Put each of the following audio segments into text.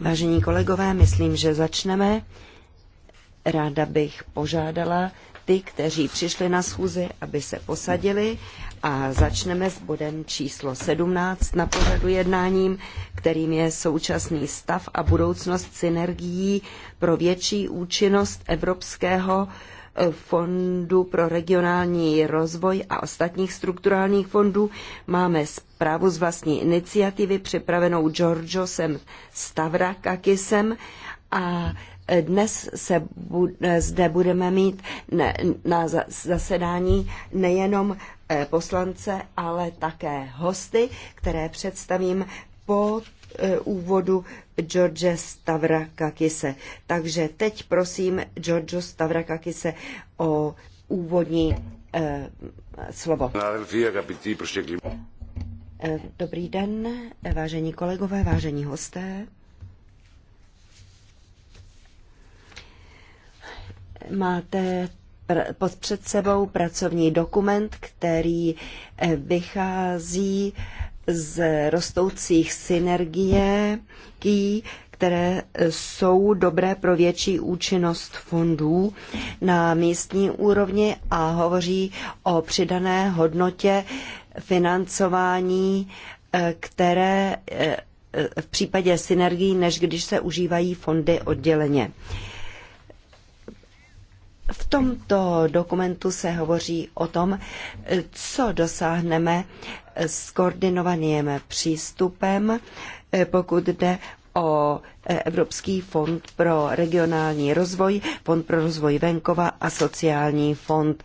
Vážení kolegové, myslím, že začneme. Ráda bych požádala ty, kteří přišli na schůzi, aby se posadili a začneme s bodem číslo 17 na pořadu jednáním, kterým je současný stav a budoucnost synergií pro větší účinnost evropského fondu pro regionální rozvoj a ostatních strukturálních fondů. Máme zprávu z vlastní iniciativy připravenou Georgiosem Stavrakakisem a dnes se bu- zde budeme mít ne- na zasedání nejenom eh, poslance, ale také hosty, které představím po Eh, úvodu George Stavrakakise. Takže teď prosím George Stavrakakise o úvodní eh, slovo. Eh, dobrý den, vážení kolegové, vážení hosté. Máte pod před sebou pracovní dokument, který eh, vychází z rostoucích synergie, které jsou dobré pro větší účinnost fondů na místní úrovni a hovoří o přidané hodnotě financování, eh, které eh, v případě synergií, než když se užívají fondy odděleně. V tomto dokumentu se hovoří o tom, eh, co dosáhneme skoordinovaným přístupem, eh, pokud jde o eh, Evropský fond pro regionální rozvoj, fond pro rozvoj venkova a sociální fond,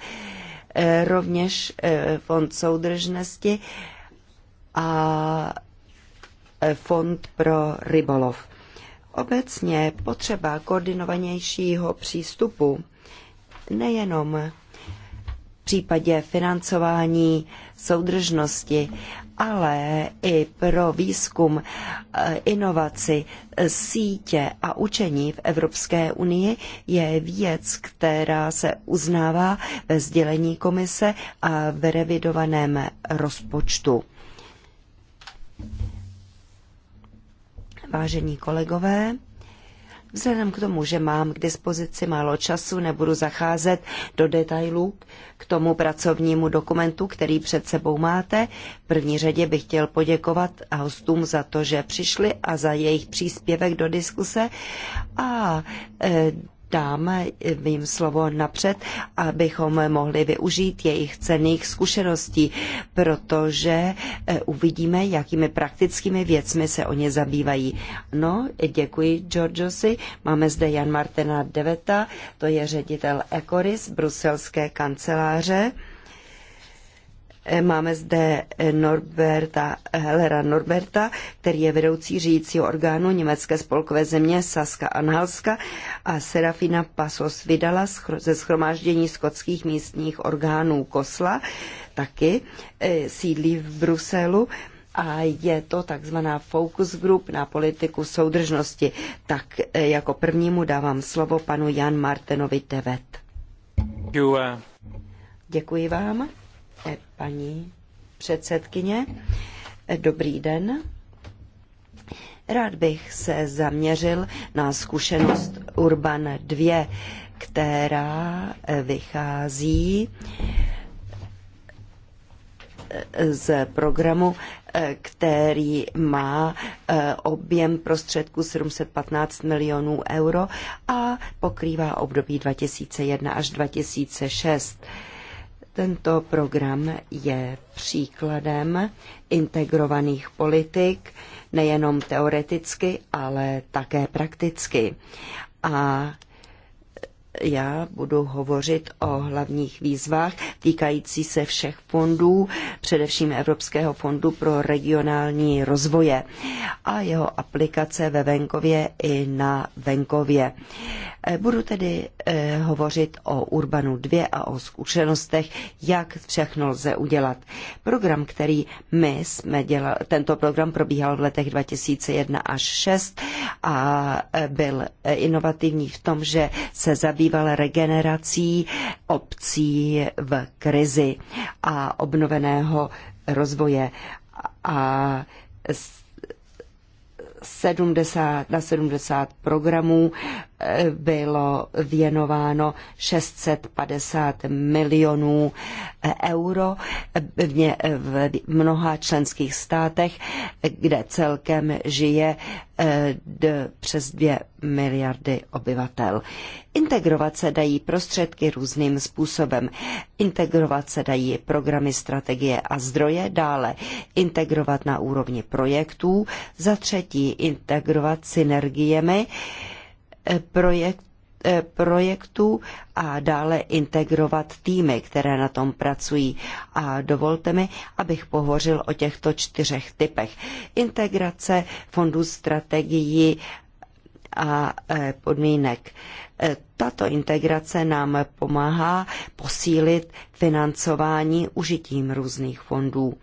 eh, rovněž fond soudržnosti a fond pro rybolov. Obecně potřeba koordinovanějšího přístupu nejenom případě financování soudržnosti, ale i pro výzkum, eh, inovaci, eh, sítě a učení v Evropské unii je věc, která se uznává ve sdělení komise a v revidovaném rozpočtu. Vážení kolegové, Vzhledem k tomu, že mám k dispozici málo času, nebudu zacházet do detailů k tomu pracovnímu dokumentu, který před sebou máte. V první řadě bych chtěl poděkovat hostům za to, že přišli a za jejich příspěvek do diskuse. A e, dám jim slovo napřed, abychom mohli využít jejich cených zkušeností, protože eh, uvidíme, jakými praktickými věcmi se o ně zabývají. No, děkuji, Georgiosi. Máme zde Jan Martina Deveta, to je ředitel Ecoris, bruselské kanceláře. Eh, máme zde eh, Norberta, eh, Hellera Norberta, který je vedoucí řídícího orgánu Německé spolkové země Saska Anhalska a Serafina Pasos Vydala ze schromáždění skotských místních orgánů Kosla, taky sídlí v Bruselu a je to takzvaná focus group na politiku soudržnosti. Tak jako prvnímu dávám slovo panu Jan Martenovi Tevet. Děkuji vám. Eh, paní předsedkyně. Eh, dobrý den. Rád bych se zaměřil na zkušenost Urban 2, která eh, vychází z programu, který má objem prostředků 715 milionů euro a pokrývá období 2001 až 2006 tento program je příkladem integrovaných politik, nejenom teoreticky, ale také prakticky. A já budu hovořit o hlavních výzvách týkající se všech fondů, především Evropského fondu pro regionální rozvoje a jeho aplikace ve venkově i na venkově. Eh, budu tedy eh, hovořit o Urbanu 2 a o zkušenostech, jak všechno lze udělat. Program, který my jsme dělali, tento program probíhal v letech 2001 až 6 a eh, byl inovativní v tom, že se zabýval zabýval regenerací obcí v krizi a obnoveného rozvoje. A 70, na 70 programů bylo věnováno 650 milionů euro v mnoha členských státech, kde celkem žije eh, přes 2 miliardy obyvatel. Integrovat se dají prostředky různým způsobem. Integrovat se dají programy, strategie a zdroje, dále integrovat na úrovni projektů, za třetí integrovat synergiemi, Eh, projekt, eh, projektů a dále integrovat týmy, které na tom pracují. A dovolte mi, abych pohořil o těchto čtyřech typech. Integrace fondů strategií a eh, podmínek tato integrace nám pomáhá posílit financování užitím různých fondů,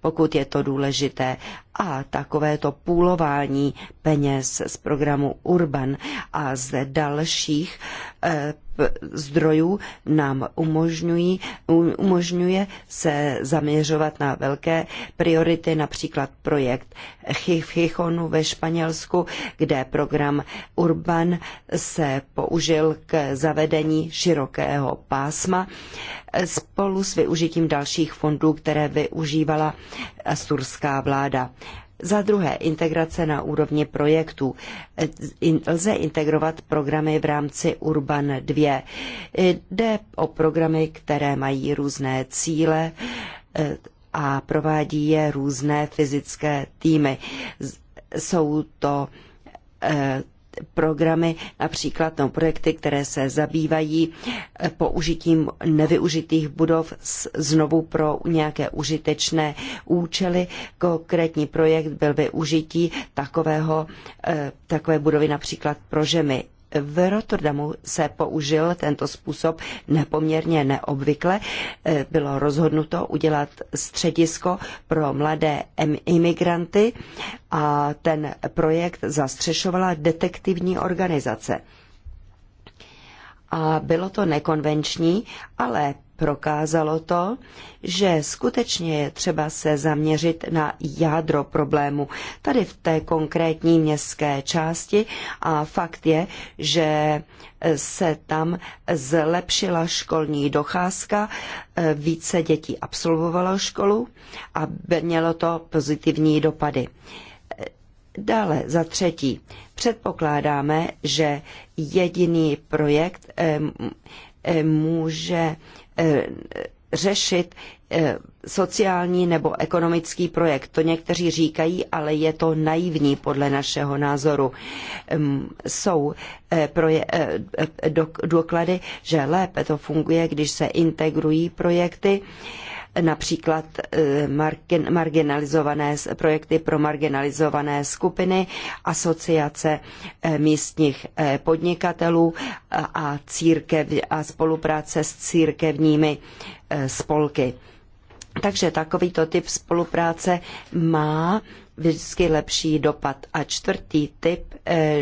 pokud je to důležité. A takovéto půlování peněz z programu Urban a z dalších eh, p, zdrojů nám umožňují, umožňuje se zaměřovat na velké priority, například projekt Chichonu ve Španělsku, kde program Urban se použil k zavedení širokého pásma spolu s využitím dalších fondů, které využívala asturská vláda. Za druhé, integrace na úrovni projektů. Lze integrovat programy v rámci Urban 2. Jde o programy, které mají různé cíle e, a provádí je různé fyzické týmy. Jsou to e, programy, například no, projekty, které se zabývají eh, použitím nevyužitých budov znovu pro nějaké užitečné účely. Konkrétní projekt byl využití takového, eh, takové budovy například pro žemy v Rotterdamu se použil tento způsob nepoměrně neobvykle. Eh, bylo rozhodnuto udělat středisko pro mladé imigranty a ten projekt zastřešovala detektivní organizace. A bylo to nekonvenční, ale prokázalo to, že skutečně je třeba se zaměřit na jádro problému. Tady v té konkrétní městské části a fakt je, že se tam zlepšila školní docházka, více dětí absolvovalo školu a mělo to pozitivní dopady. Dále za třetí, předpokládáme, že jediný projekt může Eh, řešit eh, sociální nebo ekonomický projekt. To někteří říkají, ale je to naivní podle našeho názoru. Jsou eh, doklady, že lépe to funguje, když se integrují projekty například eh, marginalizované projekty pro marginalizované skupiny, asociace eh, místních eh, podnikatelů a, církev, a spolupráce s církevními spolky. Takže takovýto typ spolupráce má vždycky lepší dopad. A čtvrtý typ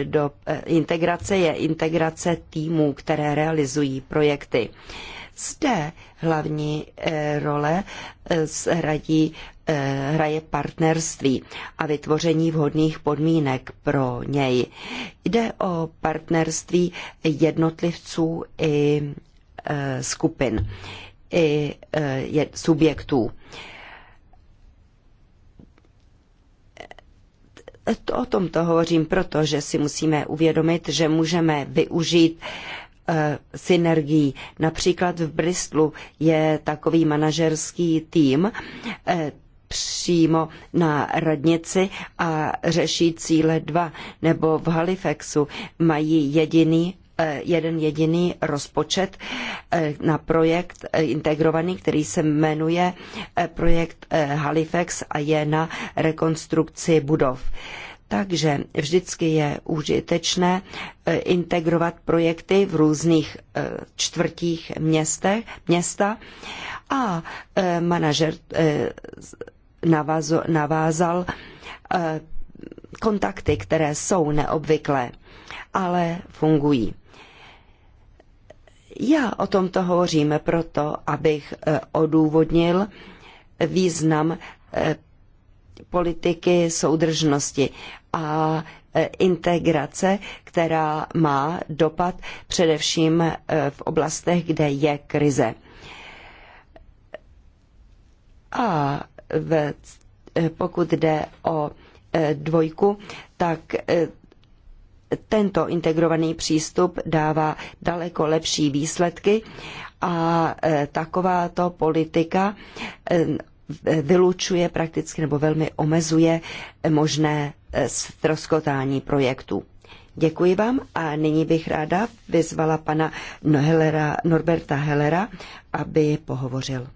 do integrace je integrace týmů, které realizují projekty. Zde hlavní eh, role eh, hrají, eh, hraje partnerství a vytvoření vhodných podmínek pro něj. Jde o partnerství jednotlivců i skupin, i subjektů. O tomto hovořím proto, že si musíme uvědomit, že můžeme využít Eh, synergií. Například v Bristolu je takový manažerský tým eh, přímo na radnici a řeší cíle 2, nebo v Halifaxu mají jediný eh, jeden jediný rozpočet na projekt integrovaný, který se jmenuje projekt Halifax a je na rekonstrukci budov. Takže vždycky je užitečné e, integrovat projekty v různých e, čtvrtích městech, města a e, manažer navázal kontakty, které jsou neobvyklé, ale fungují. Já o tomto hovořím proto, abych odůvodnil význam politiky soudržnosti a e, integrace, která má dopad především e, v oblastech, kde je krize. A v, e, pokud jde o dvojku, tak tento integrovaný přístup dává daleko lepší výsledky a takováto politika vylučuje prakticky nebo velmi omezuje možné eh, ztroskotání projektu. Děkuji vám a nyní bych ráda vyzvala pana Hellera, Norberta Helera, aby pohovořil.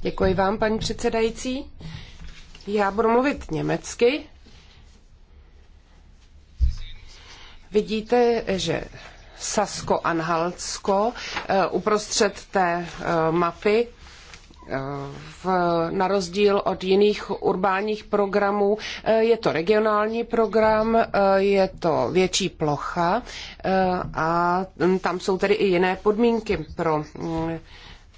Děkuji vám, paní předsedající. Já budu mluvit německy. Vidíte, že Sasko-Anhaltsko eh, uprostřed té eh, mapy eh, v, na rozdíl od jiných urbánních programů. Je to regionální program, je to větší plocha a mm, tam jsou tedy i jiné podmínky pro mm,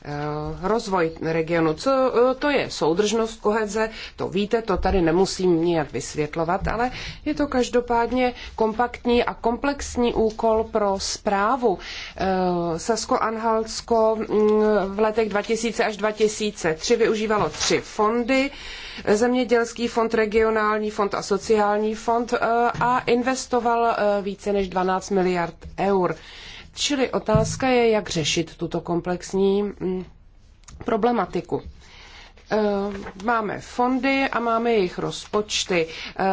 Eh, rozvoj regionu. Co eh, to je soudržnost koheze, to víte, to tady nemusím nijak vysvětlovat, ale je to každopádně kompaktní a komplexní úkol pro zprávu. Eh, Sasko-Anhaltsko mm, v letech 2000 až 2003 využívalo tři fondy, Zemědělský fond, regionální fond a sociální fond a investoval více než 12 miliard eur. Čili otázka je, jak řešit tuto komplexní mm, problematiku. Eh, máme fondy a máme jejich rozpočty eh,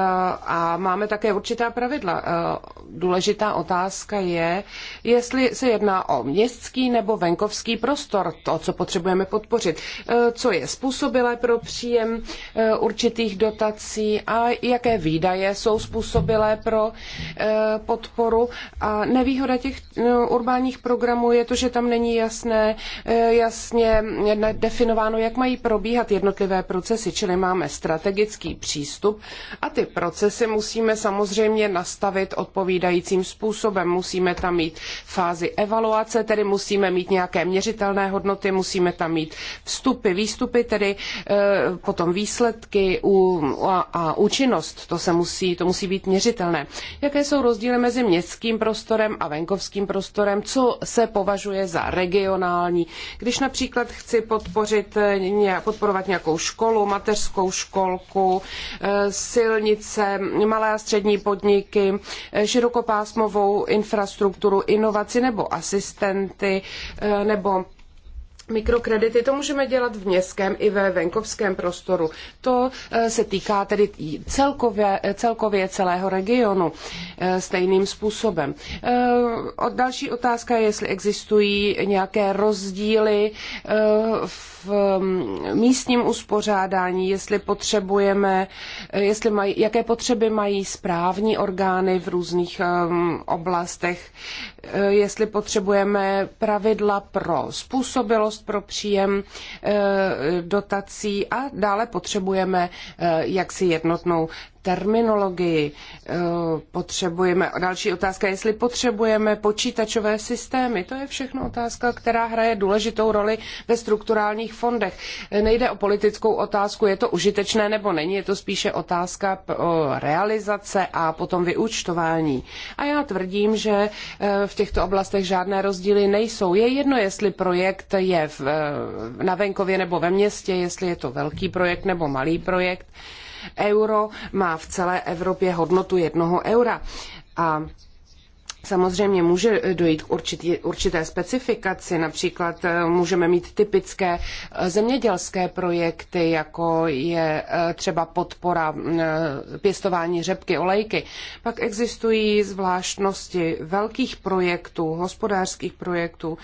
a máme také určitá pravidla. Eh, důležitá otázka je, jestli se jedná o městský nebo venkovský prostor, to, co potřebujeme podpořit, co je způsobilé pro příjem určitých dotací a jaké výdaje jsou způsobilé pro podporu. A nevýhoda těch urbánních programů je to, že tam není jasné, jasně definováno, jak mají probíhat popsat jednotlivé procesy, čili máme strategický přístup a ty procesy musíme samozřejmě nastavit odpovídajícím způsobem. Musíme tam mít fázi evaluace, tedy musíme mít nějaké měřitelné hodnoty, musíme tam mít vstupy, výstupy, tedy e, potom výsledky a, účinnost. To, se musí, to musí být měřitelné. Jaké jsou rozdíly mezi městským prostorem a venkovským prostorem? Co se považuje za regionální? Když například chci podpořit, e, podporovat vybudovat nějakou školu, mateřskou školku, eh, silnice, malé a střední podniky, eh, širokopásmovou infrastrukturu, inovaci nebo asistenty eh, nebo Mikrokredity to můžeme dělat v městském i ve venkovském prostoru. To eh, se týká tedy celkově, eh, celkově celého regionu eh, stejným způsobem. Další otázka je, jestli existují nějaké rozdíly v mm, místním uspořádání, jestli potřebujeme, jestli maj, jaké potřeby mají správní orgány v různých oblastech, jestli potřebujeme pravidla pro způsobilost možnost pro příjem eh, dotací a dále potřebujeme eh, jaksi jednotnou terminologii. Eh, potřebujeme, další otázka, jestli potřebujeme počítačové systémy. To je všechno otázka, která hraje důležitou roli ve strukturálních fondech. Eh, nejde o politickou otázku, je to užitečné nebo není, je to spíše otázka realizace a potom vyúčtování. A já tvrdím, že eh, v těchto oblastech žádné rozdíly nejsou. Je jedno, jestli projekt je v, na venkově nebo ve městě, jestli je to velký projekt nebo malý Projekt Euro má v celé Evropě hodnotu jednoho eura. A Samozřejmě může dojít k určitý, určité specifikaci, například eh, můžeme mít typické eh, zemědělské projekty, jako je eh, třeba podpora mm, pěstování řepky, olejky. Pak existují zvláštnosti velkých projektů, hospodářských projektů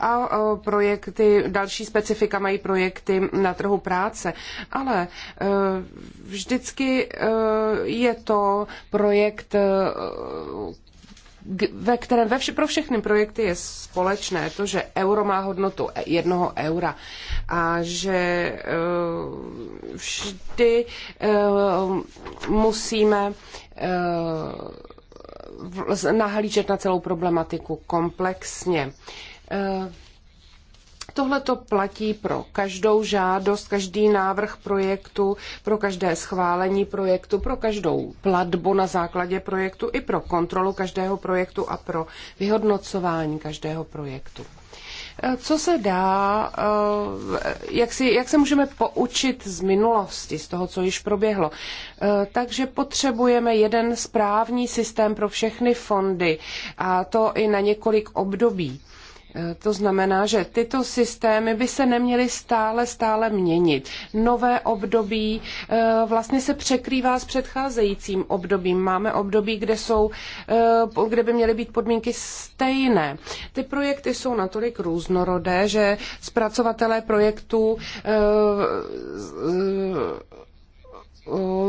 a projekty, další specifika mají projekty na trhu práce, ale vždycky je to projekt, ve kterém ve vše, pro všechny projekty je společné to, že euro má hodnotu e- jednoho eura a že uh, vždy uh, musíme uh, nahlížet na celou problematiku komplexně. Uh, tohle to platí pro každou žádost, každý návrh projektu, pro každé schválení projektu, pro každou platbu na základě projektu i pro kontrolu každého projektu a pro vyhodnocování každého projektu. Eh, co se dá, eh, jak, si, jak se můžeme poučit z minulosti, z toho, co již proběhlo? Eh, takže potřebujeme jeden správný systém pro všechny fondy a to i na několik období. To znamená, že tyto systémy by se neměly stále, stále měnit. Nové období eh, vlastně se překrývá s předcházejícím obdobím. Máme období, kde, jsou, eh, kde by měly být podmínky stejné. Ty projekty jsou natolik různorodé, že zpracovatelé projektů eh,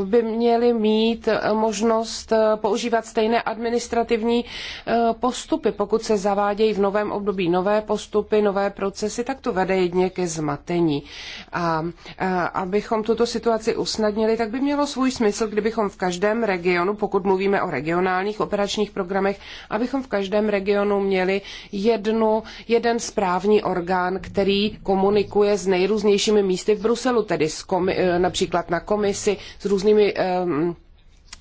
by měli mít možnost eh, používat stejné administrativní eh, postupy. Pokud se zavádějí v novém období nové postupy, nové procesy, tak to vede jedně ke zmatení. A, eh, abychom tuto situaci usnadnili, tak by mělo svůj smysl, kdybychom v každém regionu, pokud mluvíme o regionálních operačních programech, abychom v každém regionu měli jednu, jeden správní orgán, který komunikuje s nejrůznějšími místy v Bruselu, tedy komi, například na komisi, s různými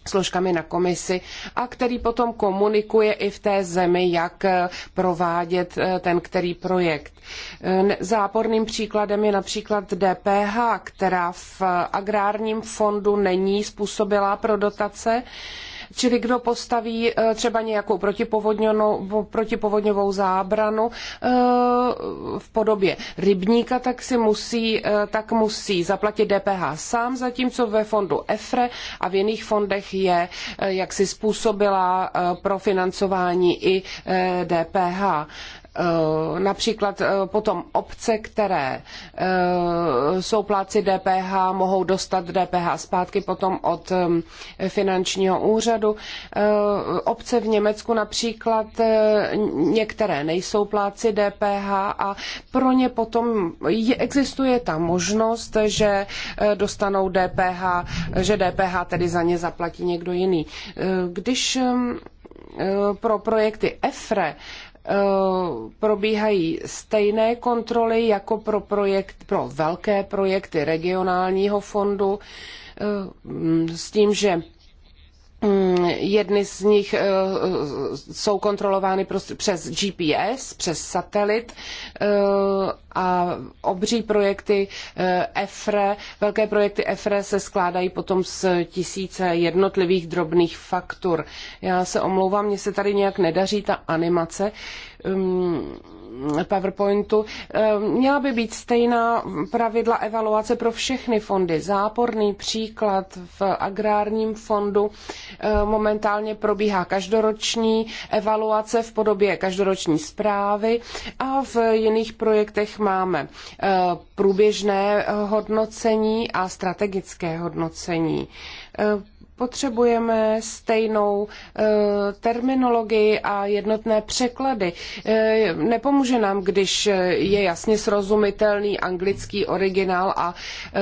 složkami na komisi a který potom komunikuje i v té zemi, jak eh, provádět eh, ten který projekt. Záporným příkladem je například DPH, která v eh, agrárním fondu není způsobilá pro dotace Čili kdo postaví eh, třeba nějakou protipovodňovou zábranu eh, v podobě rybníka, tak si musí, eh, tak musí zaplatit DPH sám, zatímco ve fondu EFRE a v jiných fondech je jaksi způsobila pro financování i DPH. Eh, například eh, potom obce, které eh, jsou pláci DPH, mohou dostat DPH zpátky potom od finančního úřadu. Obce v Německu například některé nejsou pláci DPH a pro ně potom existuje ta možnost, že dostanou DPH, že DPH tedy za ně zaplatí někdo jiný. Když pro projekty EFRE probíhají stejné kontroly jako pro, projekt, pro velké projekty regionálního fondu eh, s tím, že Mm, jedny z nich eh, jsou kontrolovány přes GPS, přes satelit eh, a obří projekty eh, EFRE, velké projekty EFRE se skládají potom z tisíce jednotlivých drobných faktur. Já se omlouvám, mně se tady nějak nedaří ta animace. Mm, PowerPointu, ehm, měla by být stejná pravidla evaluace pro všechny fondy. Záporný příklad v agrárním fondu ehm, momentálně probíhá každoroční evaluace v podobě každoroční zprávy a v jiných projektech máme ehm, průběžné hodnocení a strategické hodnocení potřebujeme stejnou eh, terminologii a jednotné překlady. Eh, nepomůže nám, když je jasně srozumitelný anglický originál a eh,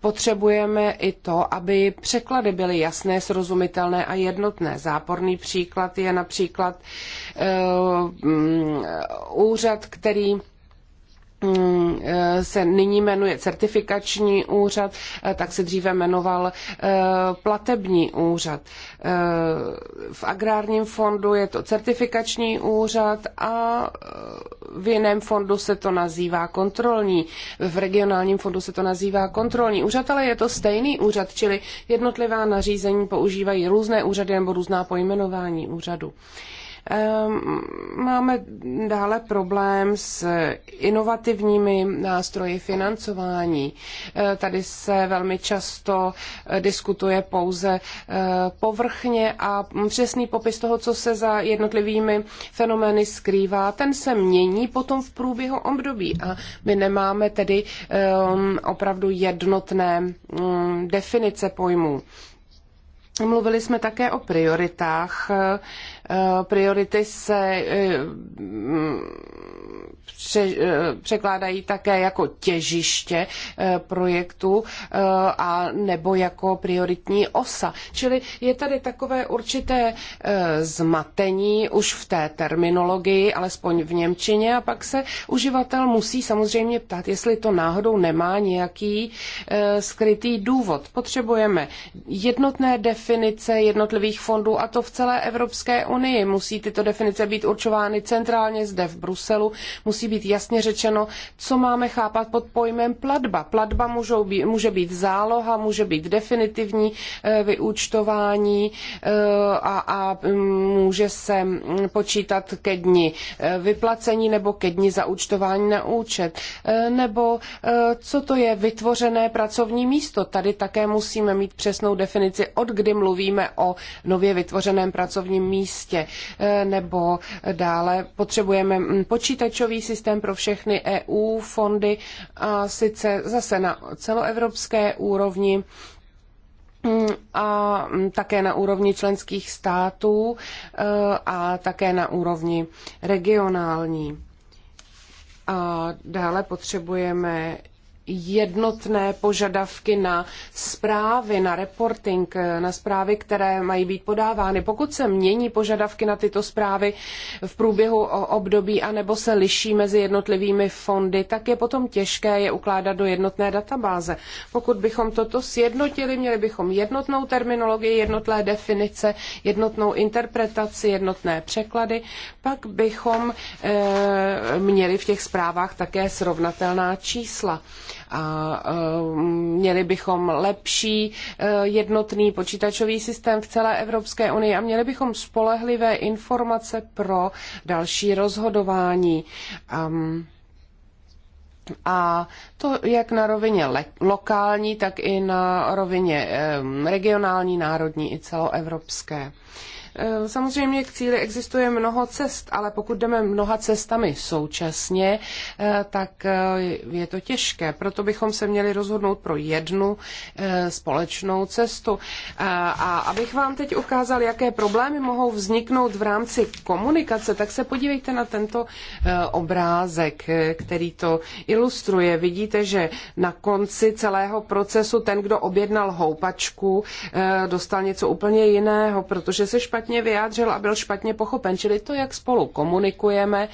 potřebujeme i to, aby překlady byly jasné, srozumitelné a jednotné. Záporný příklad je například mm, úřad, který Mm, eh, se nyní jmenuje certifikační úřad, eh, tak se dříve jmenoval eh, platební úřad. V agrárním fondu je to certifikační úřad a v jiném fondu se to nazývá kontrolní. V regionálním fondu se to nazývá kontrolní úřad, ale je to stejný úřad, čili jednotlivá nařízení používají různé úřady nebo různá pojmenování úřadu. Uh, Ehm, máme dále problém s inovativními nástroji financování. Eh, tady se velmi často eh, diskutuje pouze eh, povrchně a přesný popis toho, co se za jednotlivými fenomény skrývá, ten se mění potom v průběhu období a my nemáme tedy ehm, opravdu jednotné mm, definice pojmů. Mluvili jsme také o prioritách. E, e, priority se e, Eh, překládají také jako těžiště eh, projektu eh, a nebo jako prioritní osa. Čili je tady takové určité zmatení už v té terminologii, alespoň v Němčině, a pak se uživatel musí samozřejmě ptát, jestli to náhodou nemá nějaký skrytý důvod. Potřebujeme jednotné definice jednotlivých fondů a to v celé Evropské unii. Musí tyto definice být určovány centrálně zde v Bruselu, musí musí být jasně řečeno, co máme chápat pod pojmem platba. Platba můžou být, může být záloha, může být definitivní eh, vyúčtování eh, a, a mm, může se mm, počítat ke dni eh, vyplacení nebo ke dni zaúčtování na účet. Nebo co to je vytvořené pracovní místo. Tady také musíme mít přesnou definici, od kdy mluvíme o nově vytvořeném pracovním místě. Nebo dále potřebujeme mm, počítačový systém pro všechny EU fondy, a sice zase na celoevropské úrovni mm, a také na úrovni členských států eh, a také na úrovni regionální. A dále potřebujeme jednotné požadavky na zprávy, na reporting, na zprávy, které mají být podávány. Pokud se mění požadavky na tyto zprávy v průběhu období anebo se liší mezi jednotlivými fondy, tak je potom těžké je ukládat do jednotné databáze. Pokud bychom toto sjednotili, měli bychom jednotnou terminologii, jednotné definice, jednotnou interpretaci, jednotné překlady, pak bychom e, měli v těch zprávách také srovnatelná čísla a měli bychom lepší e, jednotný počítačový systém v celé Evropské unii a měli bychom spolehlivé informace pro další rozhodování. a to jak na rovině lokální, tak i na rovině regionální, národní i celoevropské. Eh, samozřejmě k cíli existuje mnoho cest, ale pokud jdeme mnoha cestami současně, eh, tak eh, je to těžké. Proto bychom se měli rozhodnout pro jednu společnou cestu. A abych vám teď ukázal, jaké problémy mohou vzniknout v rámci komunikace, tak se podívejte na tento obrázek, který to ilustruje. Vidíte, že na konci celého procesu ten, kdo objednal houpačku, dostal něco úplně jiného, protože se špatně špatně vyjádřil a byl špatně pochopen. Čili to, jak spolu komunikujeme,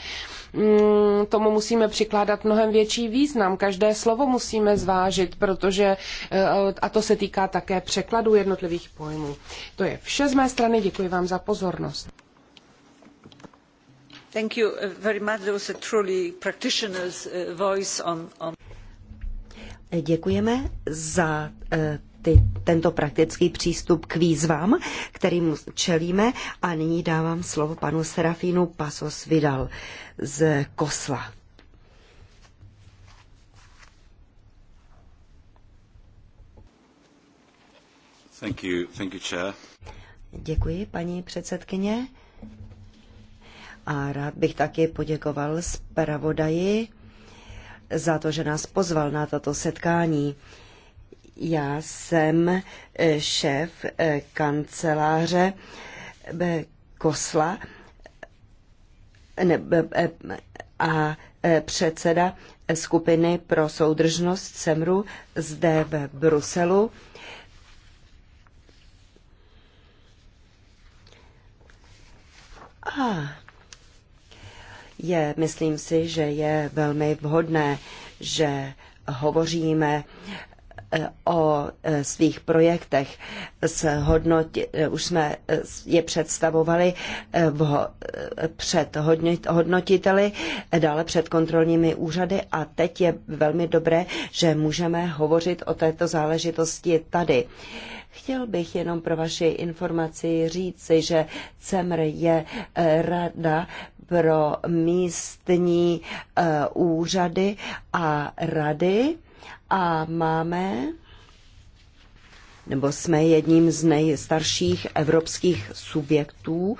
mm, tomu musíme přikládat mnohem větší význam. Každé slovo musíme zvážit, protože eh, a to se týká také překladu jednotlivých pojmů. To je vše z mé strany. Děkuji vám za pozornost. Thank you very much. There was a truly practitioner's eh, voice on, on... Děkujeme za eh, ty, tento praktický přístup k výzvám, kterým čelíme. A nyní dávám slovo panu Serafínu Pasos Vidal z Kosla. Thank you. Thank you, chair. Děkuji, paní předsedkyně. A rád bych taky poděkoval zpravodaji za to, že nás pozval na toto setkání. Já jsem eh, šéf eh, kanceláře eh, Kosla a předseda skupiny pro soudržnost SEMRu zde v Bruselu. A je, myslím si, že je velmi vhodné, že hovoříme o e, svých projektech. Hodnoti, e, už jsme e, je představovali v, před hodnotiteli, dále před kontrolními úřady a teď je velmi dobré, že můžeme hovořit o této záležitosti tady. Chtěl bych jenom pro vaši informaci říci, že CEMR je rada pro místní úřady a rady a máme nebo jsme jedním z nejstarších evropských subjektů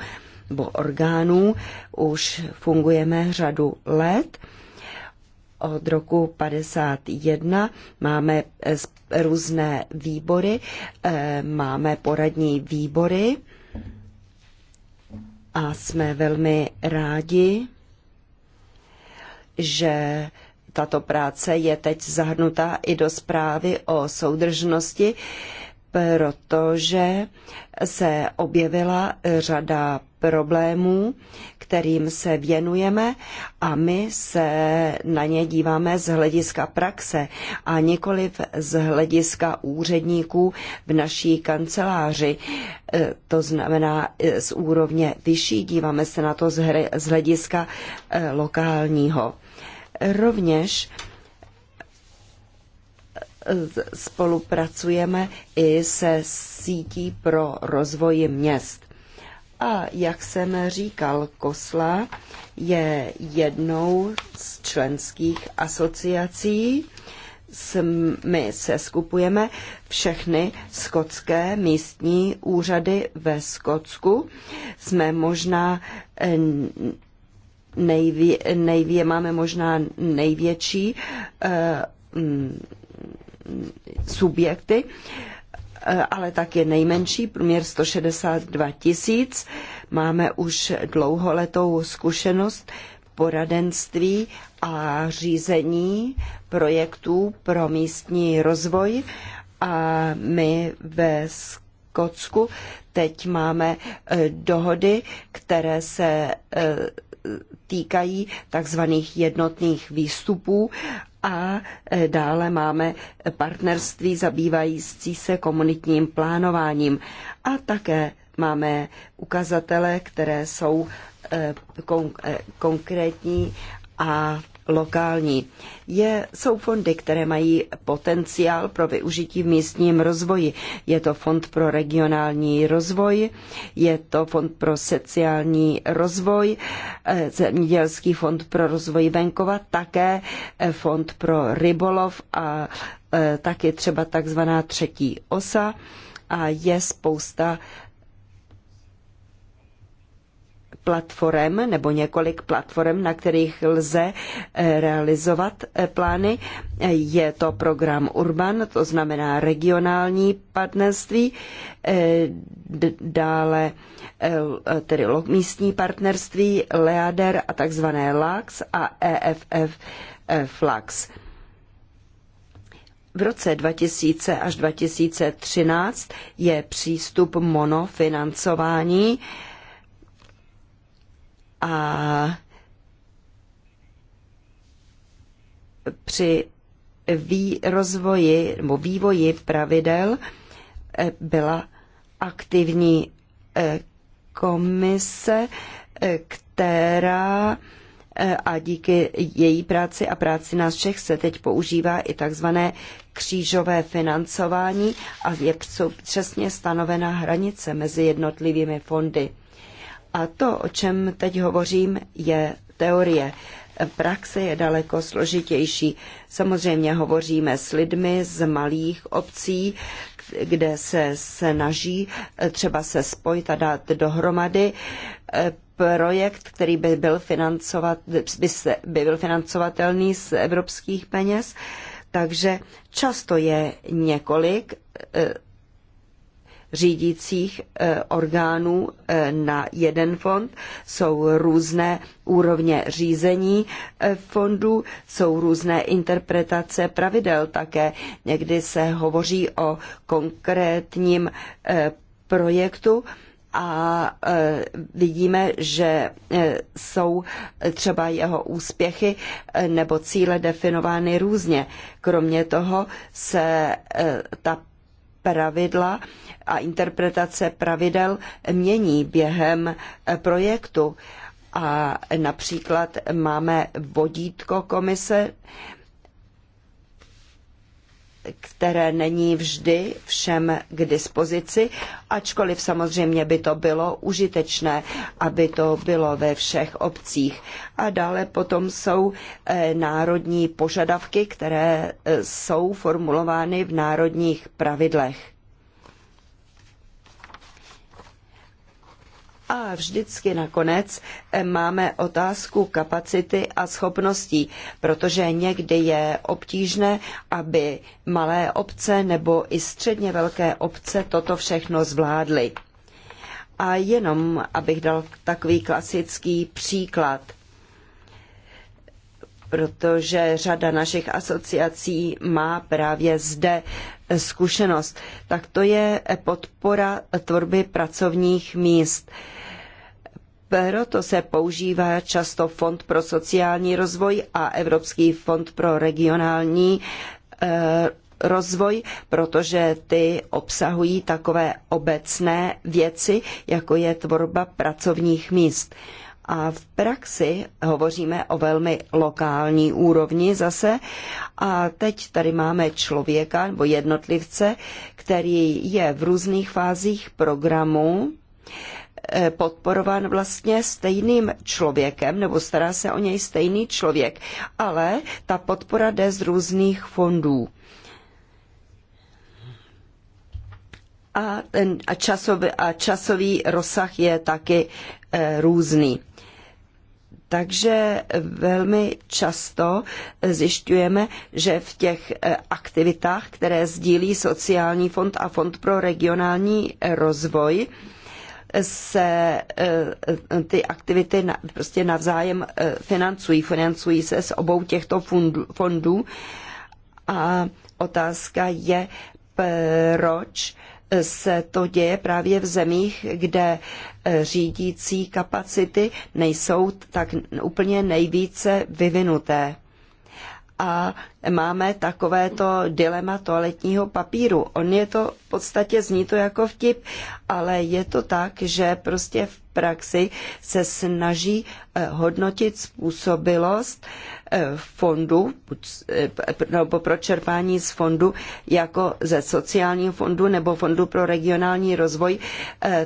nebo orgánů. Už fungujeme řadu let. Od roku 51 máme eh, různé výbory, eh, máme poradní výbory a jsme velmi rádi, že tato práce je teď zahrnutá i do zprávy o soudržnosti, protože se objevila řada problémů, kterým se věnujeme a my se na ně díváme z hlediska praxe a nikoliv z hlediska úředníků v naší kanceláři. E, to znamená e, z úrovně vyšší, díváme se na to z hlediska e, lokálního. Rovněž spolupracujeme i se sítí pro rozvoj měst. A jak jsem říkal, Kosla je jednou z členských asociací. My se skupujeme všechny skotské místní úřady ve Skotsku. Jsme možná eh, nejvě, nejvě, máme možná největší eh, mm, subjekty, eh, ale tak je nejmenší, průměr 162 tisíc. Máme už dlouholetou zkušenost poradenství a řízení projektů pro místní rozvoj a my ve Skotsku teď máme eh, dohody, které se týkají takzvaných jednotných výstupů a e, dále máme partnerství zabývající se komunitním plánováním a také máme ukazatele, které jsou e, e, konkrétní a lokální. Je, jsou fondy, které mají potenciál pro využití v místním rozvoji. Je to fond pro regionální rozvoj, je to fond pro sociální rozvoj, eh, zemědělský fond pro rozvoj venkova, také eh, fond pro rybolov a eh, taky třeba takzvaná třetí osa a je spousta platform nebo několik platform, na kterých lze eh, realizovat eh, plány. Je to program Urban, to znamená regionální partnerství, eh, dále tedy místní partnerství, LEADER a takzvané LAX a EFF FLAX. V roce 2000 až 2013 je přístup monofinancování a při vý, rozvoji nebo vývoji pravidel eh, byla aktivní eh, komise, eh, která a díky její práci a práci nás všech se teď používá i takzvané křížové financování a je přesně stanovena hranice mezi jednotlivými fondy. A to, o čem teď hovořím, je teorie. Praxe je daleko složitější. Samozřejmě hovoříme s lidmi z malých obcí, kde se snaží třeba se spojit a dát dohromady eh, projekt, který by byl, financovat, by, se, by byl financovatelný z evropských peněz. Takže často je několik eh, řídících eh, orgánů eh, na jeden fond, jsou různé úrovně řízení eh, fondů, jsou různé interpretace pravidel také. Někdy se hovoří o konkrétním projektu, a vidíme, že jsou třeba jeho úspěchy nebo cíle definovány různě. Kromě toho se ta pravidla a interpretace pravidel mění během eh, projektu. A například máme vodítko komise, které není vždy všem k dispozici, ačkoliv samozřejmě by to bylo užitečné, aby to bylo ve všech obcích. A dále potom jsou eh, národní požadavky, které eh, jsou formulovány v národních pravidlech. A vždycky nakonec eh, máme otázku kapacity a schopností, protože někdy je obtížné, aby malé obce nebo i středně velké obce toto všechno zvládly. A jenom, abych dal takový klasický příklad, protože řada našich asociací má právě zde eh, zkušenost, tak to je podpora tvorby pracovních míst. Proto se používá často Fond pro sociální rozvoj a Evropský fond pro regionální eh, rozvoj, protože ty obsahují takové obecné věci, jako je tvorba pracovních míst. A v praxi hovoříme o velmi lokální úrovni zase. A teď tady máme člověka nebo jednotlivce, který je v různých fázích programu Eh, podporován vlastně stejným člověkem, nebo stará se o něj stejný člověk, ale ta podpora jde z různých fondů. A, ten, a, časový, a časový rozsah je taky e, různý. Takže velmi často zjišťujeme, že v těch eh, aktivitách, které sdílí sociální fond a fond pro regionální rozvoj, se eh, ty aktivity prostě navzájem eh, financují. Financují se z obou těchto fondů. A otázka je, proč se to děje právě v zemích, kde eh, řídící kapacity nejsou tak úplně nejvíce vyvinuté a máme takovéto dilema toaletního papíru. On je to v podstatě, zní to jako vtip, ale je to tak, že prostě v praxi se snaží eh, hodnotit způsobilost eh, fondu eh, nebo pro čerpání z fondu jako ze sociálního fondu nebo fondu pro regionální rozvoj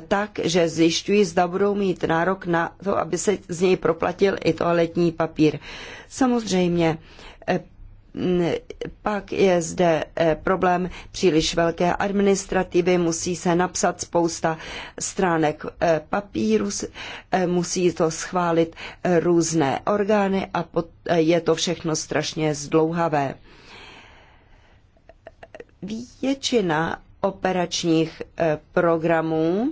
tak, že zjišťují, zda budou mít nárok na to, aby se z něj proplatil i toaletní papír. Samozřejmě Eh, mm, pak je zde eh, problém příliš velké administrativy, musí se napsat spousta stránek eh, papíru, musí to schválit různé orgány a je to všechno strašně zdlouhavé. Většina operačních programů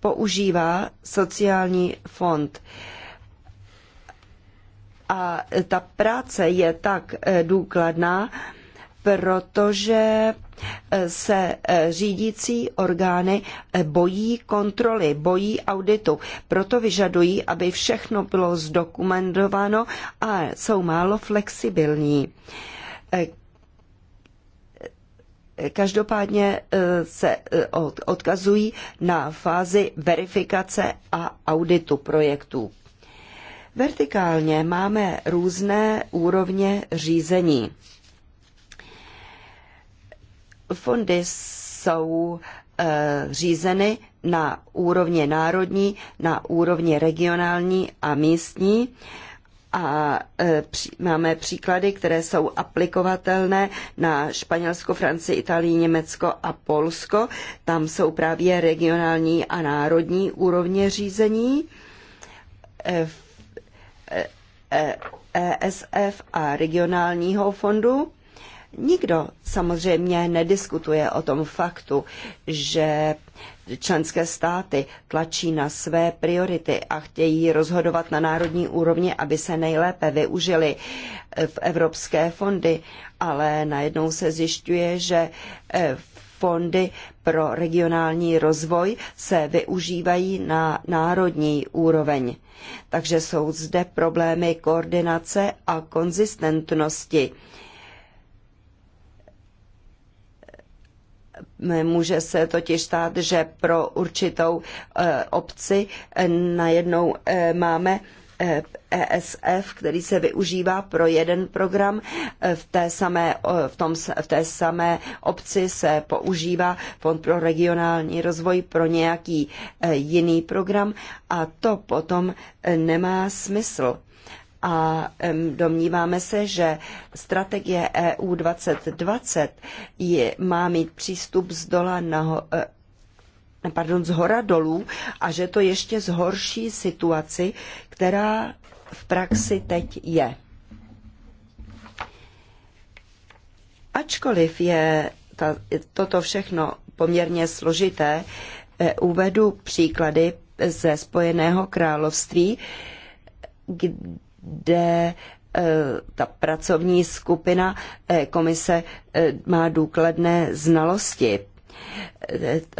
používá sociální fond. A ta práce je tak eh, důkladná, protože eh, se eh, řídící orgány bojí kontroly, bojí auditu. Proto vyžadují, aby všechno bylo zdokumentováno a jsou málo flexibilní. Každopádně se odkazují na fázi verifikace a auditu projektů. Vertikálně máme různé úrovně řízení. Fondy jsou e, řízeny na úrovně národní, na úrovně regionální a místní. A e, při, máme příklady, které jsou aplikovatelné na Španělsko, Francii, Itálii, Německo a Polsko. Tam jsou právě regionální a národní úrovně řízení. E, ESF e a regionálního fondu. Nikdo samozřejmě nediskutuje o tom faktu, že členské státy tlačí na své priority a chtějí rozhodovat na národní úrovni, aby se nejlépe využili e, v evropské fondy, ale najednou se zjišťuje, že e, fondy pro regionální rozvoj se využívají na národní úroveň. Takže jsou zde problémy koordinace a konzistentnosti. Může se totiž stát, že pro určitou eh, obci eh, najednou eh, máme ESF, který se využívá pro jeden program, v té samé, v tom, v té samé obci se používá Fond pro regionální rozvoj pro nějaký e, jiný program a to potom e, nemá smysl a domníváme se, že strategie EU 2020 je, má mít přístup z dola naho, e, pardon, z hora dolů a že to ještě zhorší situaci, která v praxi teď je. Ačkoliv je ta, toto všechno poměrně složité, eh, uvedu příklady ze Spojeného království, kde eh, ta pracovní skupina eh, komise má důkladné znalosti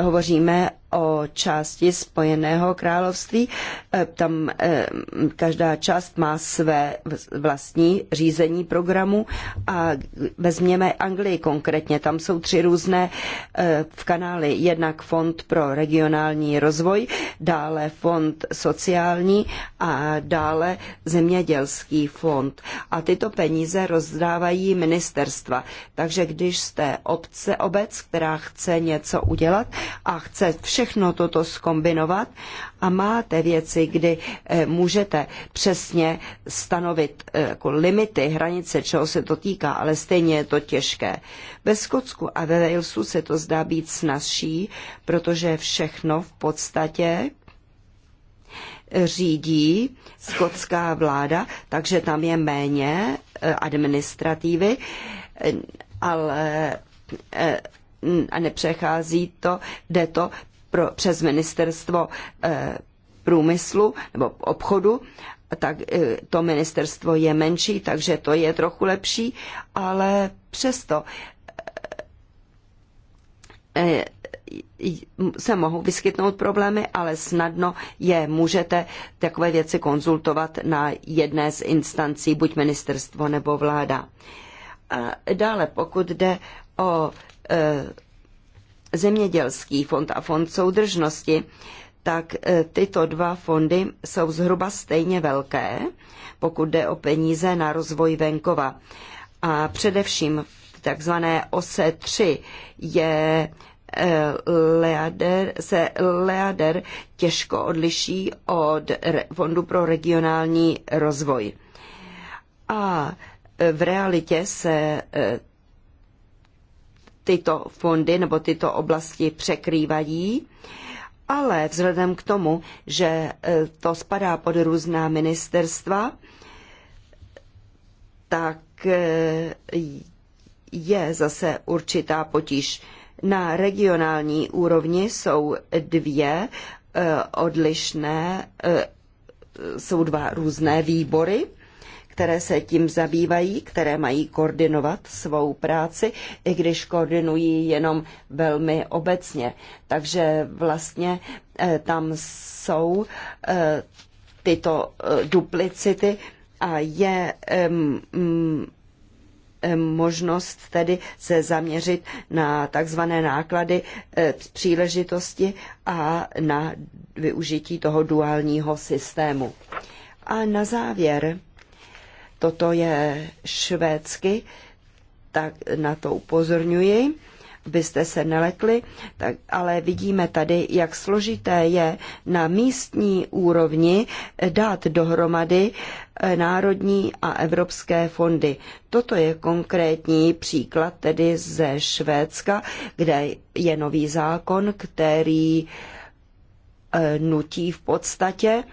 Hovoříme o části Spojeného království. E, tam e, každá část má své vlastní řízení programu a vezměme Anglii konkrétně. Tam jsou tři různé e, v kanály. Jednak fond pro regionální rozvoj, dále fond sociální a dále zemědělský fond. A tyto peníze rozdávají ministerstva. Takže když jste obce, obec, která chce něco udělat a chce vše všechno toto skombinovat a máte věci, kdy eh, můžete přesně stanovit eh, jako limity, hranice, čeho se to týká, ale stejně je to těžké. Ve Skotsku a ve Walesu se to zdá být snazší, protože všechno v podstatě řídí skotská vláda, takže tam je méně eh, administrativy, ale a nepřechází to, jde to pro, přes ministerstvo eh, průmyslu nebo obchodu, tak eh, to ministerstvo je menší, takže to je trochu lepší, ale přesto eh, se mohou vyskytnout problémy, ale snadno je můžete takové věci konzultovat na jedné z instancí, buď ministerstvo nebo vláda. A dále, pokud jde o zemědělský fond a fond soudržnosti, tak e, tyto dva fondy jsou zhruba stejně velké, pokud jde o peníze na rozvoj venkova. A především v takzvané ose 3 je e, Leader, se Leader těžko odliší od Fondu pro regionální rozvoj. A v realitě se e, tyto fondy nebo tyto oblasti překrývají, ale vzhledem k tomu, že e, to spadá pod různá ministerstva, tak e, je zase určitá potíž. Na regionální úrovni jsou dvě e, odlišné, jsou dva různé výbory které se tím zabývají, které mají koordinovat svou práci, i když koordinují jenom velmi obecně. Takže vlastně eh, tam jsou eh, tyto eh, duplicity a je možnost tedy se zaměřit na takzvané náklady příležitosti a na využití toho duálního systému. A na závěr Toto je švédsky, tak na to upozorňuji, abyste se nelekli, tak, ale vidíme tady, jak složité je na místní úrovni dát dohromady eh, národní a evropské fondy. Toto je konkrétní příklad tedy ze Švédska, kde je nový zákon, který eh, nutí v podstatě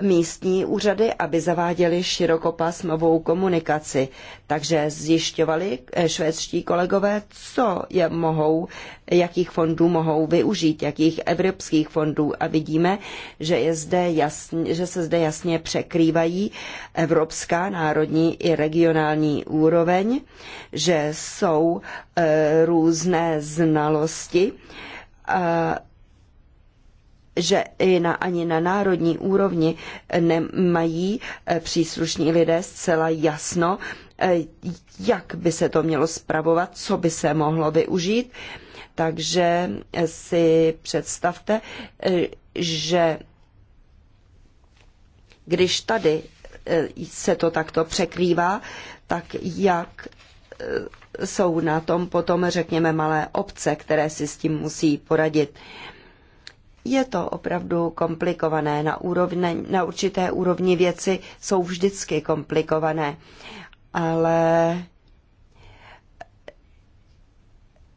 místní úřady, aby zaváděly širokopásmovou komunikaci. Takže zjišťovali eh, švédští kolegové, co je mohou, jakých fondů mohou využít, jakých evropských fondů. A vidíme, že, je zde jasně, že se zde jasně překrývají evropská, národní i regionální úroveň, že jsou e, různé znalosti. E, že i na, ani na národní úrovni eh, nemají eh, příslušní lidé zcela jasno, eh, jak by se to mělo spravovat, co by se mohlo využít. Takže si představte, že když tady se to takto překrývá, tak jak jsou na tom potom, řekněme, malé obce, které si s tím musí poradit. Je to opravdu komplikované. Na, na určité úrovni věci jsou vždycky komplikované. Ale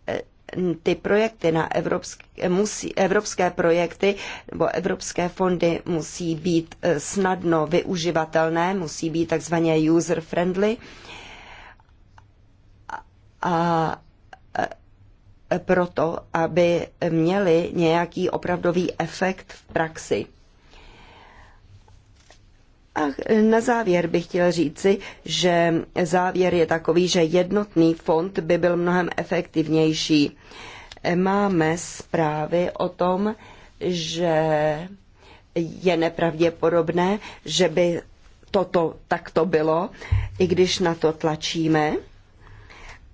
eh, ty projekty na evropské, musí, evropské projekty nebo evropské fondy musí být eh, snadno využivatelné, musí být takzvaně user friendly. A proto, aby měly nějaký opravdový efekt v praxi. A na závěr bych chtěl říci, že závěr je takový, že jednotný fond by byl mnohem efektivnější. Máme zprávy o tom, že je nepravděpodobné, že by toto takto bylo, i když na to tlačíme.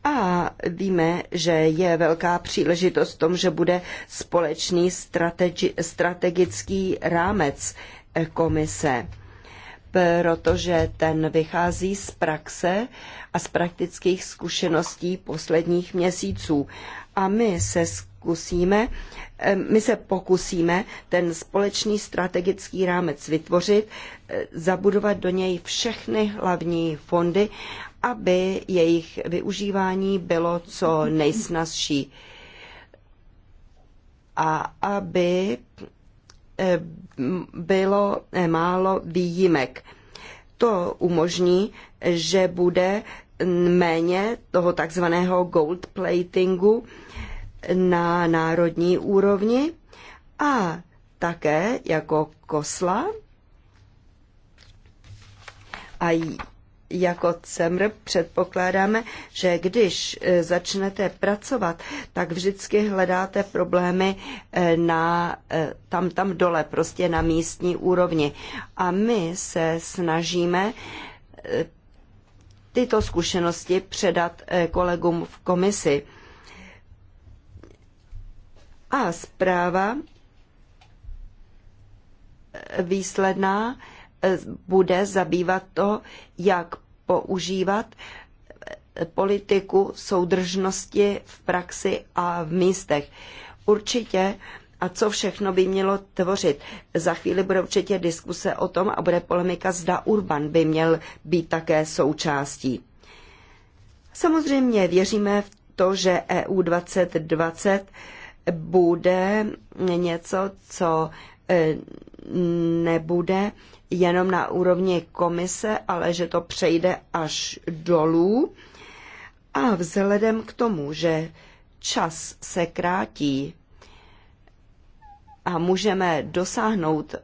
A víme, že je velká příležitost v tom, že bude společný strategi- strategický rámec eh, komise, protože ten vychází z praxe a z praktických zkušeností posledních měsíců. A my se zkusíme, eh, my se pokusíme ten společný strategický rámec vytvořit, eh, zabudovat do něj všechny hlavní fondy aby jejich využívání bylo co nejsnazší a aby eh, bylo málo výjimek. To umožní, že bude méně toho takzvaného gold platingu na národní úrovni a také jako kosla a jako CEMR předpokládáme, že když e, začnete pracovat, tak vždycky hledáte problémy e, na, e, tam, tam dole, prostě na místní úrovni. A my se snažíme tyto zkušenosti předat kolegům v komisi. A zpráva výsledná bude zabývat to, jak používat eh, politiku soudržnosti v praxi a v místech. Určitě a co všechno by mělo tvořit. Za chvíli bude určitě diskuse o tom a bude polemika, zda Urban by měl být také součástí. Samozřejmě věříme v to, že EU 2020 bude něco, co eh, nebude jenom na úrovni komise, ale že to přejde až dolů. A vzhledem k tomu, že čas se krátí a můžeme dosáhnout e,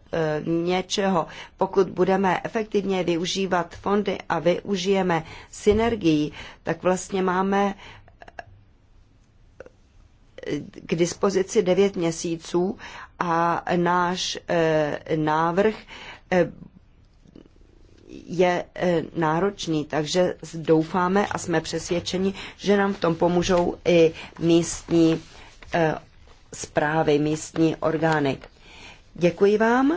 něčeho, pokud budeme efektivně využívat fondy a využijeme synergii, tak vlastně máme e, k dispozici 9 měsíců a náš e, návrh Eh, je eh, náročný, takže doufáme a jsme přesvědčeni, že nám v tom pomůžou i místní zprávy, eh, místní orgány. Děkuji vám.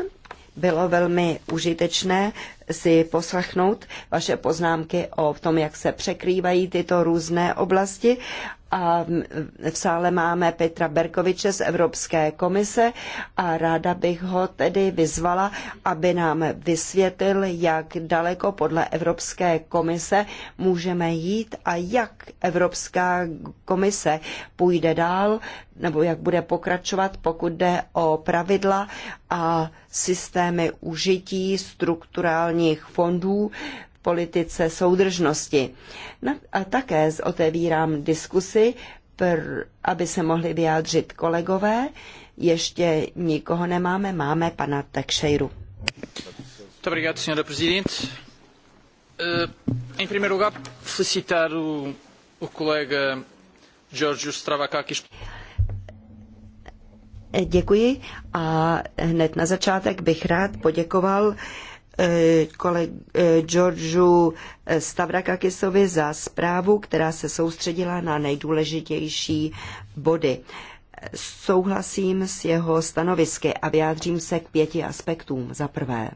Bylo velmi užitečné si poslechnout vaše poznámky o tom, jak se překrývají tyto různé oblasti a v sále máme Petra Berkoviče z Evropské komise a ráda bych ho tedy vyzvala, aby nám vysvětlil, jak daleko podle Evropské komise můžeme jít a jak Evropská komise půjde dál nebo jak bude pokračovat, pokud jde o pravidla a systémy užití strukturálních fondů politice soudržnosti. A také otevírám diskusy, pr, aby se mohli vyjádřit kolegové. Ještě nikoho nemáme, máme pana Tekšejru. Eh, em primeiro lugar, felicitar o, o colega Stravakakis. Eh, děkuji a hned na začátek bych rád poděkoval Eh, eh, Georgiu Stavrakakisovi za zprávu, která se soustředila na nejdůležitější body. Souhlasím s jeho stanovisky a vyjádřím se k pěti aspektům. Za prvé,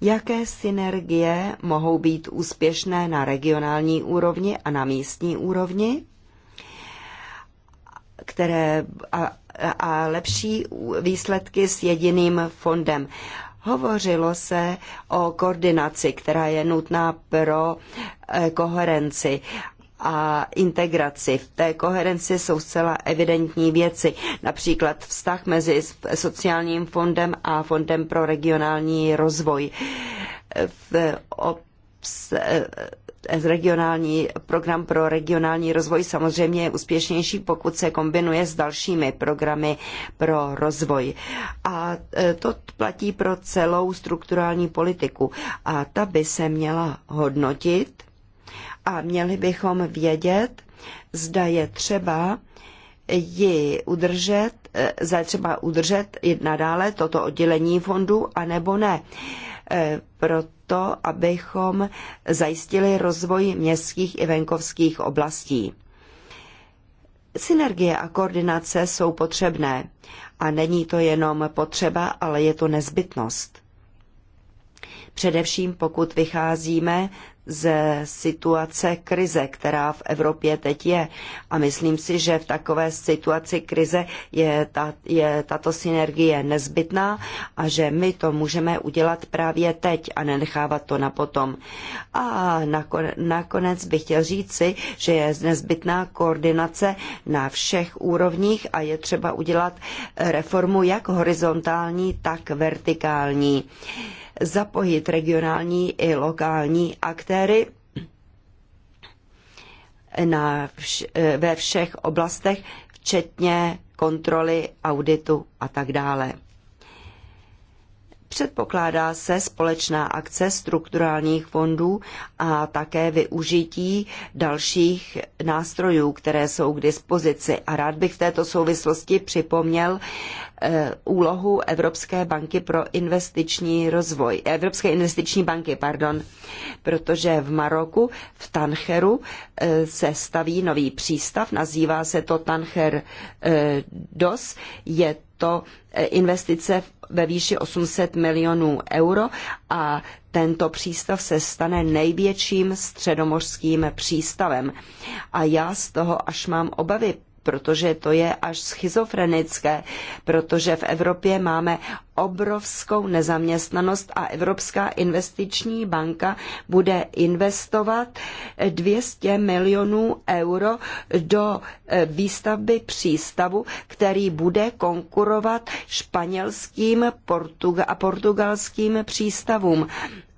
jaké synergie mohou být úspěšné na regionální úrovni a na místní úrovni, které a, a lepší výsledky s jediným fondem. Hovořilo se o koordinaci, která je nutná pro eh, koherenci a integraci. V té koherenci jsou zcela evidentní věci, například vztah mezi sociálním fondem a fondem pro regionální rozvoj. V obs- eh, z regionální, program pro regionální rozvoj samozřejmě je úspěšnější, pokud se kombinuje s dalšími programy pro rozvoj. A e, to platí pro celou strukturální politiku. A ta by se měla hodnotit a měli bychom vědět, zda je třeba ji udržet, e, za třeba udržet nadále toto oddělení fondu, anebo ne. Eh, proto, abychom zajistili rozvoj městských i venkovských oblastí. Synergie a koordinace jsou potřebné a není to jenom potřeba, ale je to nezbytnost. Především pokud vycházíme ze situace krize, která v Evropě teď je. A myslím si, že v takové situaci krize je, ta, je tato synergie nezbytná a že my to můžeme udělat právě teď a nenechávat to na potom. A nakonec bych chtěl říci, že je nezbytná koordinace na všech úrovních a je třeba udělat reformu jak horizontální, tak vertikální zapojit regionální i lokální aktéry na vš- eh, ve všech oblastech, včetně kontroly, auditu a tak dále. Předpokládá se společná akce strukturálních fondů a také využití dalších nástrojů, které jsou k dispozici. A rád bych v této souvislosti připomněl eh, úlohu Evropské banky pro investiční rozvoj, eh, Evropské investiční banky, pardon, protože v Maroku, v Tancheru eh, se staví nový přístav, nazývá se to Tancher DOS, je to e, investice ve výši 800 milionů euro a tento přístav se stane největším středomořským přístavem. A já z toho až mám obavy, protože to je až schizofrenické, protože v Evropě máme obrovskou nezaměstnanost a Evropská investiční banka bude investovat 200 milionů euro do eh, výstavby přístavu, který bude konkurovat španělským a portugalským přístavům.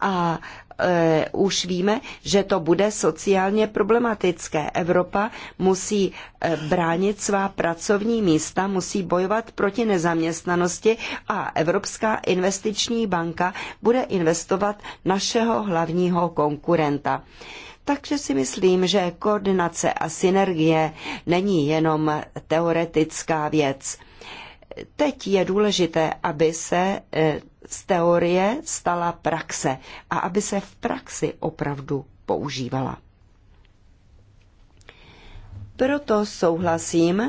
A e, už víme, že to bude sociálně problematické. Evropa musí e, bránit svá pracovní místa, musí bojovat proti nezaměstnanosti a Evropská investiční banka bude investovat našeho hlavního konkurenta. Takže si myslím, že koordinace a synergie není jenom teoretická věc. Teď je důležité, aby se eh, z teorie stala praxe a aby se v praxi opravdu používala. Proto souhlasím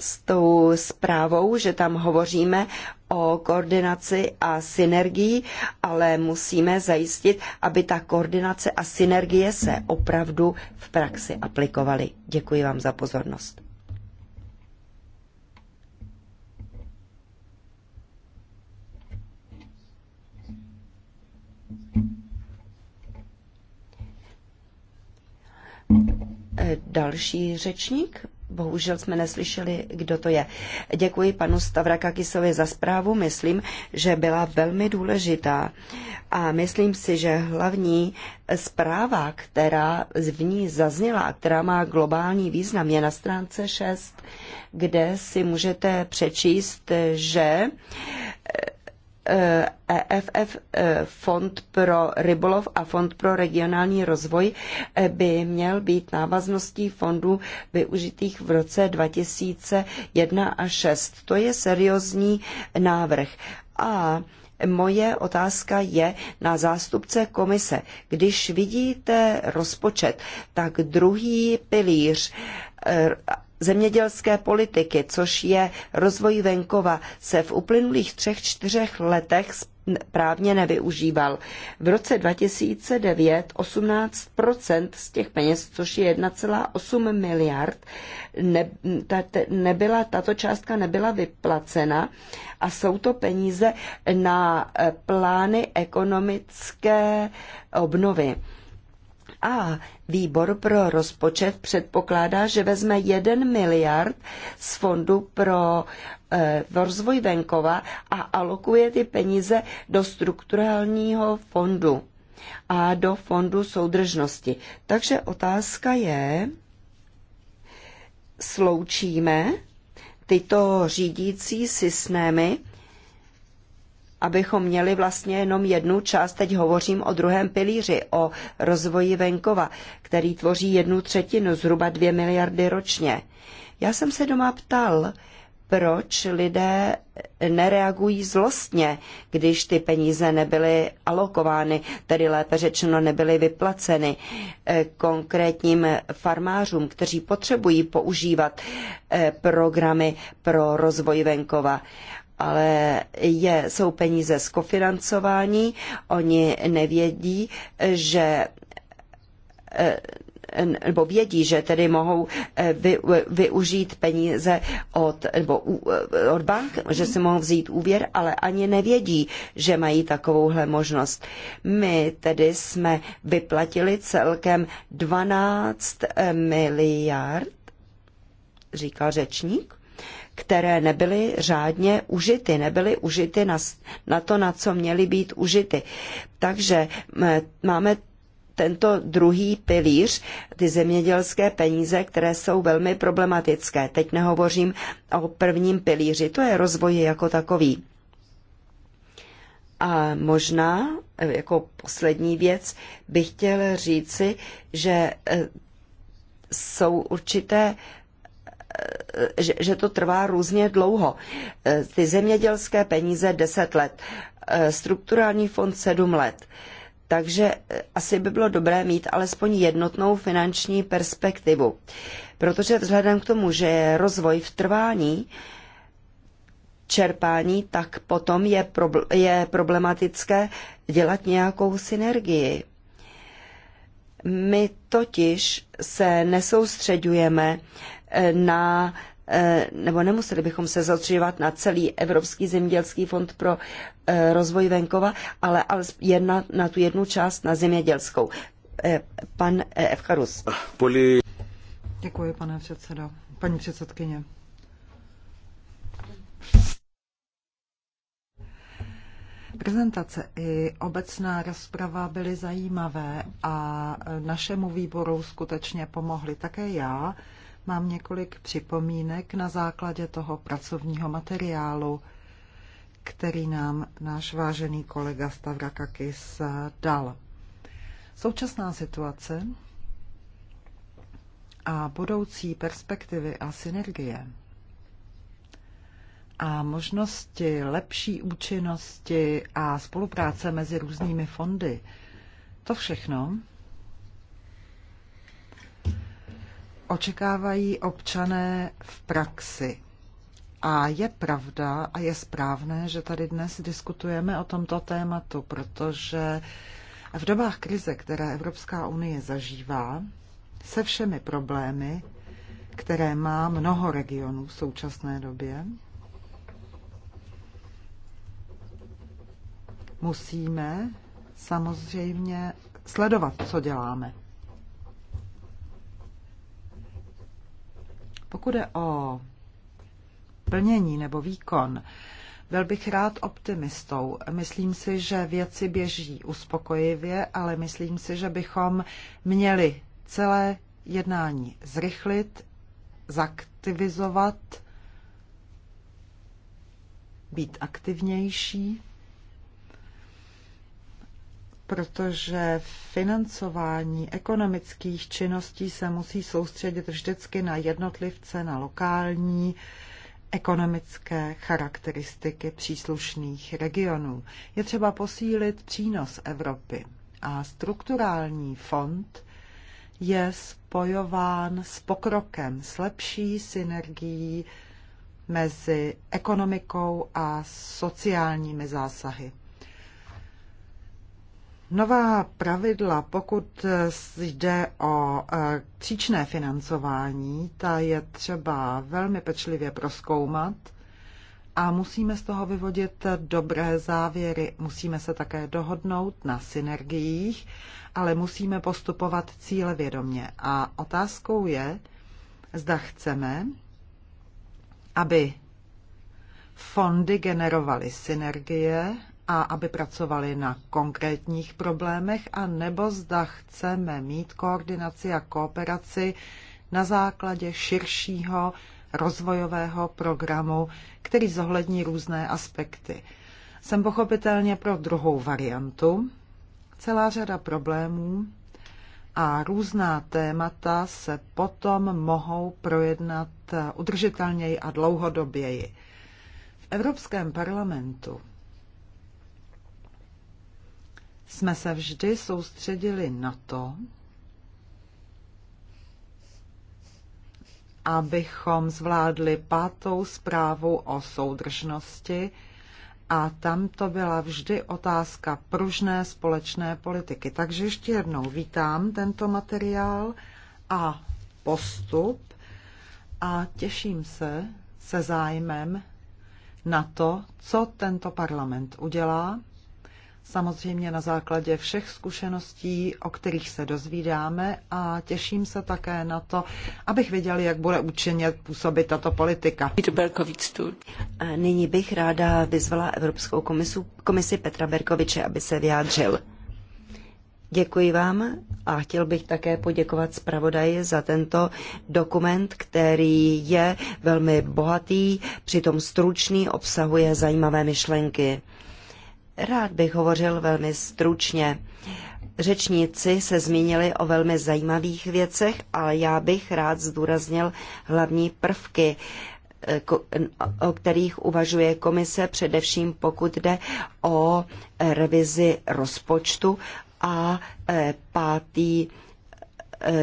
s tou zprávou, že tam hovoříme o koordinaci a synergii, ale musíme zajistit, aby ta koordinace a synergie se opravdu v praxi aplikovaly. Děkuji vám za pozornost. Eh, další řečník, bohužel jsme neslyšeli, kdo to je. Děkuji panu Stavrakakisovi za zprávu, myslím, že byla velmi důležitá a myslím si, že hlavní zpráva, která v ní zazněla která má globální význam, je na stránce 6, kde si můžete přečíst, že eh, EFF, e, Fond pro rybolov a Fond pro regionální rozvoj e, by měl být návazností fondů využitých v roce 2001 a 6. To je seriózní návrh. A Moje otázka je na zástupce komise. Když vidíte rozpočet, tak druhý pilíř e, zemědělské politiky, což je rozvoj venkova, se v uplynulých třech, čtyřech letech právně nevyužíval. V roce 2009 18 z těch peněz, což je 1,8 miliard, ne, ta, nebyla, tato částka nebyla vyplacena a jsou to peníze na eh, plány ekonomické obnovy. A výbor pro rozpočet předpokládá, že vezme 1 miliard z fondu pro eh, rozvoj venkova a alokuje ty peníze do strukturálního fondu a do fondu soudržnosti. Takže otázka je, sloučíme tyto řídící systémy abychom měli vlastně jenom jednu část, teď hovořím o druhém pilíři, o rozvoji venkova, který tvoří jednu třetinu, zhruba dvě miliardy ročně. Já jsem se doma ptal, proč lidé nereagují zlostně, když ty peníze nebyly alokovány, tedy lépe řečeno nebyly vyplaceny eh, konkrétním farmářům, kteří potřebují používat eh, programy pro rozvoj venkova ale je, jsou peníze z kofinancování, oni nevědí, že eh, nebo vědí, že tedy mohou eh, vy, využít peníze od, nebo eh, od bank, že si mohou vzít úvěr, ale ani nevědí, že mají takovouhle možnost. My tedy jsme vyplatili celkem 12 miliard, říkal řečník které nebyly řádně užity, nebyly užity na, na to, na co měly být užity. Takže máme tento druhý pilíř, ty zemědělské peníze, které jsou velmi problematické. Teď nehovořím o prvním pilíři, to je rozvoj jako takový. A možná e, jako poslední věc bych chtěl říci, že e, jsou určité e, E, že, že to trvá různě dlouho. E, ty zemědělské peníze 10 let, e, strukturální fond 7 let. Takže asi by bylo dobré mít alespoň jednotnou finanční perspektivu. Protože vzhledem k tomu, že je rozvoj v trvání, čerpání, tak potom je, probl- je problematické dělat nějakou synergii. My totiž se nesoustředujeme na eh, nebo nemuseli bychom se zotřívat na celý Evropský zemědělský fond pro eh, rozvoj venkova, ale jedna, na tu jednu část, na zemědělskou. Eh, pan Evkarus. Poli... Děkuji, pane předsedo. Paní předsedkyně. Prezentace i obecná rozprava byly zajímavé a našemu výboru skutečně pomohly. Také já Mám několik připomínek na základě toho pracovního materiálu, který nám náš vážený kolega Stavrakakis dal. Současná situace a budoucí perspektivy a synergie a možnosti lepší účinnosti a spolupráce mezi různými fondy. To všechno očekávají občané v praxi. A je pravda a je správné, že tady dnes diskutujeme o tomto tématu, protože v dobách krize, které Evropská unie zažívá, se všemi problémy, které má mnoho regionů v současné době, musíme samozřejmě sledovat, co děláme. Pokud je o plnění nebo výkon, byl bych rád optimistou. Myslím si, že věci běží uspokojivě, ale myslím si, že bychom měli celé jednání zrychlit, zaktivizovat, být aktivnější protože financování ekonomických činností se musí soustředit vždycky na jednotlivce, na lokální ekonomické charakteristiky příslušných regionů. Je třeba posílit přínos Evropy a strukturální fond je spojován s pokrokem, s lepší synergií mezi ekonomikou a sociálními zásahy. Nová pravidla, pokud jde o příčné e, financování, ta je třeba velmi pečlivě proskoumat a musíme z toho vyvodit dobré závěry. Musíme se také dohodnout na synergiích, ale musíme postupovat cíle vědomě. A otázkou je, zda chceme, aby fondy generovaly synergie a aby pracovali na konkrétních problémech, a nebo zda chceme mít koordinaci a kooperaci na základě širšího rozvojového programu, který zohlední různé aspekty. Jsem pochopitelně pro druhou variantu. Celá řada problémů a různá témata se potom mohou projednat udržitelněji a dlouhodoběji. V Evropském parlamentu jsme se vždy soustředili na to, abychom zvládli pátou zprávu o soudržnosti a tam to byla vždy otázka pružné společné politiky. Takže ještě jednou vítám tento materiál a postup a těším se se zájmem na to, co tento parlament udělá samozřejmě na základě všech zkušeností, o kterých se dozvídáme a těším se také na to, abych věděl, jak bude účinně působit tato politika. Nyní bych ráda vyzvala Evropskou komisu, komisi Petra Berkoviče, aby se vyjádřil. Děkuji vám a chtěl bych také poděkovat zpravodaji za tento dokument, který je velmi bohatý, přitom stručný, obsahuje zajímavé myšlenky. Rád bych hovořil velmi stručně. Řečníci se zmínili o velmi zajímavých věcech, ale já bych rád zdůraznil hlavní prvky, eh, o kterých uvažuje komise, především pokud jde o eh, revizi rozpočtu a eh, pátý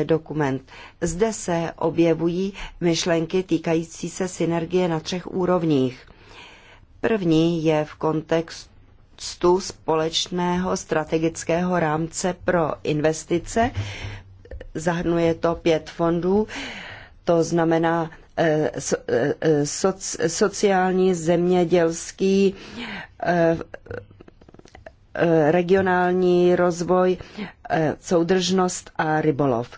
dokument. Zde se objevují myšlenky týkající se synergie na třech úrovních. První je v kontextu úctu společného strategického rámce pro investice. Zahrnuje to pět fondů, to znamená eh, eh, eh, sociální, zemědělský, regionální rozvoj, soudržnost a rybolov.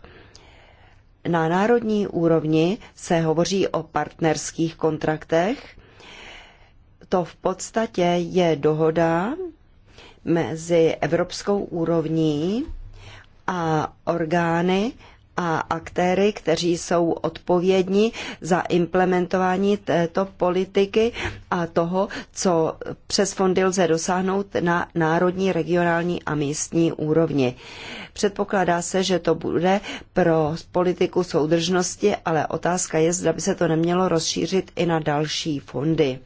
Na národní úrovni se hovoří o partnerských kontraktech, to v podstatě je dohoda mezi evropskou úrovní a orgány a aktéry, kteří jsou odpovědní za implementování této politiky a toho, co přes fondy lze dosáhnout na národní, regionální a místní úrovni. Předpokládá se, že to bude pro politiku soudržnosti, ale otázka je, zda by se to nemělo rozšířit i na další fondy.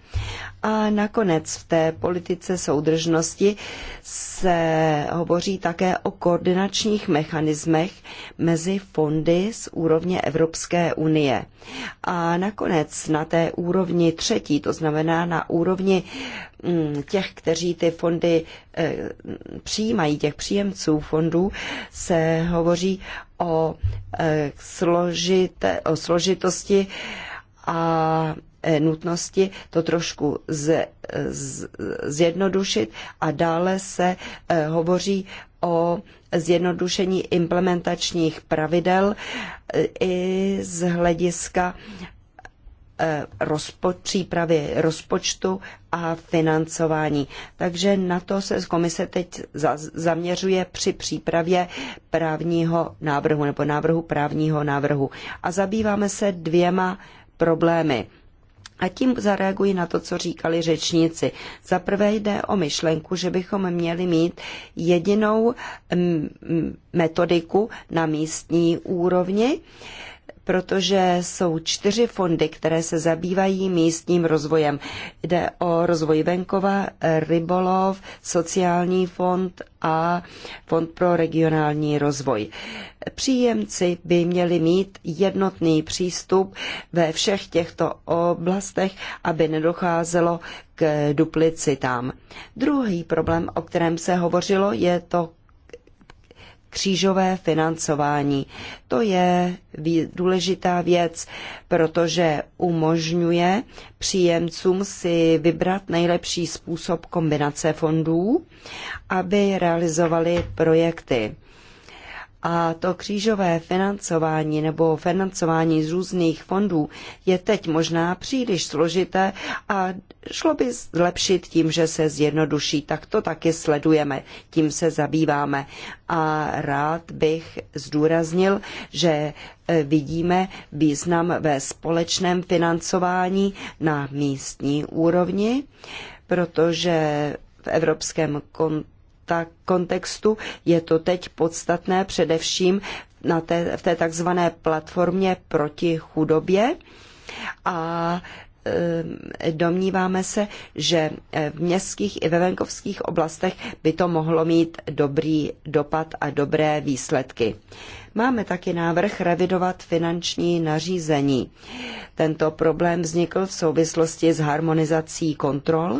A nakonec v té politice soudržnosti se hovoří také o koordinačních mechanismech mezi fondy fondy z úrovně Evropské unie. A nakonec na té úrovni třetí, to znamená na úrovni mm, těch, kteří ty fondy eh, přijímají, těch příjemců fondů, se hovoří o, eh, složit, o složitosti a Eh, nutnosti to trošku z, z, zjednodušit a dále se eh, hovoří o zjednodušení implementačních pravidel eh, i z hlediska rozpo, přípravy rozpočtu a financování. Takže na to se komise teď za, zaměřuje při přípravě právního návrhu nebo návrhu právního návrhu. A zabýváme se dvěma problémy. A tím zareaguji na to, co říkali řečníci. Za prvé jde o myšlenku, že bychom měli mít jedinou mm, mm, metodiku na místní úrovni, protože jsou čtyři fondy, které se zabývají místním rozvojem. Jde o rozvoj venkova, rybolov, sociální fond a fond pro regionální rozvoj. Příjemci by měli mít jednotný přístup ve všech těchto oblastech, aby nedocházelo k duplicitám. Druhý problém, o kterém se hovořilo, je to křížové financování. To je důležitá věc, protože umožňuje příjemcům si vybrat nejlepší způsob kombinace fondů, aby realizovali projekty. A to křížové financování nebo financování z různých fondů je teď možná příliš složité a šlo by zlepšit tím, že se zjednoduší. Tak to taky sledujeme, tím se zabýváme. A rád bych zdůraznil, že e, vidíme význam ve společném financování na místní úrovni, protože v evropském kontextu tak kontextu je to teď podstatné především na té, v té takzvané platformě proti chudobě a eh, domníváme se, že eh, v městských i ve venkovských oblastech by to mohlo mít dobrý dopad a dobré výsledky. Máme taky návrh revidovat finanční nařízení. Tento problém vznikl v souvislosti s harmonizací kontrol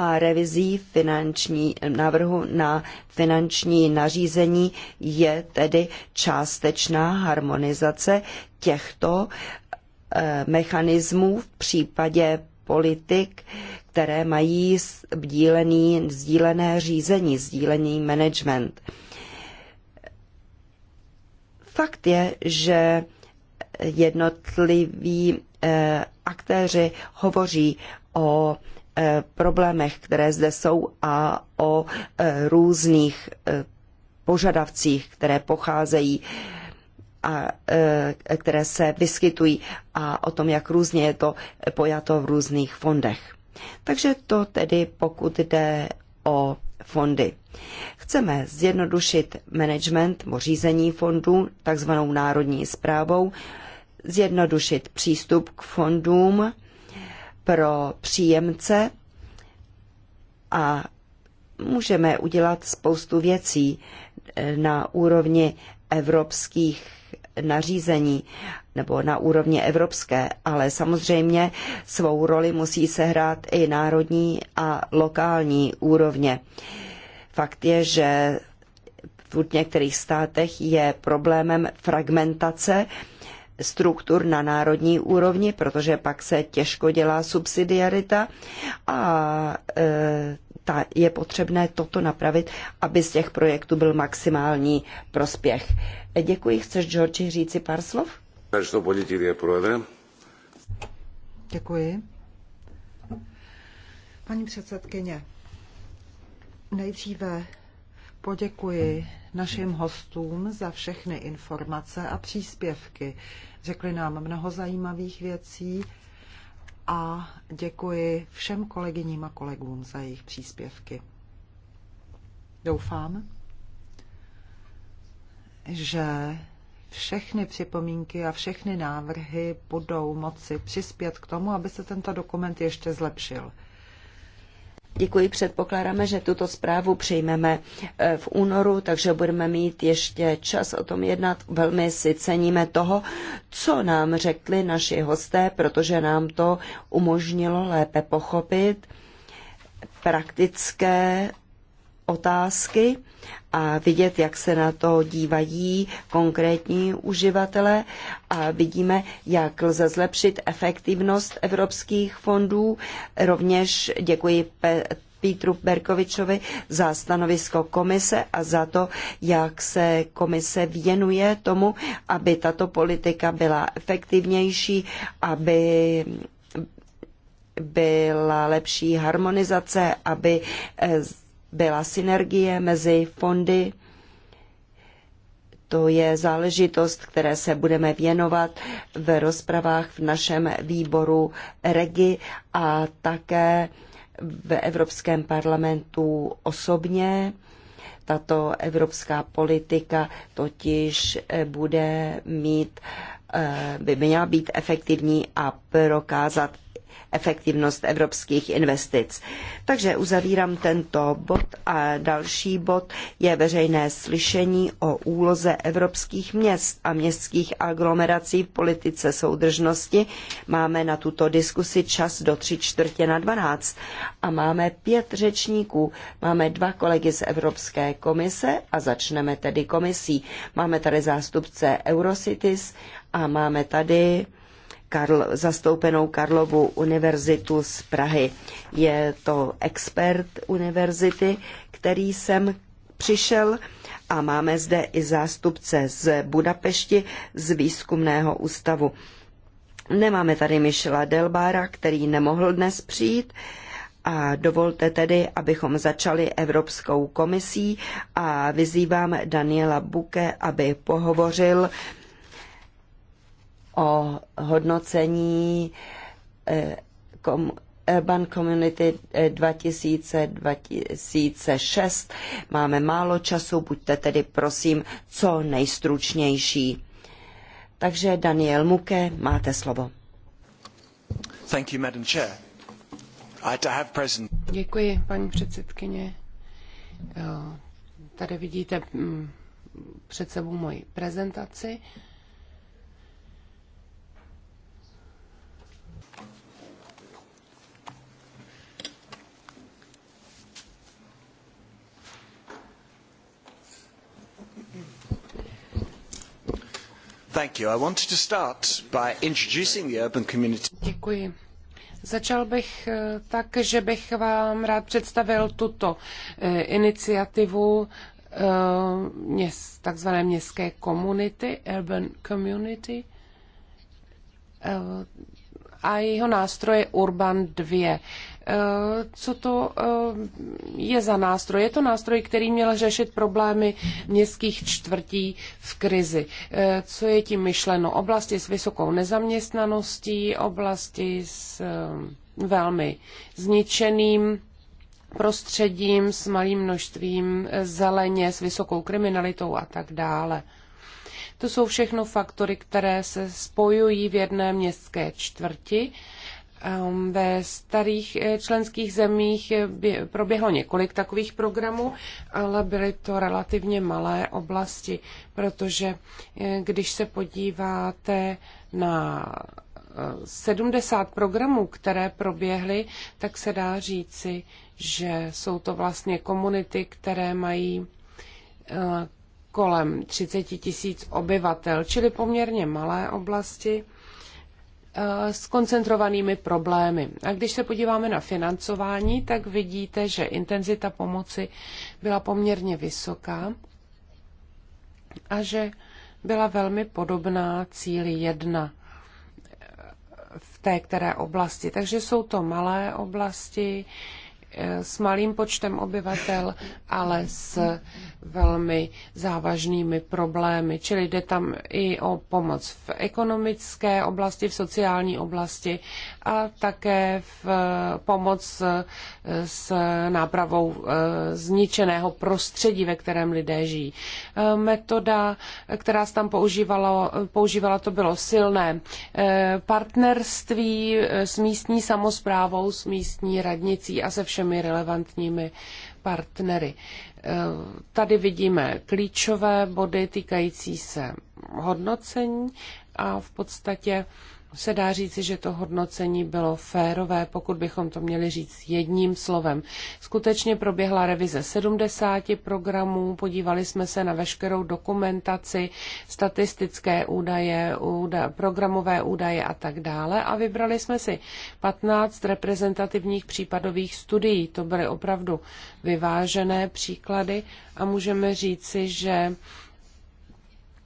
a revizí finanční návrhu na finanční nařízení je tedy částečná harmonizace těchto eh, mechanismů v případě politik, které mají sdílený, sdílené řízení, sdílený management. Fakt je, že jednotliví eh, aktéři hovoří o Eh, problémech, které zde jsou a o eh, různých eh, požadavcích, které pocházejí a které se vyskytují a o tom, jak různě je to pojato v různých fondech. Takže to tedy pokud jde o fondy. Chceme zjednodušit management, řízení fondů, takzvanou národní zprávou, zjednodušit přístup k fondům, pro příjemce a můžeme udělat spoustu věcí eh, na úrovni evropských nařízení nebo na úrovni evropské, ale samozřejmě svou roli musí sehrát i národní a lokální úrovně. Fakt je, že v některých státech je problémem fragmentace struktur na národní úrovni, protože pak se těžko dělá subsidiarita a e, ta, je potřebné toto napravit, aby z těch projektů byl maximální prospěch. Děkuji. Chceš, Georgi, říci pár slov? Děkuji. Paní předsedkyně, nejdříve poděkuji našim hostům za všechny informace a příspěvky. Řekli nám mnoho zajímavých věcí a děkuji všem kolegyním a kolegům za jejich příspěvky. Doufám, že všechny připomínky a všechny návrhy budou moci přispět k tomu, aby se tento dokument ještě zlepšil. Děkuji, předpokládáme, že tuto zprávu přijmeme eh, v únoru, takže budeme mít ještě čas o tom jednat. Velmi si ceníme toho, co nám řekli naši hosté, protože nám to umožnilo lépe pochopit praktické otázky a vidět, jak se na to dívají konkrétní uživatelé a vidíme, jak lze zlepšit efektivnost evropských fondů. Rovněž děkuji Pítru Berkovičovi za stanovisko komise a za to, jak se komise věnuje tomu, aby tato politika byla efektivnější, aby byla lepší harmonizace, aby eh, byla synergie mezi fondy. To je záležitost, které se budeme věnovat v rozpravách v našem výboru REGI a také v Evropském parlamentu osobně. Tato evropská politika totiž eh, bude mít eh, by měla být efektivní a prokázat efektivnost evropských investic. Takže uzavírám tento bod a další bod je veřejné slyšení o úloze evropských měst a městských aglomerací v politice soudržnosti. Máme na tuto diskusi čas do tři čtvrtě na dvanáct a máme pět řečníků. Máme dva kolegy z Evropské komise a začneme tedy komisí. Máme tady zástupce Eurocities a máme tady Karl, zastoupenou Karlovu univerzitu z Prahy. Je to expert univerzity, který jsem přišel a máme zde i zástupce z Budapešti z výzkumného ústavu. Nemáme tady Michela Delbára, který nemohl dnes přijít, a dovolte tedy, abychom začali Evropskou komisí a vyzývám Daniela Buke, aby pohovořil o hodnocení eh, Urban Community 2000-2006. Eh, Máme málo času, buďte tedy prosím co nejstručnější. Takže Daniel Muke, máte slovo. Thank you, Madam Chair. Děkuji, paní předsedkyně. Eh, tady vidíte mm, před sebou moji prezentaci. Děkuji. Začal bych eh, tak, že bych vám rád představil tuto eh, iniciativu eh, měst, takzvané městské komunity, urban community, a jeho nástroje Urban 2. Eh, co to eh, je za nástroj. Je to nástroj, který měl řešit problémy městských čtvrtí v krizi. Eh, co je tím myšleno? Oblasti s vysokou nezaměstnaností, oblasti s velmi zničeným prostředím, s malým množstvím zeleně, s vysokou kriminalitou a tak dále. To jsou všechno faktory, které se spojují v jedné městské čtvrti Um, ve starých eh, členských zemích eh, proběhlo několik takových programů, ale byly to relativně malé oblasti, protože eh, když se podíváte na 70 programů, které proběhly, tak se dá říci, že jsou to vlastně komunity, které mají kolem 30 tisíc obyvatel, čili poměrně malé oblasti Eh, s koncentrovanými problémy. A když se podíváme na financování, tak vidíte, že intenzita pomoci byla poměrně vysoká a že byla velmi podobná cíli jedna eh, v té které oblasti. Takže jsou to malé oblasti, s malým počtem obyvatel, ale s velmi závažnými problémy. Čili jde tam i o pomoc v ekonomické oblasti, v sociální oblasti a také v eh, pomoc eh, s nápravou eh, zničeného prostředí, ve kterém lidé žijí. Metoda, která se tam používala, používala to bylo silné partnerství s místní samozprávou, s místní radnicí a se všemi relevantními partnery. Tady vidíme klíčové body týkající se hodnocení a v podstatě se dá říci, že to hodnocení bylo férové, pokud bychom to měli říct jedním slovem. Skutečně proběhla revize 70 programů, podívali jsme se na veškerou dokumentaci, statistické údaje, úda, programové údaje a tak dále a vybrali jsme si 15 reprezentativních případových studií. To byly opravdu vyvážené příklady a můžeme říci, že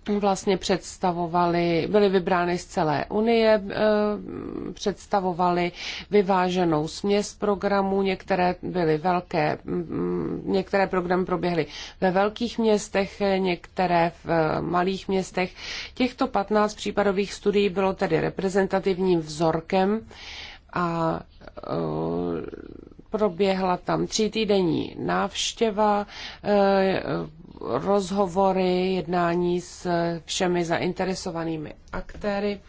vlastně představovali, byly vybrány z celé Unie, eh, představovali vyváženou směs programů, některé byly velké, mm, mm, některé programy proběhly ve velkých městech, některé v eh, malých městech. Těchto 15 případových studií bylo tedy reprezentativním vzorkem a eh, proběhla tam týdenní návštěva, eh, rozhovory, jednání s všemi zainteresovanými aktéry.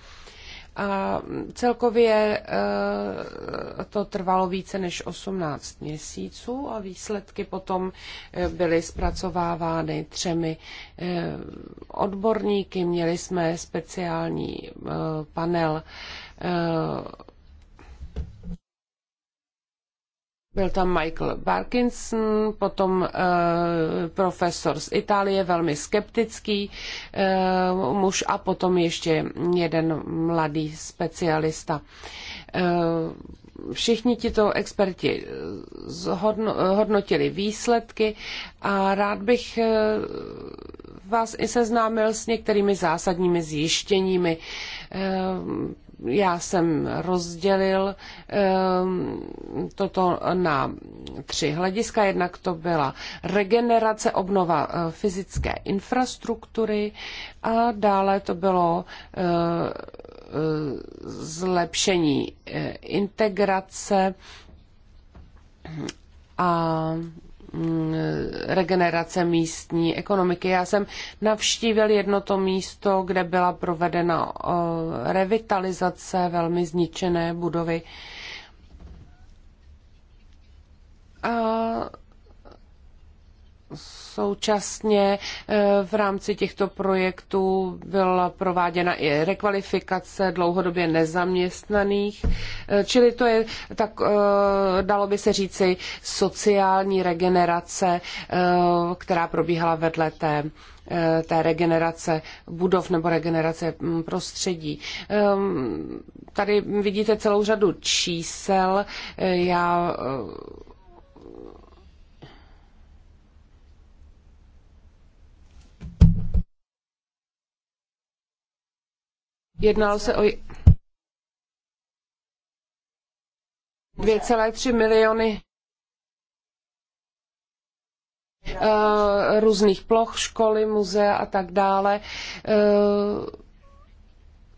A celkově eh, to trvalo více než 18 měsíců a výsledky potom eh, byly zpracovávány třemi odborníky. Měli jsme speciální panel Byl tam Michael Parkinson, potom e, profesor z Itálie, velmi skeptický e, muž a potom ještě jeden mladý specialista. E, všichni tito experti zhodno, hodnotili výsledky a rád bych vás i seznámil s některými zásadními zjištěními já jsem rozdělil ehm, toto na tři hlediska. Jednak to byla regenerace, obnova eh, fyzické infrastruktury a dále to bylo eh, eh, zlepšení integrace a Mm, regenerace místní ekonomiky. Já jsem navštívil jedno to místo, kde byla provedena revitalizace velmi zničené budovy Současně eh, v rámci těchto projektů byla prováděna i rekvalifikace dlouhodobě nezaměstnaných, eh, čili to je, tak eh, dalo by se říci, sociální regenerace, která probíhala vedle té té regenerace budov nebo regenerace mm, prostředí. Ehm, tady vidíte celou řadu čísel. Já Jednalo se o 2,3 miliony eh, různých ploch, školy, muzea a tak dále. Eh,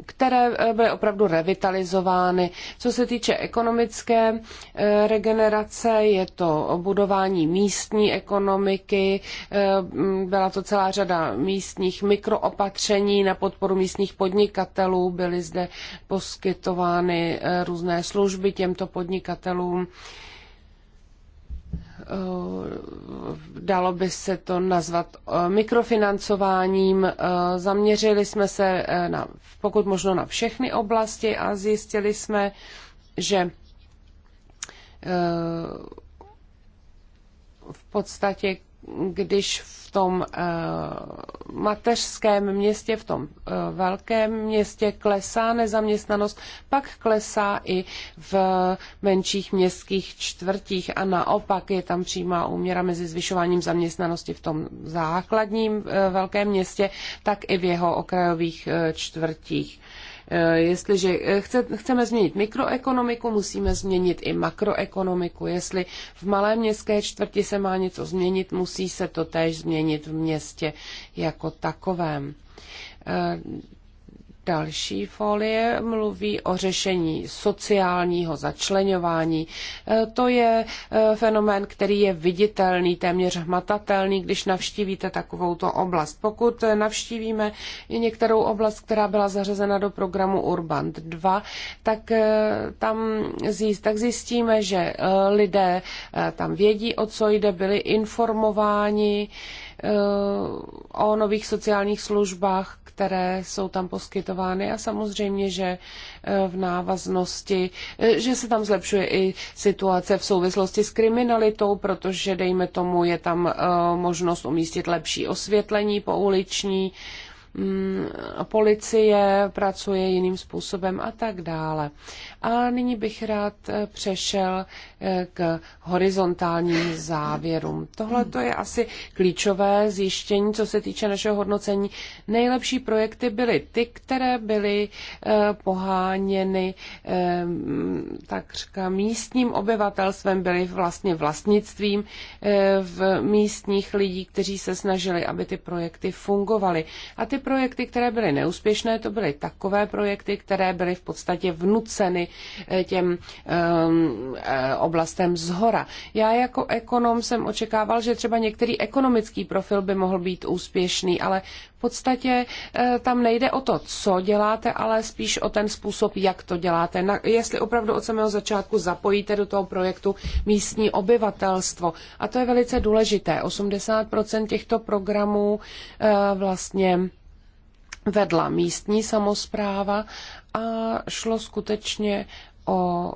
které eh, byly opravdu revitalizovány. Co se týče ekonomické eh, regenerace, je to budování místní ekonomiky, eh, byla to celá řada místních mikroopatření na podporu místních podnikatelů, byly zde poskytovány různé služby těmto podnikatelům. Eh, dalo by se to nazvat eh, mikrofinancováním. Eh, zaměřili jsme se na, pokud možno na všechny oblasti a zjistili jsme, že v podstatě když v tom uh, mateřském městě, v tom uh, velkém městě klesá nezaměstnanost, pak klesá i v menších městských čtvrtích a naopak je tam přímá úměra mezi zvyšováním zaměstnanosti v tom základním uh, velkém městě, tak i v jeho okrajových uh, čtvrtích. Uh, Eh, jestliže eh, chceme změnit mikroekonomiku, musíme změnit i makroekonomiku. Jestli v malé městské čtvrti se má něco změnit, musí se to též změnit v městě jako takovém. Eh, Další folie mluví o řešení sociálního začlenování. E, to je e, fenomén, který je viditelný, téměř hmatatelný, když navštívíte takovouto oblast. Pokud navštívíme některou oblast, která byla zařazena do programu Urban 2, tak e, tam tak zjistíme, že lidé tam vědí, o co jde, byli informováni, Eh, o nových sociálních službách, které jsou tam poskytovány a samozřejmě, že eh, v návaznosti, eh, že se tam zlepšuje i situace v souvislosti s kriminalitou, protože dejme tomu je tam možnost umístit lepší osvětlení po uliční, mm, policie pracuje jiným způsobem a tak dále. A nyní bych rád eh, přešel eh, k horizontálním závěrům. Tohle to je asi klíčové zjištění, co se týče našeho hodnocení. Nejlepší projekty byly ty, které byly eh, poháněny takřka místním obyvatelstvem, byly vlastně vlastnictvím v místních lidí, kteří se snažili, aby ty projekty fungovaly. A ty projekty, které byly neúspěšné, to byly takové projekty, které byly v podstatě vnuceny Eh, těm ehm, eh, oblastem zhora. Já jako ekonom jsem očekával, že třeba některý ekonomický profil by mohl být úspěšný, ale v podstatě eh, tam nejde o to, co děláte, ale spíš o ten způsob, jak to děláte. Na, jestli opravdu od samého začátku zapojíte do toho projektu místní obyvatelstvo. A to je velice důležité. 80% těchto programů vlastně vedla místní samozpráva a šlo skutečně o e,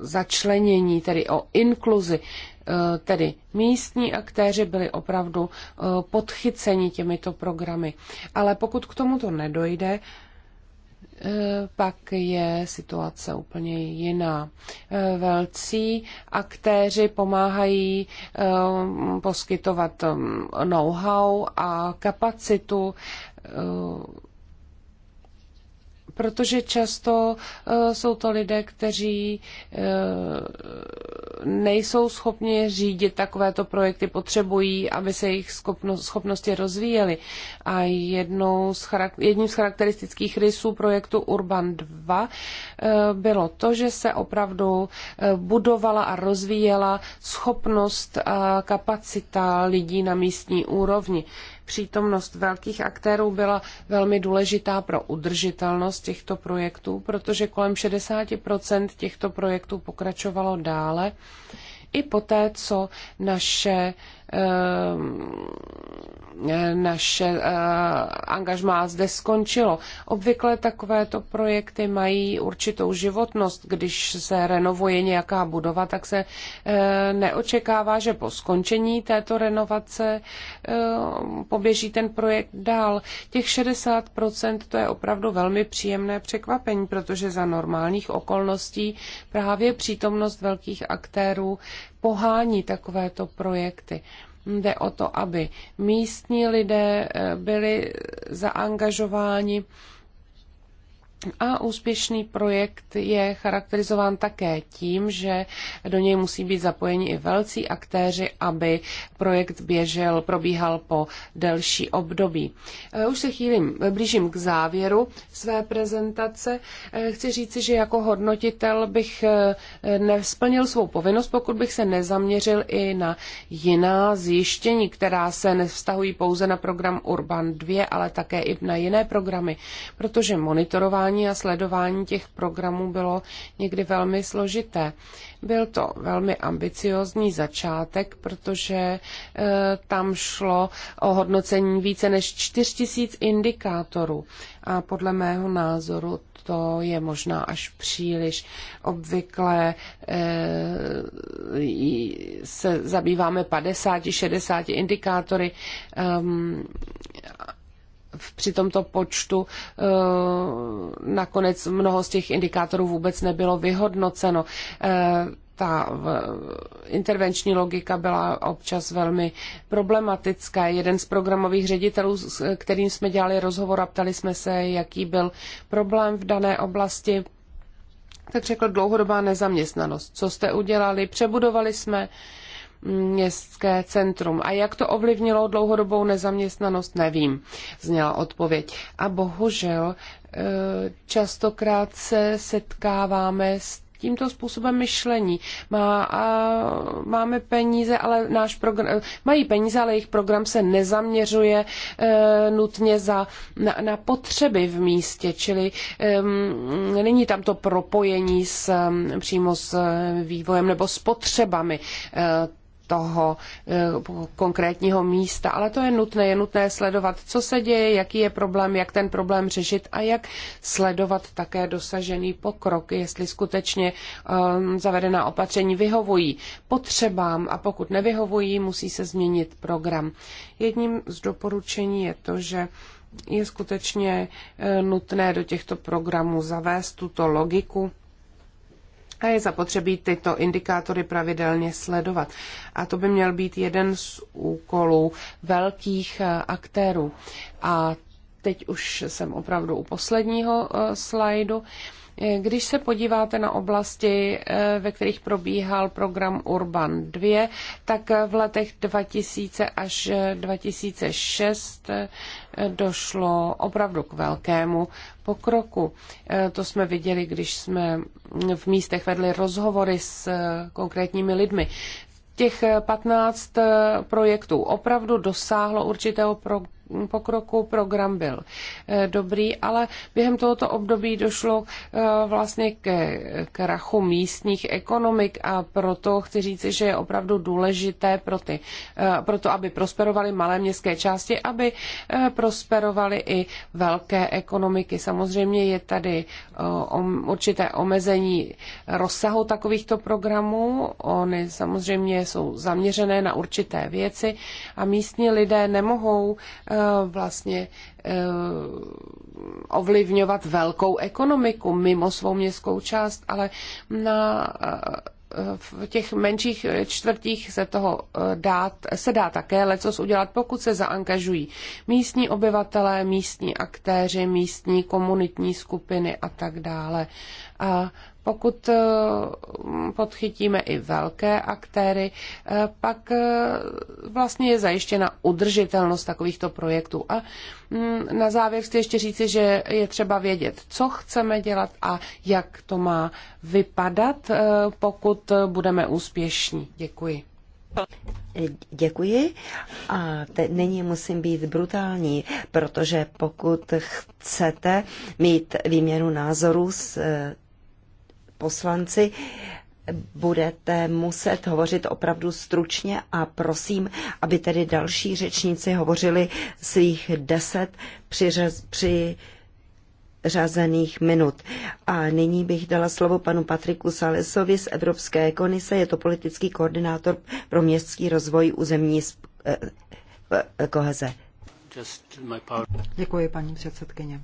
začlenění, tedy o inkluzi. E, tedy místní aktéři byli opravdu e, podchyceni těmito programy. Ale pokud k tomuto nedojde, pak je situace úplně jiná. Velcí aktéři pomáhají poskytovat know-how a kapacitu Eh, protože často eh, jsou to lidé, kteří eh, nejsou schopni řídit takovéto projekty, potřebují, aby se jejich schopnosti rozvíjely. A jednou z jedním z charakteristických rysů projektu Urban 2 bylo to, že se opravdu budovala a rozvíjela schopnost a kapacita lidí na místní úrovni přítomnost velkých aktérů byla velmi důležitá pro udržitelnost těchto projektů, protože kolem 60 těchto projektů pokračovalo dále i poté, co naše ehm, naše eh, angažmá zde skončilo. Obvykle takovéto projekty mají určitou životnost. Když se renovuje nějaká budova, tak se eh, neočekává, že po skončení této renovace eh, poběží ten projekt dál. Těch 60% to je opravdu velmi příjemné překvapení, protože za normálních okolností právě přítomnost velkých aktérů pohání takovéto projekty. Jde o to, aby místní lidé eh, byli zaangažováni a úspěšný projekt je charakterizován také tím, že do něj musí být zapojeni i velcí aktéři, aby projekt běžel, probíhal po delší období. E, už se chýlím, e, blížím k závěru své prezentace. E, chci říci, že jako hodnotitel bych nesplnil svou povinnost, pokud bych se nezaměřil i na jiná zjištění, která se nevztahují pouze na program Urban 2, ale také i na jiné programy, protože monitorování sledování a sledování těch programů bylo někdy velmi složité. Byl to velmi ambiciozní začátek, protože eh, tam šlo o hodnocení více než 4000 indikátorů a podle mého názoru to je možná až příliš. Obvykle eh, se zabýváme 50-60 indikátory ehm, při tomto počtu eh, nakonec mnoho z těch indikátorů vůbec nebylo vyhodnoceno. Eh, ta intervenční logika byla občas velmi problematická. Jeden z programových ředitelů, s kterým jsme dělali rozhovor a ptali jsme se, jaký byl problém v dané oblasti, tak řekl dlouhodobá nezaměstnanost. Co jste udělali? Přebudovali jsme městské centrum. A jak to ovlivnilo dlouhodobou nezaměstnanost, nevím, zněla odpověď. A bohužel eh, častokrát se setkáváme s tímto způsobem myšlení. Má, a, máme peníze, ale náš program, eh, mají peníze, ale jejich program se nezaměřuje e, nutně za, na, na potřeby v místě, čili e, není tam to propojení s, přímo s vývojem nebo s potřebami e, toho eh, konkrétního místa, ale to je nutné, je nutné sledovat, co se děje, jaký je problém, jak ten problém řešit a jak sledovat také dosažený pokrok, jestli skutečně um, zavedená opatření vyhovují potřebám a pokud nevyhovují, musí se změnit program. Jedním z doporučení je to, že je skutečně eh, nutné do těchto programů zavést tuto logiku a je zapotřebí tyto indikátory pravidelně sledovat. A to by měl být jeden z úkolů velkých eh, aktérů. A teď už jsem opravdu u posledního eh, slajdu. Když se podíváte na oblasti, eh, ve kterých probíhal program Urban 2, tak v letech 2000 až 2006 eh, eh, došlo opravdu k velkému pokroku. To jsme viděli, když jsme v místech vedli rozhovory s konkrétními lidmi těch 15 projektů opravdu dosáhlo určitého pro, pokroku, program byl eh, dobrý, ale během tohoto období došlo eh, vlastně ke krachu místních ekonomik a proto chci říci, že je opravdu důležité pro, ty, eh, pro to, aby prosperovaly malé městské části, aby prosperovaly i velké ekonomiky. Samozřejmě je tady určité omezení rozsahu takovýchto programů. Ony samozřejmě jsou zaměřené na určité věci a místní lidé nemohou Eh, vlastně eh, ovlivňovat velkou ekonomiku mimo svou městskou část, ale na eh, v těch menších čtvrtích se toho dá, se dá také lecos udělat, pokud se zaangažují místní obyvatelé, místní aktéři, místní komunitní skupiny a tak dále. A pokud eh, podchytíme i velké aktéry, eh, pak eh, vlastně je zajištěna udržitelnost takovýchto projektů. A mm, na závěr chci ještě říci, že je třeba vědět, co chceme dělat a jak to má vypadat, pokud budeme úspěšní. Děkuji. Děkuji. A te, nyní musím být brutální, protože pokud chcete mít výměnu názorů s poslanci, budete muset hovořit opravdu stručně a prosím, aby tedy další řečníci hovořili svých deset přiřaz, při řazených minut. A nyní bych dala slovo panu Patriku Salesovi z Evropské komise, je to politický koordinátor pro městský rozvoj územní eh, eh, koheze. Děkuji, paní předsedkyně.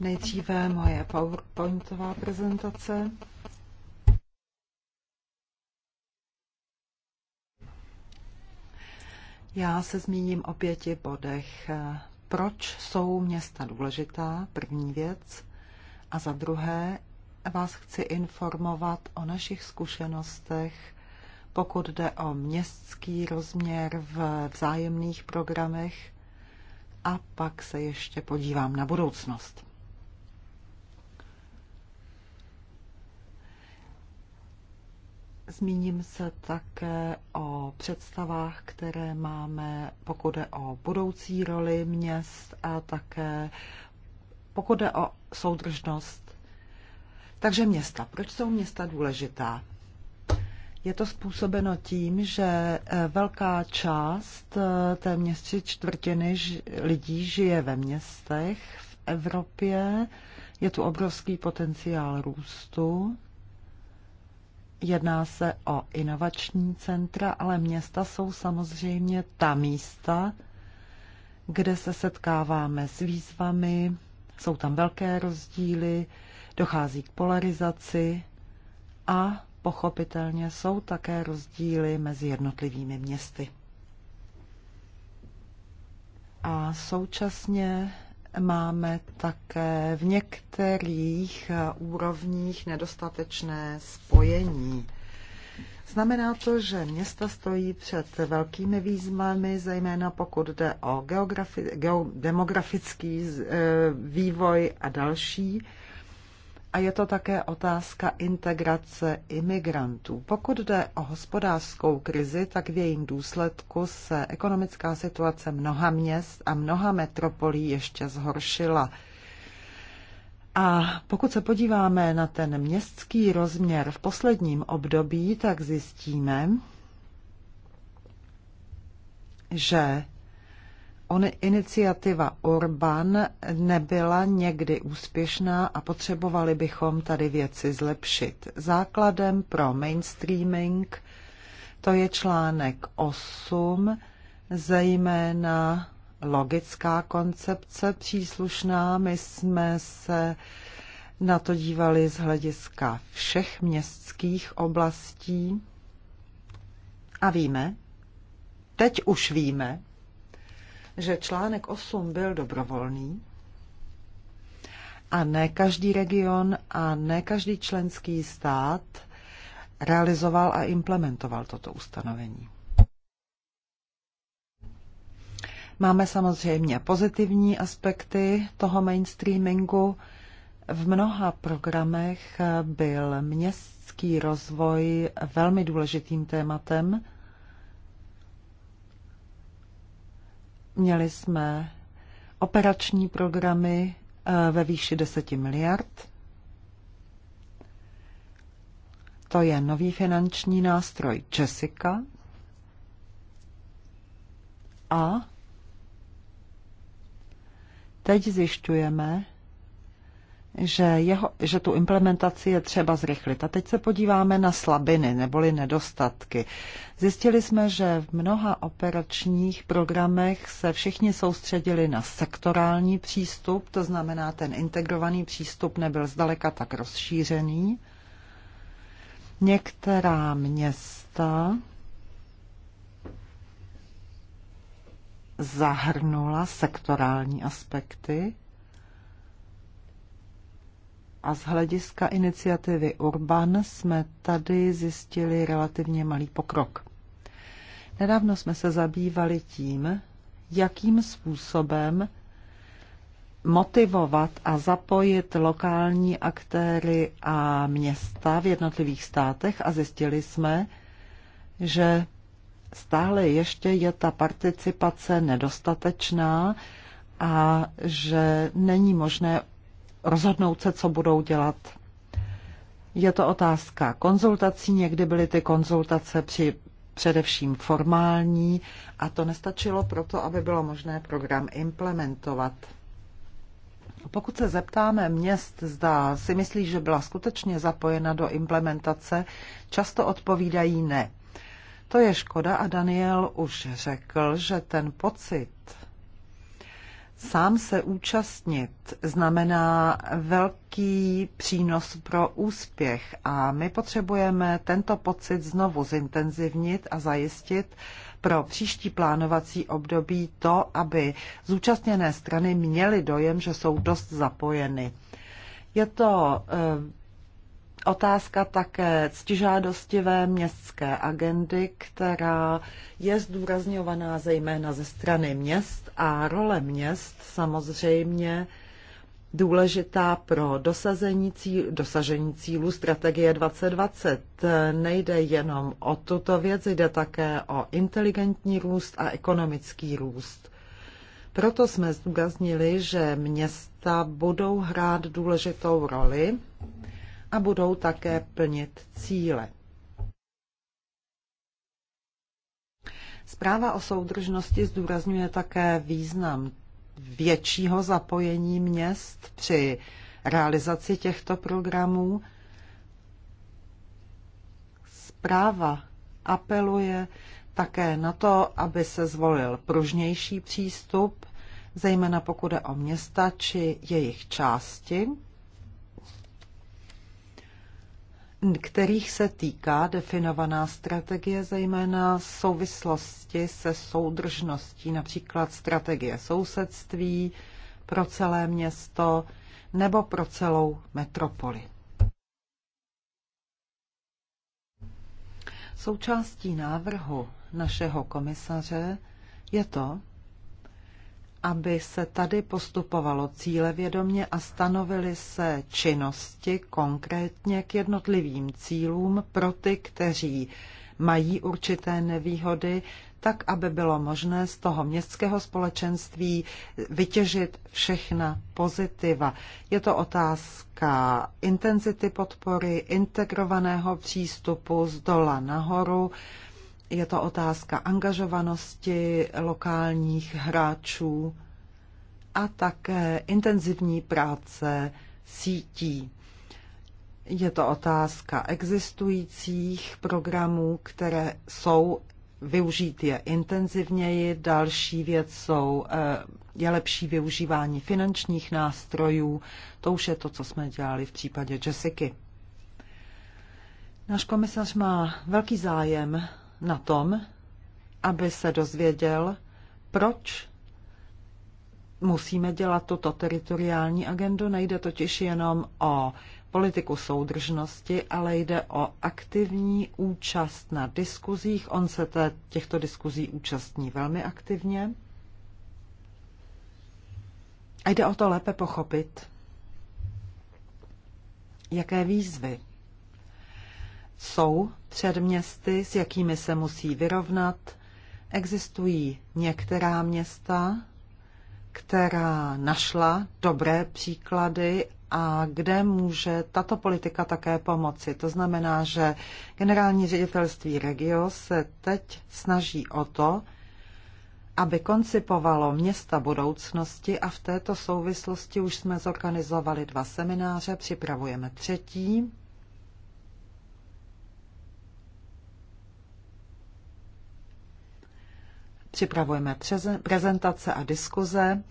Nejdříve moje PowerPointová prezentace. Já se zmíním o pěti bodech. Proč jsou města důležitá? První věc. A za druhé vás chci informovat o našich zkušenostech, pokud jde o městský rozměr v vzájemných programech. A pak se ještě podívám na budoucnost. Zmíním se také o představách, které máme, pokud je o budoucí roli měst a také pokud je o soudržnost. Takže města. Proč jsou města důležitá? Je to způsobeno tím, že eh, velká část eh, té tři čtvrtiny lidí žije ve městech v Evropě. Je tu obrovský potenciál růstu Jedná se o inovační centra, ale města jsou samozřejmě ta místa, kde se setkáváme s výzvami, jsou tam velké rozdíly, dochází k polarizaci a pochopitelně jsou také rozdíly mezi jednotlivými městy. A současně máme také v některých úrovních nedostatečné spojení. Znamená to, že města stojí před velkými výzvami, zejména pokud jde o geografi- geo- demografický eh, vývoj a další a je to také otázka integrace imigrantů. Pokud jde o hospodářskou krizi, tak v jejím důsledku se ekonomická situace mnoha měst a mnoha metropolí ještě zhoršila. A pokud se podíváme na ten městský rozměr v posledním období, tak zjistíme, že on, iniciativa Urban nebyla někdy úspěšná a potřebovali bychom tady věci zlepšit. Základem pro mainstreaming to je článek 8, zejména logická koncepce příslušná. My jsme se na to dívali z hlediska všech městských oblastí a víme, teď už víme, že článek 8 byl dobrovolný a ne každý region a ne každý členský stát realizoval a implementoval toto ustanovení. Máme samozřejmě pozitivní aspekty toho mainstreamingu. V mnoha programech byl městský rozvoj velmi důležitým tématem Měli jsme operační programy eh, ve výši 10 miliard. To je nový finanční nástroj Jessica a teď zjišťujeme, že, jeho, že tu implementaci je třeba zrychlit. A teď se podíváme na slabiny neboli nedostatky. Zjistili jsme, že v mnoha operačních programech se všichni soustředili na sektorální přístup, to znamená, ten integrovaný přístup nebyl zdaleka tak rozšířený. Některá města zahrnula sektorální aspekty a z hlediska iniciativy Urban jsme tady zjistili relativně malý pokrok. Nedávno jsme se zabývali tím, jakým způsobem motivovat a zapojit lokální aktéry a města v jednotlivých státech a zjistili jsme, že stále ještě je ta participace nedostatečná a že není možné rozhodnout se, co budou dělat. Je to otázka konzultací. Někdy byly ty konzultace při především formální a to nestačilo proto, aby bylo možné program implementovat. Pokud se zeptáme měst, zda si myslí, že byla skutečně zapojena do implementace, často odpovídají ne. To je škoda a Daniel už řekl, že ten pocit sám se účastnit znamená velký přínos pro úspěch a my potřebujeme tento pocit znovu zintenzivnit a zajistit pro příští plánovací období to, aby zúčastněné strany měly dojem, že jsou dost zapojeny. Je to eh, otázka také ctižádostivé městské agendy, která je zdůrazňovaná zejména ze strany měst a role měst samozřejmě důležitá pro dosazení cíl, dosažení cílů strategie 2020. Nejde jenom o tuto věc, jde také o inteligentní růst a ekonomický růst. Proto jsme zdůraznili, že města budou hrát důležitou roli a budou také plnit cíle. Zpráva o soudržnosti zdůrazňuje také význam většího zapojení měst při realizaci těchto programů. Zpráva apeluje také na to, aby se zvolil pružnější přístup, zejména pokud je o města či jejich části, kterých se týká definovaná strategie, zejména souvislosti se soudržností, například strategie sousedství pro celé město nebo pro celou metropoli. Součástí návrhu našeho komisaře je to, aby se tady postupovalo cílevědomě a stanovily se činnosti konkrétně k jednotlivým cílům pro ty, kteří mají určité nevýhody, tak aby bylo možné z toho městského společenství vytěžit všechna pozitiva. Je to otázka intenzity podpory, integrovaného přístupu z dola nahoru, je to otázka angažovanosti lokálních hráčů a také intenzivní práce sítí. Je to otázka existujících programů, které jsou využít je intenzivněji. Další věc jsou, eh, je lepší využívání finančních nástrojů. To už je to, co jsme dělali v případě Jessica. Náš komisař má velký zájem na tom, aby se dozvěděl, proč musíme dělat tuto teritoriální agendu. Nejde totiž jenom o politiku soudržnosti, ale jde o aktivní účast na diskuzích. On se té, těchto diskuzí účastní velmi aktivně. A jde o to lépe pochopit, jaké výzvy jsou předměsty, s jakými se musí vyrovnat. Existují některá města, která našla dobré příklady a kde může tato politika také pomoci. To znamená, že generální ředitelství Regio se teď snaží o to, aby koncipovalo města budoucnosti a v této souvislosti už jsme zorganizovali dva semináře, připravujeme třetí. připravujeme prezentace a diskuze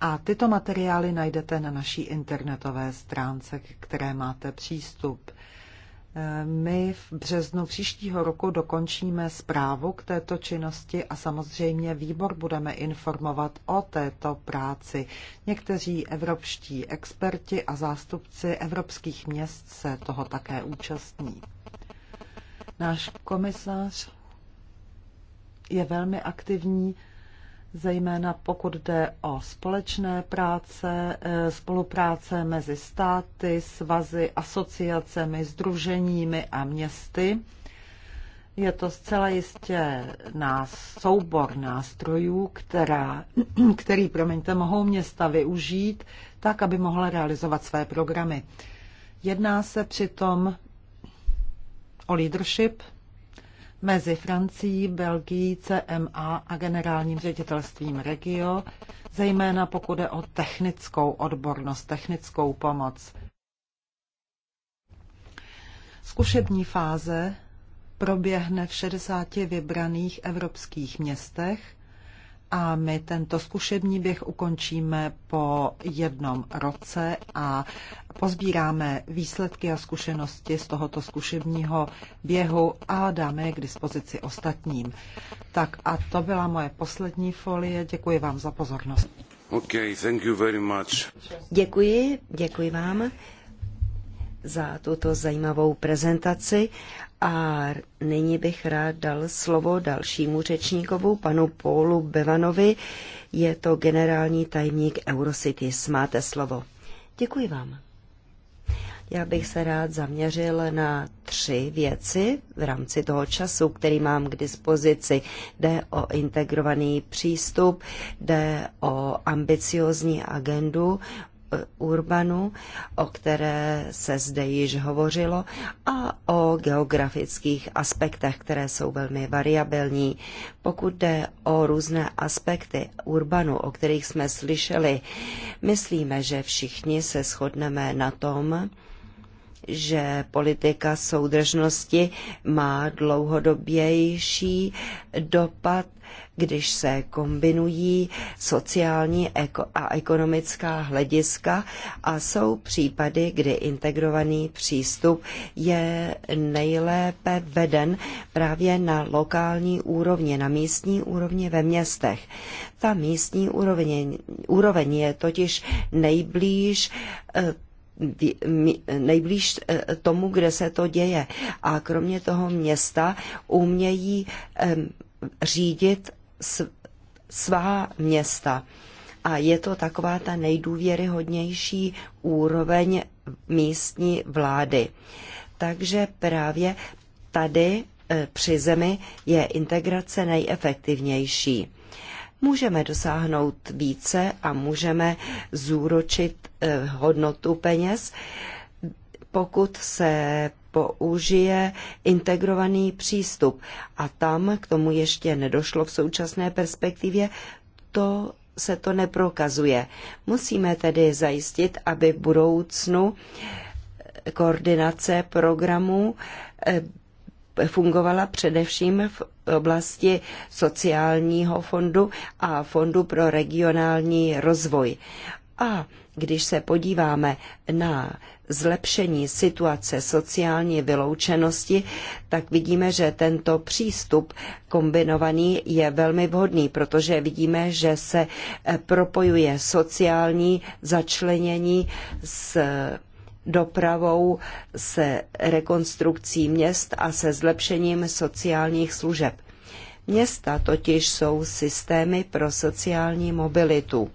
a tyto materiály najdete na naší internetové stránce, k které máte přístup. Eh, my v březnu příštího roku dokončíme zprávu k této činnosti a samozřejmě výbor budeme informovat o této práci. Někteří evropští experti a zástupci evropských měst se toho také účastní. Náš komisař je velmi aktivní, zejména pokud jde o společné práce, e, spolupráce mezi státy, svazy, asociacemi, združeními a městy. Je to zcela jistě nás, soubor nástrojů, která, který promiňte, mohou města využít tak, aby mohla realizovat své programy. Jedná se přitom o leadership, mezi Francií, Belgií, CMA a generálním ředitelstvím Regio, zejména pokud jde o technickou odbornost, technickou pomoc. Zkušební fáze proběhne v 60 vybraných evropských městech a my tento zkušební běh ukončíme po jednom roce a pozbíráme výsledky a zkušenosti z tohoto zkušebního běhu a dáme je k dispozici ostatním. Tak a to byla moje poslední folie. Děkuji vám za pozornost. Okay, thank you very much. Děkuji, děkuji vám za tuto zajímavou prezentaci a nyní bych rád dal slovo dalšímu řečníkovu, panu Paulu Bevanovi. Je to generální tajemník Eurocities. Máte slovo. Děkuji vám. Já bych se rád zaměřil na tři věci v rámci toho času, který mám k dispozici. Jde o integrovaný přístup, jde o ambiciozní agendu, Eh, urbanu, o které se zde již hovořilo, a o geografických aspektech, které jsou velmi variabilní. Pokud jde o různé aspekty Urbanu, o kterých jsme slyšeli, myslíme, že všichni se shodneme na tom, že politika soudržnosti má dlouhodobější dopad, když se kombinují sociální a ekonomická hlediska a jsou případy, kdy integrovaný přístup je nejlépe veden právě na lokální úrovni, na místní úrovni ve městech. Ta místní úroveň, úroveň je totiž nejblíž eh, nejblíž eh, tomu, kde se to děje. A kromě toho města umějí řídit svá města. A je to taková ta nejdůvěryhodnější úroveň místní vlády. Takže právě tady eh, při zemi je integrace nejefektivnější můžeme dosáhnout více a můžeme zúročit eh, hodnotu peněz, pokud se použije integrovaný přístup. A tam k tomu ještě nedošlo v současné perspektivě, to se to neprokazuje. Musíme tedy zajistit, aby v budoucnu eh, koordinace programů eh, fungovala především v oblasti sociálního fondu a fondu pro regionální rozvoj. A když se podíváme na zlepšení situace sociální vyloučenosti, tak vidíme, že tento přístup kombinovaný je velmi vhodný, protože vidíme, že se propojuje sociální začlenění s dopravou, se rekonstrukcí měst a se zlepšením sociálních služeb. Města totiž jsou systémy pro sociální mobilitu.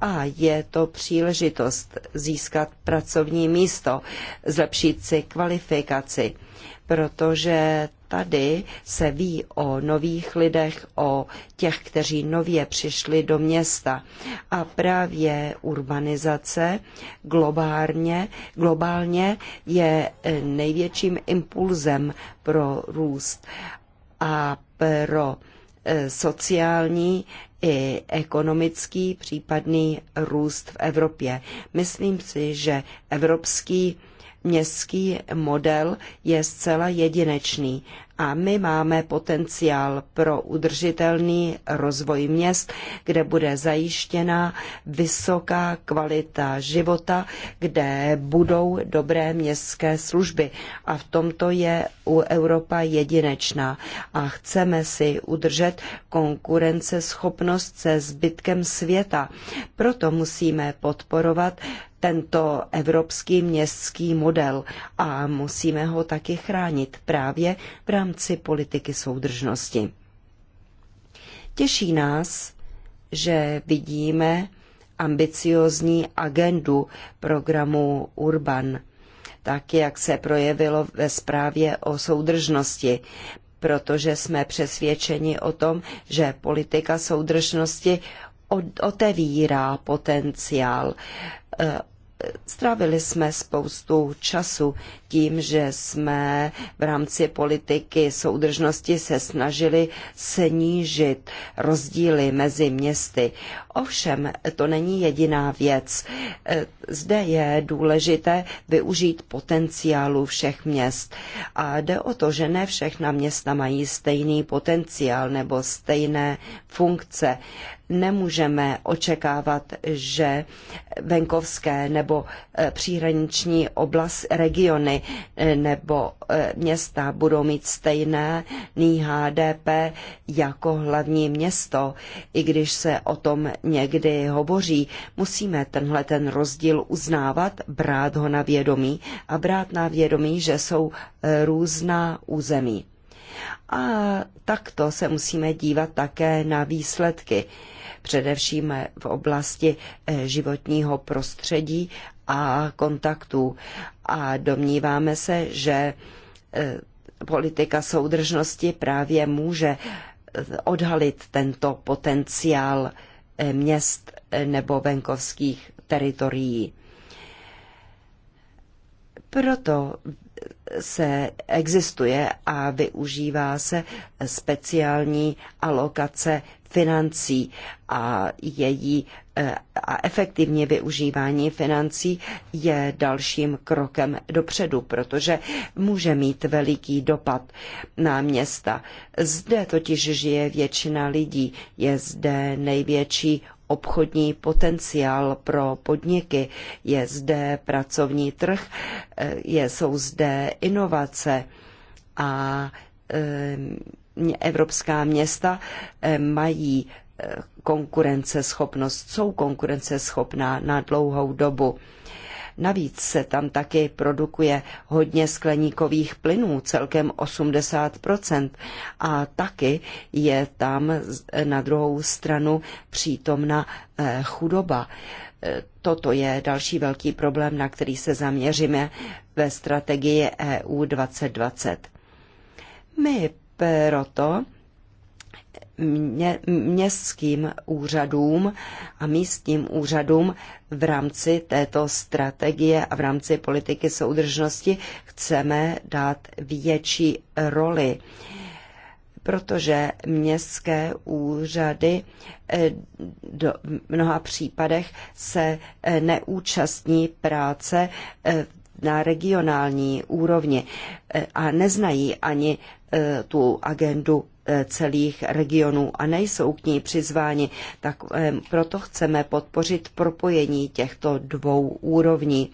A je to příležitost získat pracovní místo, zlepšit si kvalifikaci, protože tady se ví o nových lidech, o těch, kteří nově přišli do města. A právě urbanizace globálně, globálně je eh, největším impulzem pro růst a pro eh, sociální i ekonomický případný růst v Evropě. Myslím si, že evropský Městský model je zcela jedinečný a my máme potenciál pro udržitelný rozvoj měst, kde bude zajištěna vysoká kvalita života, kde budou dobré městské služby. A v tomto je u Evropa jedinečná. A chceme si udržet konkurenceschopnost se zbytkem světa. Proto musíme podporovat tento evropský městský model a musíme ho taky chránit právě v rámci politiky soudržnosti. Těší nás, že vidíme ambiciozní agendu programu Urban, tak jak se projevilo ve zprávě o soudržnosti, protože jsme přesvědčeni o tom, že politika soudržnosti otevírá potenciál eh, strávili jsme spoustu času tím, že jsme v rámci politiky soudržnosti se snažili snížit rozdíly mezi městy. Ovšem, to není jediná věc. E, zde je důležité využít potenciálu všech měst. A jde o to, že ne všechna města mají stejný potenciál nebo stejné funkce nemůžeme očekávat, že venkovské nebo e, příhraniční oblast regiony e, nebo e, města budou mít stejné HDP jako hlavní město. I když se o tom někdy hovoří, musíme tenhle ten rozdíl uznávat, brát ho na vědomí a brát na vědomí, že jsou různá území. A takto se musíme dívat také na výsledky, především v oblasti eh, životního prostředí a kontaktů. A domníváme se, že eh, politika soudržnosti právě může eh, odhalit tento potenciál měst nebo venkovských teritorií. Proto se existuje a využívá se speciální alokace financí a její eh, a efektivní využívání financí je dalším krokem dopředu, protože může mít veliký dopad na města. Zde totiž žije většina lidí, je zde největší obchodní potenciál pro podniky, je zde pracovní trh, eh, je, jsou zde inovace a eh, evropská města eh, mají konkurenceschopnost, jsou konkurenceschopná na dlouhou dobu. Navíc se tam taky produkuje hodně skleníkových plynů, celkem 80 a taky je tam na druhou stranu přítomna eh, chudoba. Eh, toto je další velký problém, na který se zaměříme ve strategii EU 2020. My proto mě, městským úřadům a místním úřadům v rámci této strategie a v rámci politiky soudržnosti chceme dát větší roli, protože městské úřady eh, do, v mnoha případech se eh, neúčastní práce eh, na regionální úrovni a neznají ani tu agendu Eh, celých regionů a nejsou k ní přizváni, tak eh, proto chceme podpořit propojení těchto dvou úrovní.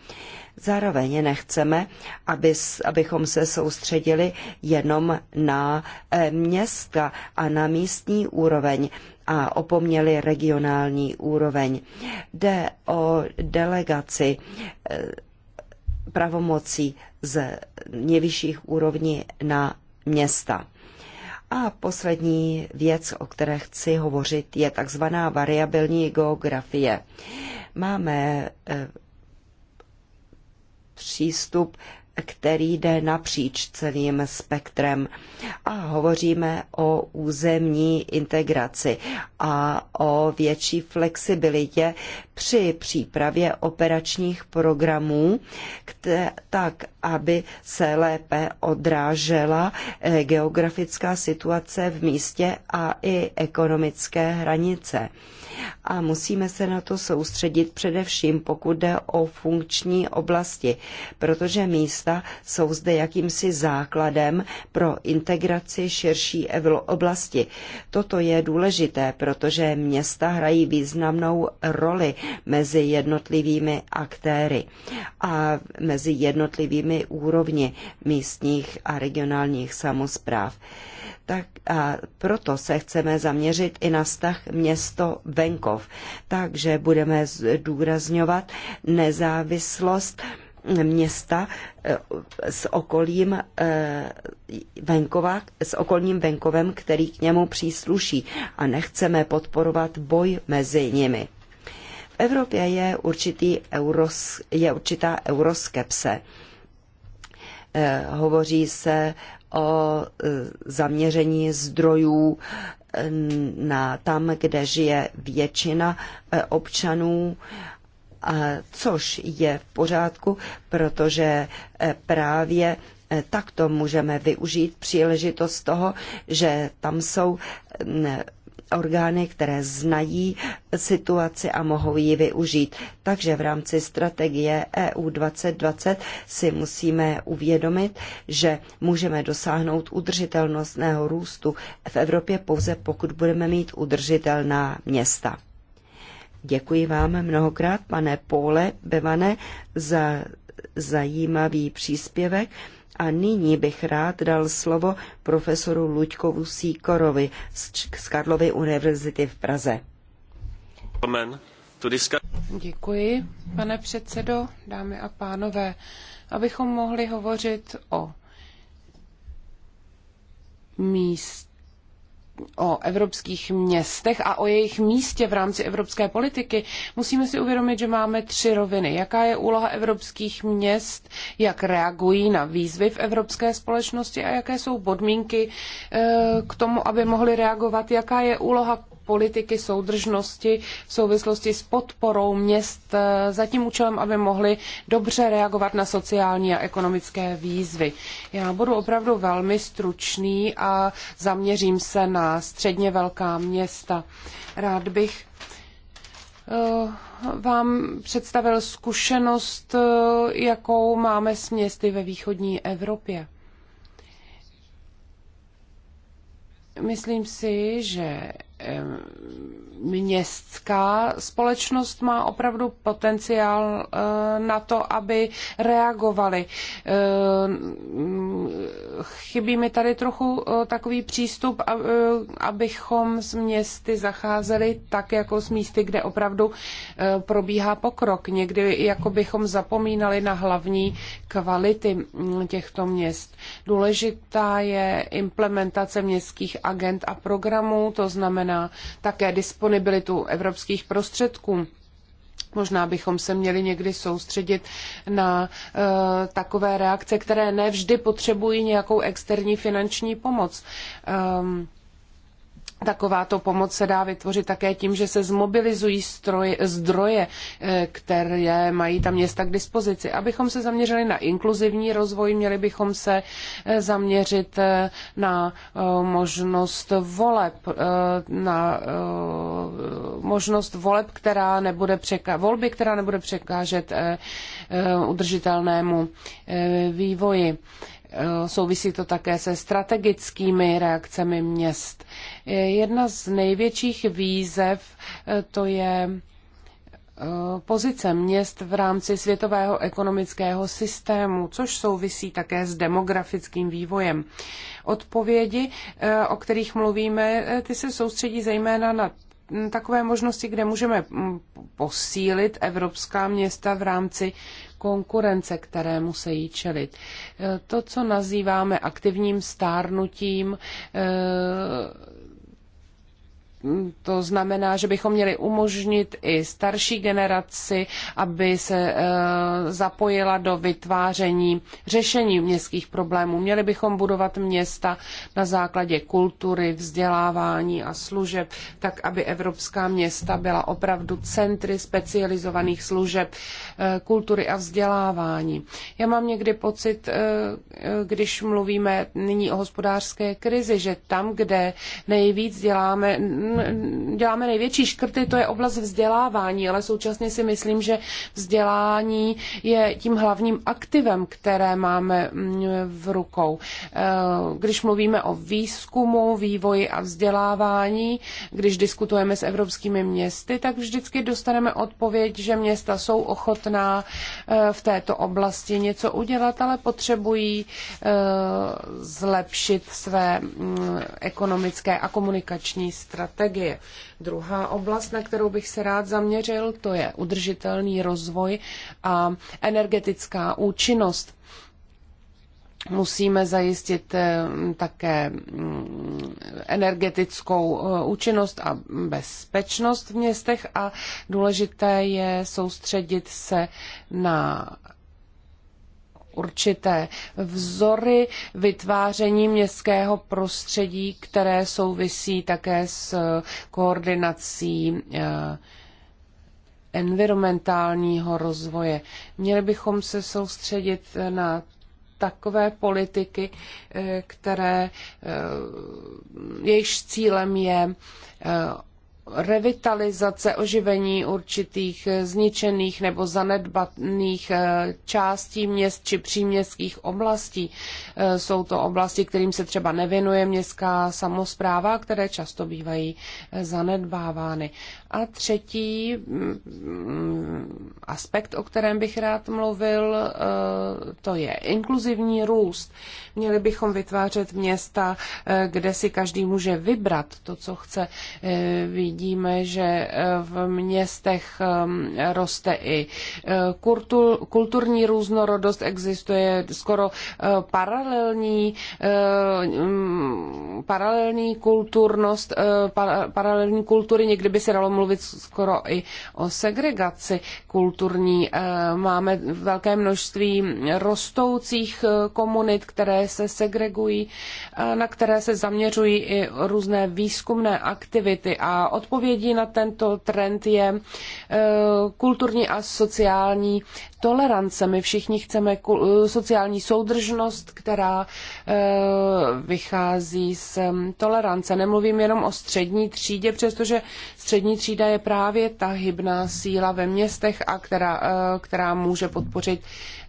Zároveň nechceme, aby, abychom se soustředili jenom na eh, města a na místní úroveň a opomněli regionální úroveň. Jde o delegaci pravomocí z nejvyšších úrovní na města. A poslední věc, o které chci hovořit, je takzvaná variabilní geografie. Máme eh, přístup který jde napříč celým spektrem. A hovoříme o územní integraci a o větší flexibilitě při přípravě operačních programů, tak, aby se lépe odrážela eh, geografická situace v místě a i ekonomické hranice a musíme se na to soustředit především, pokud jde o funkční oblasti, protože místa jsou zde jakýmsi základem pro integraci širší oblasti. Toto je důležité, protože města hrají významnou roli mezi jednotlivými aktéry a mezi jednotlivými úrovni místních a regionálních samozpráv. Tak a proto se chceme zaměřit i na vztah město-venkov. Takže budeme zdůrazňovat nezávislost města eh, s okolím eh, venkova, s okolním venkovem, který k němu přísluší a nechceme podporovat boj mezi nimi. V Evropě je, určitý euros, je určitá euroskepse. Eh, hovoří se o e, zaměření zdrojů e, na tam, kde žije většina e, občanů, což je v pořádku, protože právě takto můžeme využít příležitost toho, že tam jsou orgány, které znají situaci a mohou ji využít. Takže v rámci strategie EU 2020 si musíme uvědomit, že můžeme dosáhnout udržitelnostného růstu v Evropě pouze pokud budeme mít udržitelná města. Děkuji vám mnohokrát, pane Pole Bevane, za zajímavý příspěvek. A nyní bych rád dal slovo profesoru Luďkovu Síkorovi z Karlovy univerzity v Praze. Děkuji, pane předsedo, dámy a pánové. Abychom mohli hovořit o míst o evropských městech a o jejich místě v rámci evropské politiky, musíme si uvědomit, že máme tři roviny. Jaká je úloha evropských měst, jak reagují na výzvy v evropské společnosti a jaké jsou podmínky eh, k tomu, aby mohli reagovat, jaká je úloha politiky soudržnosti v souvislosti s podporou měst e, za tím účelem, aby mohly dobře reagovat na sociální a ekonomické výzvy. Já budu opravdu velmi stručný a zaměřím se na středně velká města. Rád bych e, vám představil zkušenost, e, jakou máme s městy ve východní Evropě. Myslím si, že městská společnost má opravdu potenciál eh, na to, aby reagovali. Eh, chybí mi tady trochu eh, takový přístup, abychom s městy zacházeli tak, jako s místy, kde opravdu probíhá pokrok. Někdy jako bychom zapomínali na hlavní kvality mm, těchto měst. Důležitá je implementace městských agent a programů, to znamená, znamená také disponibilitu evropských prostředků. Možná bychom se měli někdy soustředit na e, takové reakce, které nevždy potřebují nějakou externí finanční pomoc. E, Takováto pomoc se dá vytvořit také tím, že se zmobilizují stroje, zdroje, eh, které mají ta města k dispozici. Abychom se zaměřili na inkluzivní rozvoj, měli bychom se eh, zaměřit eh, na možnost voleb, na možnost voleb, která nebude překážet, volby, která nebude překážet udržitelnému vývoji. Eh, souvisí to také se strategickými reakcemi měst. Eh, jedna z největších výzev eh, to je pozice měst v rámci světového ekonomického systému, což souvisí také s demografickým vývojem. Odpovědi, o kterých mluvíme, ty se soustředí zejména na takové možnosti, kde můžeme mm, posílit evropská města v rámci konkurence, které musí čelit. E, to, co nazýváme aktivním stárnutím, e, to znamená, že bychom měli umožnit i starší generaci, aby se eh, zapojila do vytváření řešení městských problémů. Měli bychom budovat města na základě kultury, vzdělávání a služeb, tak aby evropská města byla opravdu centry specializovaných služeb, eh, kultury a vzdělávání. Já mám někdy pocit, eh, když mluvíme nyní o hospodářské krizi, že tam, kde nejvíc děláme, děláme největší škrty, to je oblast vzdělávání, ale současně si myslím, že vzdělání je tím hlavním aktivem, které máme mm, v rukou. Eh, když mluvíme o výzkumu, vývoji a vzdělávání, když diskutujeme s evropskými městy, tak vždycky dostaneme odpověď, že města jsou ochotná eh, v této oblasti něco udělat, ale potřebují eh, zlepšit své mm, ekonomické a komunikační strategie strategie. Druhá oblast, na kterou bych se rád zaměřil, to je udržitelný rozvoj a energetická účinnost. Musíme zajistit eh, také mm, energetickou eh, účinnost a bezpečnost v městech a důležité je soustředit se na určité vzory vytváření městského prostředí, které souvisí také s eh, koordinací eh, environmentálního rozvoje. Měli bychom se soustředit eh, na takové politiky, které jejichž cílem je revitalizace, oživení určitých zničených nebo zanedbaných eh, částí měst či příměstských oblastí. Eh, jsou to oblasti, kterým se třeba nevěnuje městská samozpráva, které často bývají eh, zanedbávány. A třetí mm, aspekt, o kterém bych rád mluvil, eh, to je inkluzivní růst. Měli bychom vytvářet města, eh, kde si každý může vybrat to, co chce. Eh, vidíme, že v městech ehm, roste i kulturní různorodost, existuje skoro paralelní, mm, paralelní kulturnost, paralelní kultury, někdy by se dalo mluvit skoro i o segregaci kulturní. Eh, máme velké množství rostoucích eh, komunit, které se segregují, eh, na které se zaměřují i různé výzkumné aktivity a odpovědí na tento trend je kulturní a sociální tolerance. My všichni chceme sociální soudržnost, která vychází z tolerance. Nemluvím jenom o střední třídě, přestože střední třída je právě ta hybná síla ve městech, a která, eh, která může podpořit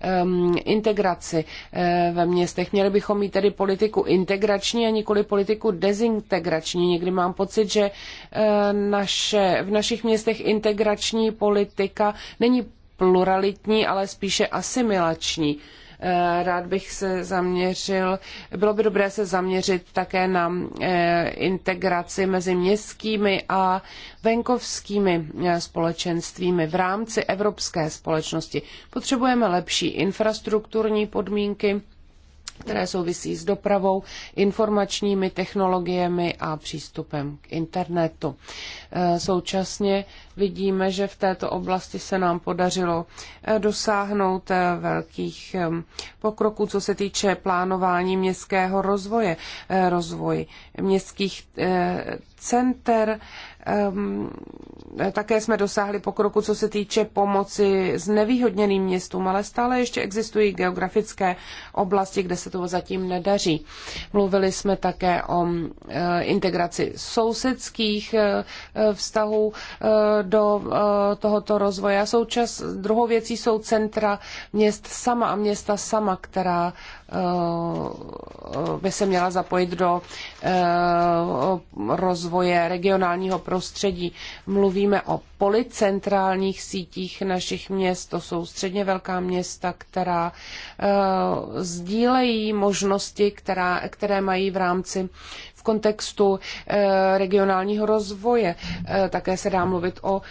ehm, integraci eh, ve městech. Měli bychom mít tedy politiku integrační a nikoli politiku dezintegrační. Někdy mám pocit, že eh, naše, v našich městech integrační politika není pluralitní, ale spíše asimilační. Eh, rád bych se zaměřil, bylo by dobré se zaměřit také na eh, integraci mezi městskými a venkovskými eh, společenstvími v rámci evropské společnosti. Potřebujeme lepší infrastrukturní podmínky, které souvisí s dopravou, informačními technologiemi a přístupem k internetu. E, současně vidíme, že v této oblasti se nám podařilo e, dosáhnout e, velkých pokroků, co se týče plánování městského rozvoje, rozvoj městských center, Ehm, také jsme dosáhli pokroku, co se týče pomoci znevýhodněným městům, ale stále ještě existují geografické oblasti, kde se to zatím nedaří. Mluvili jsme také o ehm, integraci sousedských e, e, vztahů e, do tohoto rozvoje. Součas, druhou věcí jsou centra měst sama a města sama, která Eh, by se měla zapojit do eh, rozvoje regionálního prostředí. Mluvíme o policentrálních sítích našich měst. To jsou středně velká města, která uh, sdílejí možnosti, která, které mají v rámci v kontextu uh, regionálního rozvoje. Uh, také se dá mluvit o uh,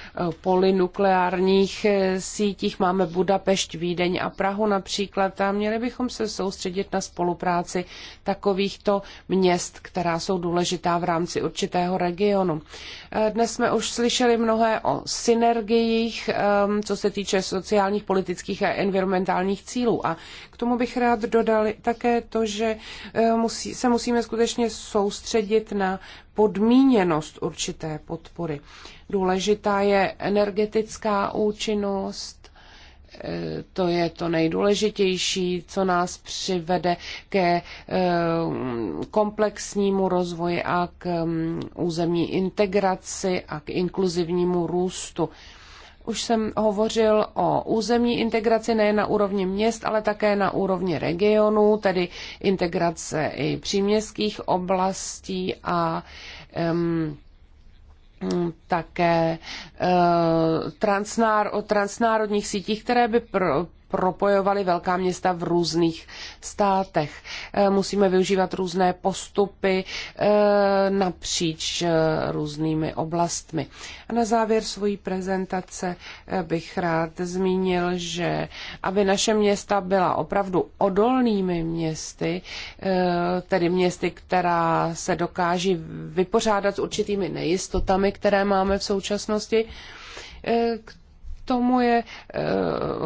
polinukleárních uh, sítích. Máme Budapešť, Vídeň a Prahu například. A měli bychom se soustředit na spolupráci takovýchto měst, která jsou důležitá v rámci určitého regionu. Uh, dnes jsme už slyšeli mnohé o synergiích, co se týče sociálních, politických a environmentálních cílů. A k tomu bych rád dodal také to, že eh, musí, se musíme skutečně soustředit na podmíněnost určité podpory. Důležitá je energetická účinnost, to je to nejdůležitější, co nás přivede ke eh, komplexnímu rozvoji a k mm, územní integraci a k inkluzivnímu růstu. Už jsem hovořil o územní integraci nejen na úrovni měst, ale také na úrovni regionů, tedy integrace i příměstských oblastí a um, Mm, také eh, transnár, o transnárodních sítích, které by pro, propojovaly velká města v různých státech. E, musíme využívat různé postupy e, napříč e, různými oblastmi. A na závěr svojí prezentace bych rád zmínil, že aby naše města byla opravdu odolnými městy, tedy městy, která se dokáží vypořádat s určitými nejistotami, které máme v současnosti, tomu je, eh,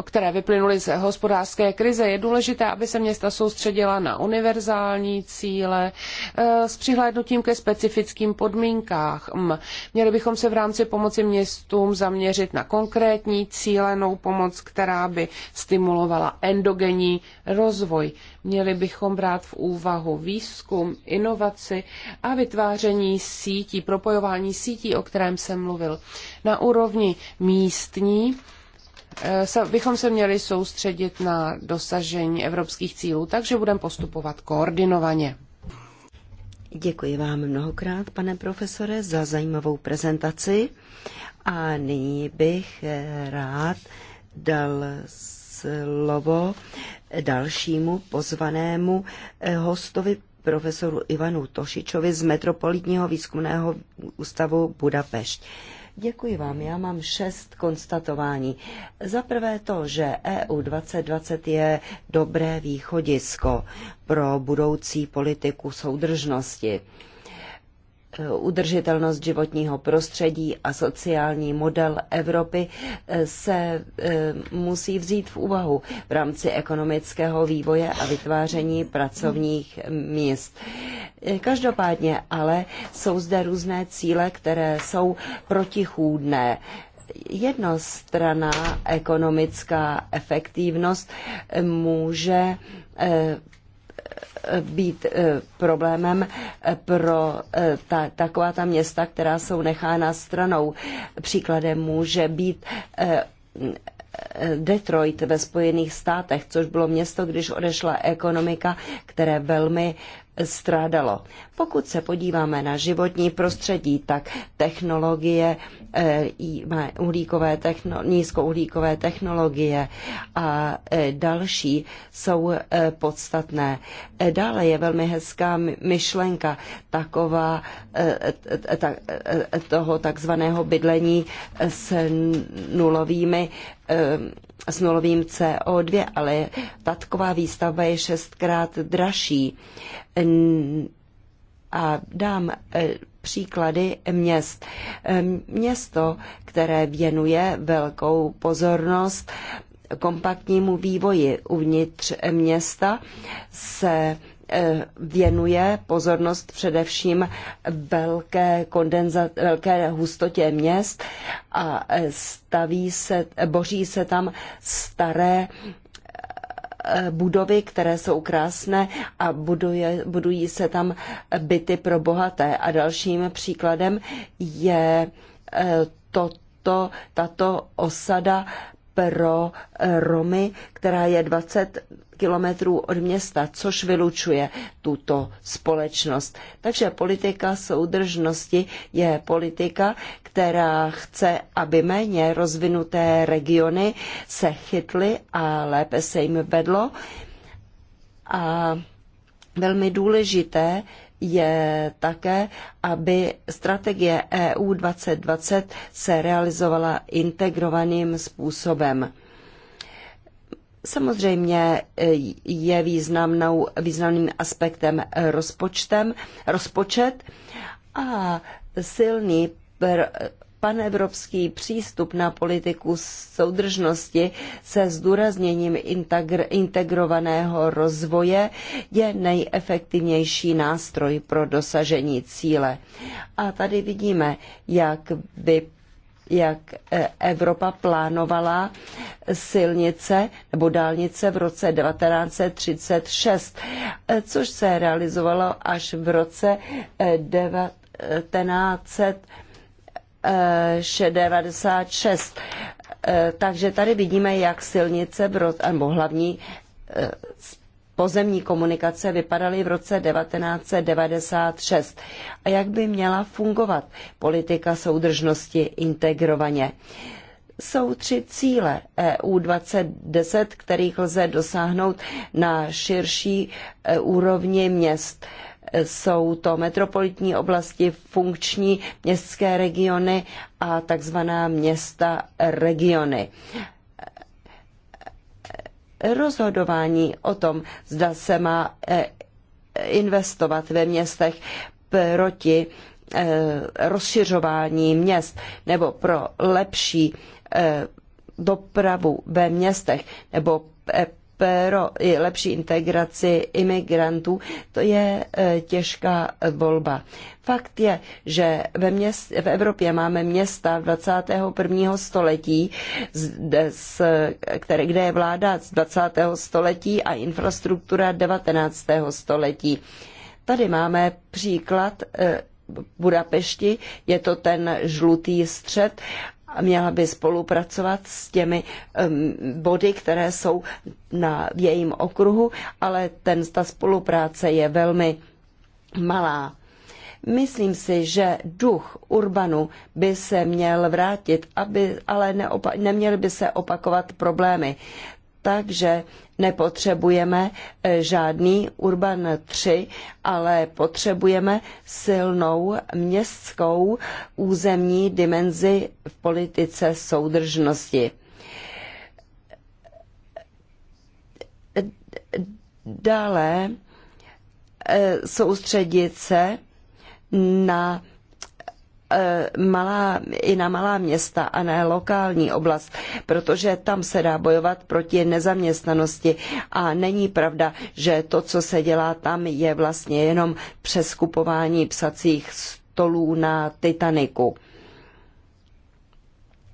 které vyplynuly z hospodářské krize, je důležité, aby se města soustředila na univerzální cíle eh, s přihlédnutím ke specifickým podmínkám. Měli bychom se v rámci pomoci městům zaměřit na konkrétní cílenou pomoc, která by stimulovala endogenní rozvoj. Měli bychom brát v úvahu výzkum, inovaci a vytváření sítí, propojování sítí, o kterém jsem mluvil. Na úrovni místní eh, bychom se měli soustředit na dosažení evropských cílů, takže budeme postupovat koordinovaně. Děkuji vám mnohokrát, pane profesore, za zajímavou prezentaci a nyní bych eh, rád dal slovo dalšímu pozvanému eh, hostovi profesoru Ivanu Tošičovi z Metropolitního výzkumného ústavu Budapešť. Děkuji vám. Já mám šest konstatování. Za prvé to, že EU 2020 je dobré východisko pro budoucí politiku soudržnosti. Eh, udržitelnost životního prostředí a sociální model Evropy eh, se eh, musí vzít v úvahu v rámci ekonomického vývoje a vytváření pracovních míst. Každopádně ale jsou zde různé cíle, které jsou protichůdné jednostraná ekonomická efektivnost může být eh, problémem eh, pro eh, ta, taková ta města, která jsou nechána stranou. Příkladem může být Detroit ve Spojených státech, což bylo město, když odešla ekonomika, které velmi strádalo. Pokud se podíváme na životní prostředí, tak technologie, eh, uhlíkové techno, nízkouhlíkové technologie a eh, další jsou eh, podstatné. Dále je velmi hezká myšlenka taková toho takzvaného bydlení s nulovými s nulovým CO2, ale tatková výstavba je šestkrát dražší a dám e, příklady měst. E, město, které věnuje velkou pozornost kompaktnímu vývoji uvnitř města, se e, věnuje pozornost především velké, kondenza, velké hustotě měst a staví se, boří se tam staré Eh, budovy, které jsou krásné a buduje, budují se tam byty pro bohaté. A dalším příkladem je eh, toto, tato osada pro Romy, která je 20 kilometrů od města, což vylučuje tuto společnost. Takže politika soudržnosti je politika, která chce, aby méně rozvinuté regiony se chytly a lépe se jim vedlo. A velmi důležité je také, aby strategie EU 2020 se realizovala integrovaným způsobem. Samozřejmě eh, je významnou, významným aspektem rozpočtem, rozpočet a silný panevropský přístup na politiku soudržnosti se zdůrazněním integr, integrovaného rozvoje je nejefektivnější nástroj pro dosažení cíle. A tady vidíme, jak by jak e, Evropa plánovala silnice nebo dálnice v roce 1936, e, což se realizovalo až v roce 1996. E, takže tady vidíme, jak silnice, v roce, nebo hlavní pozemní komunikace vypadaly v roce 1996 a jak by měla fungovat politika soudržnosti integrovaně. Jsou tři cíle EU 2010, kterých lze dosáhnout na širší e, úrovni měst jsou to metropolitní oblasti, funkční městské regiony a takzvaná města regiony rozhodování o tom, zda se má eh, investovat ve městech proti eh, rozšiřování měst nebo pro lepší eh, dopravu ve městech nebo pro lepší integraci imigrantů, to je e, těžká volba. Fakt je, že ve měst, v Evropě máme města 21. století, z, které, kde je vláda z 20. století a infrastruktura 19. století. Tady máme příklad e, Budapešti, je to ten žlutý střed měla by spolupracovat s těmi um, body, které jsou na, v jejím okruhu, ale ten, ta spolupráce je velmi malá. Myslím si, že duch urbanu by se měl vrátit, aby, ale neopa- neměly by se opakovat problémy. Takže Nepotřebujeme eh, žádný Urban 3, ale potřebujeme silnou městskou územní dimenzi v politice soudržnosti. Dále eh, soustředit se na Eh, malá, i na malá města a ne lokální oblast, protože tam se dá bojovat proti nezaměstnanosti a není pravda, že to, co se dělá tam, je vlastně jenom přeskupování psacích stolů na Titaniku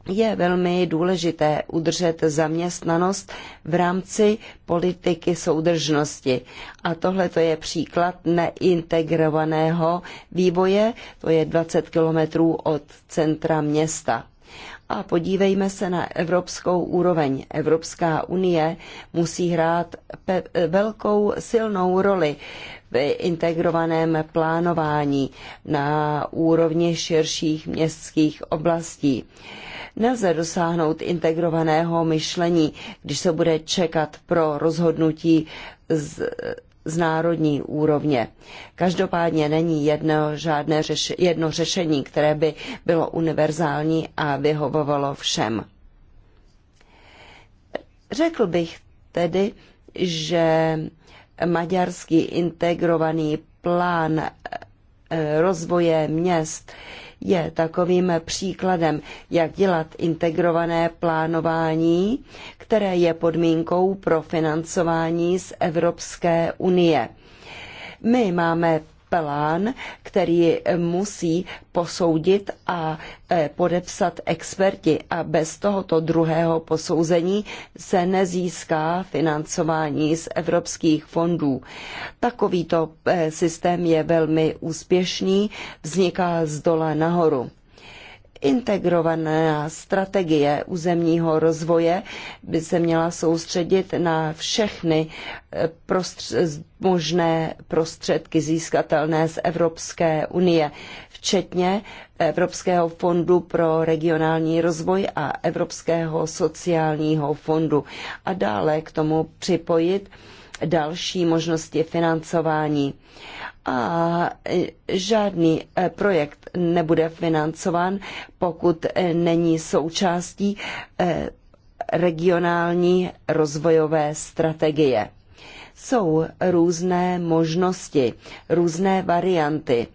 je velmi důležité udržet zaměstnanost v rámci politiky soudržnosti. A tohle to je příklad neintegrovaného vývoje, to je 20 kilometrů od centra města. A podívejme se na evropskou úroveň. Evropská unie musí hrát velkou silnou roli v integrovaném plánování na úrovni širších městských oblastí. Nelze dosáhnout integrovaného myšlení, když se bude čekat pro rozhodnutí z, z národní úrovně. Každopádně není jedno, žádné řeši, jedno řešení, které by bylo univerzální a vyhovovalo všem. Řekl bych tedy, že maďarský integrovaný plán eh, rozvoje měst je takovým příkladem, jak dělat integrované plánování, které je podmínkou pro financování z Evropské unie. My máme kapelán, který musí posoudit a e, podepsat experti. A bez tohoto druhého posouzení se nezíská financování z evropských fondů. Takovýto e, systém je velmi úspěšný, vzniká z dola nahoru. Integrovaná strategie územního rozvoje by se měla soustředit na všechny eh, prostř- možné prostředky získatelné z Evropské unie, včetně Evropského fondu pro regionální rozvoj a Evropského sociálního fondu. A dále k tomu připojit další možnosti financování a e, žádný e, projekt nebude financován, pokud e, není součástí regionální rozvojové strategie. Jsou různé možnosti, různé varianty.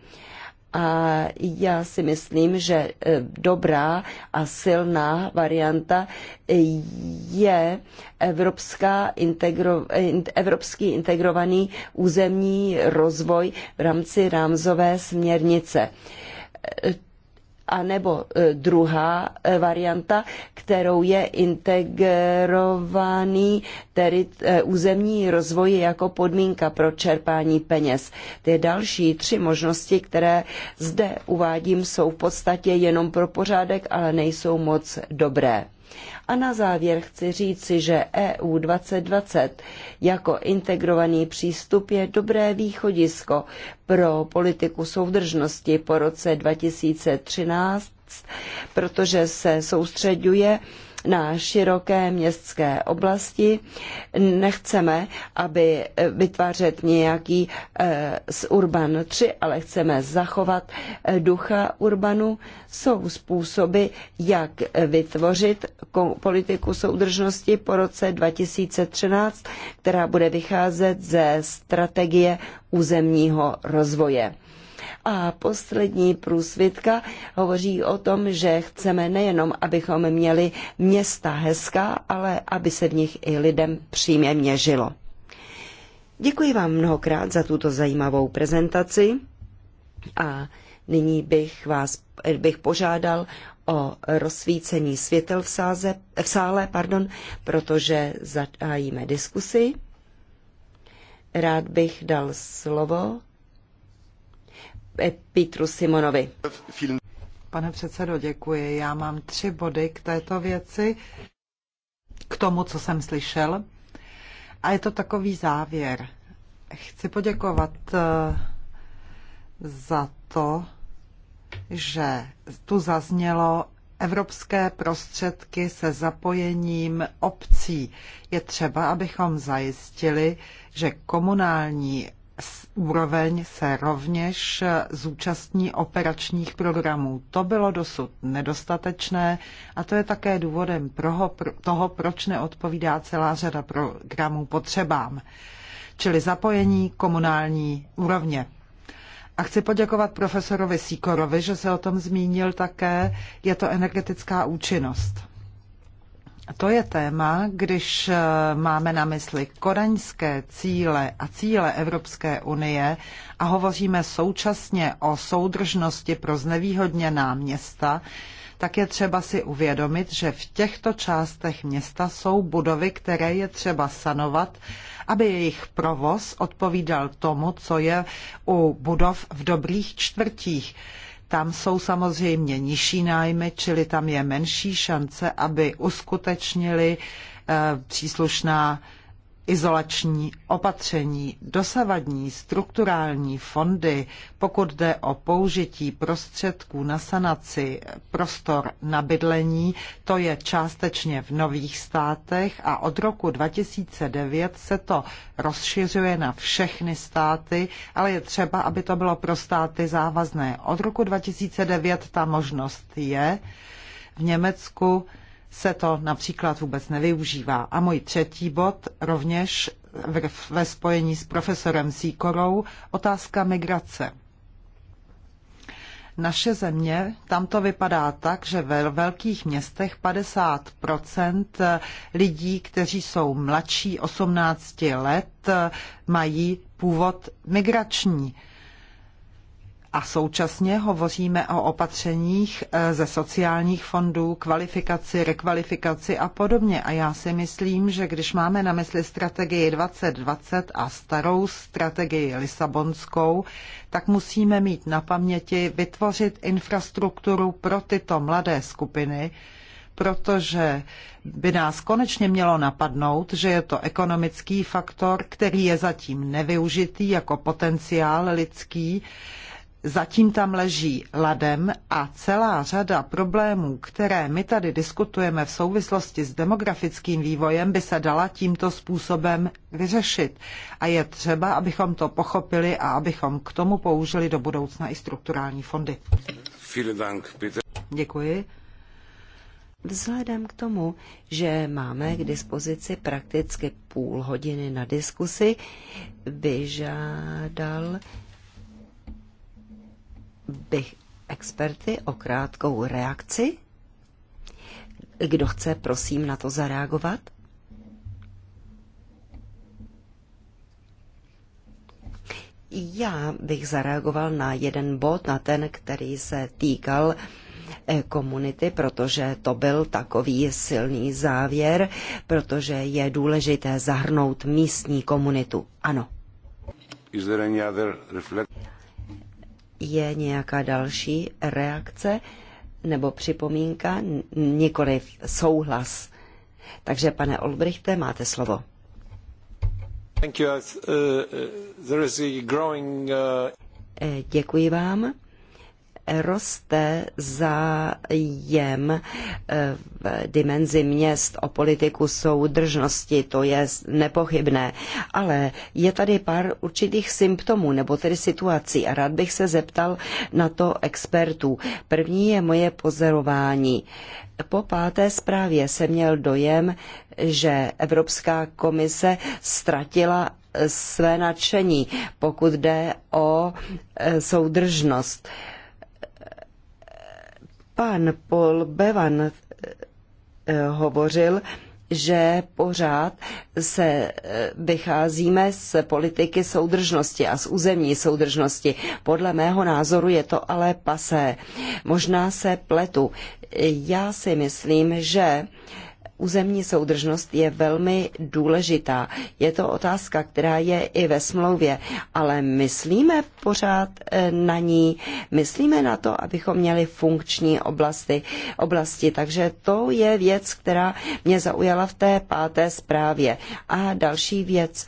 A já si myslím, že eh, dobrá a silná varianta eh, je evropská integro, eh, evropský integrovaný územní rozvoj v rámci rámzové směrnice a nebo e, druhá e, varianta, kterou je integrovaný tedy e, územní rozvoj jako podmínka pro čerpání peněz. Ty další tři možnosti, které zde uvádím, jsou v podstatě jenom pro pořádek, ale nejsou moc dobré. A na závěr chci říci, že EU 2020 jako integrovaný přístup je dobré východisko pro politiku soudržnosti po roce 2013 protože se soustředuje na široké městské oblasti. Nechceme, aby eh, vytvářet nějaký eh, z Urban 3, ale chceme zachovat eh, ducha Urbanu. Jsou způsoby, jak vytvořit politiku soudržnosti po roce 2013, která bude vycházet ze strategie územního rozvoje. A poslední průsvitka hovoří o tom, že chceme nejenom, abychom měli města hezká, ale aby se v nich i lidem přímě žilo. Děkuji vám mnohokrát za tuto zajímavou prezentaci a nyní bych vás bych požádal o rozsvícení světel v, sáze, v sále, pardon, protože zahájíme diskusi. Rád bych dal slovo Petru Simonovi. Pane předsedo, děkuji. Já mám tři body k této věci, k tomu, co jsem slyšel. A je to takový závěr. Chci poděkovat eh, za to, že tu zaznělo evropské prostředky se zapojením obcí. Je třeba, abychom zajistili, že komunální úroveň se rovněž zúčastní operačních programů. To bylo dosud nedostatečné a to je také důvodem toho, proč neodpovídá celá řada programů potřebám, čili zapojení komunální úrovně. A chci poděkovat profesorovi Síkorovi, že se o tom zmínil také. Je to energetická účinnost. To je téma, když eh, máme na mysli koreňské cíle a cíle Evropské unie a hovoříme současně o soudržnosti pro znevýhodněná města, tak je třeba si uvědomit, že v těchto částech města jsou budovy, které je třeba sanovat, aby jejich provoz odpovídal tomu, co je u budov v dobrých čtvrtích. Tam jsou samozřejmě nižší nájmy, čili tam je menší šance, aby uskutečnili eh, příslušná izolační opatření, dosavadní strukturální fondy, pokud jde o použití prostředků na sanaci prostor na bydlení, to je částečně v nových státech a od roku 2009 se to rozšiřuje na všechny státy, ale je třeba, aby to bylo pro státy závazné. Od roku 2009 ta možnost je. V Německu se to například vůbec nevyužívá. A můj třetí bod rovněž ve spojení s profesorem Sýkorou, otázka migrace. Naše země, tam to vypadá tak, že ve velkých městech 50 lidí, kteří jsou mladší 18 let, mají původ migrační. A současně hovoříme o opatřeních eh, ze sociálních fondů, kvalifikaci, rekvalifikaci a podobně. A já si myslím, že když máme na mysli strategii 2020 a starou strategii Lisabonskou, tak musíme mít na paměti vytvořit infrastrukturu pro tyto mladé skupiny, protože by nás konečně mělo napadnout, že je to ekonomický faktor, který je zatím nevyužitý jako potenciál lidský zatím tam leží ladem a celá řada problémů, které my tady diskutujeme v souvislosti s demografickým vývojem, by se dala tímto způsobem vyřešit. A je třeba, abychom to pochopili a abychom k tomu použili do budoucna i strukturální fondy. Děkuji. Vzhledem k tomu, že máme k dispozici prakticky půl hodiny na diskusi, vyžádal bych experty o krátkou reakci. Kdo chce, prosím, na to zareagovat? Já bych zareagoval na jeden bod, na ten, který se týkal eh, komunity, protože to byl takový silný závěr, protože je důležité zahrnout místní komunitu. Ano je nějaká další reakce nebo připomínka, nikoli souhlas. Takže, pane Olbrichte, máte slovo. Uh, uh, uh, eh, děkuji vám roste zájem eh, v dimenzi měst o politiku soudržnosti, to je nepochybné, ale je tady pár určitých symptomů nebo tedy situací a rád bych se zeptal na to expertů. První je moje pozorování. Po páté zprávě se měl dojem, že Evropská komise ztratila eh, své nadšení, pokud jde o eh, soudržnost. Pan Paul Bevan eh, hovořil, že pořád se eh, vycházíme z politiky soudržnosti a z územní soudržnosti. Podle mého názoru je to ale pasé. Možná se pletu. Já si myslím, že Územní soudržnost je velmi důležitá. Je to otázka, která je i ve smlouvě, ale myslíme pořád eh, na ní, myslíme na to, abychom měli funkční oblasti, oblasti. Takže to je věc, která mě zaujala v té páté zprávě. A další věc,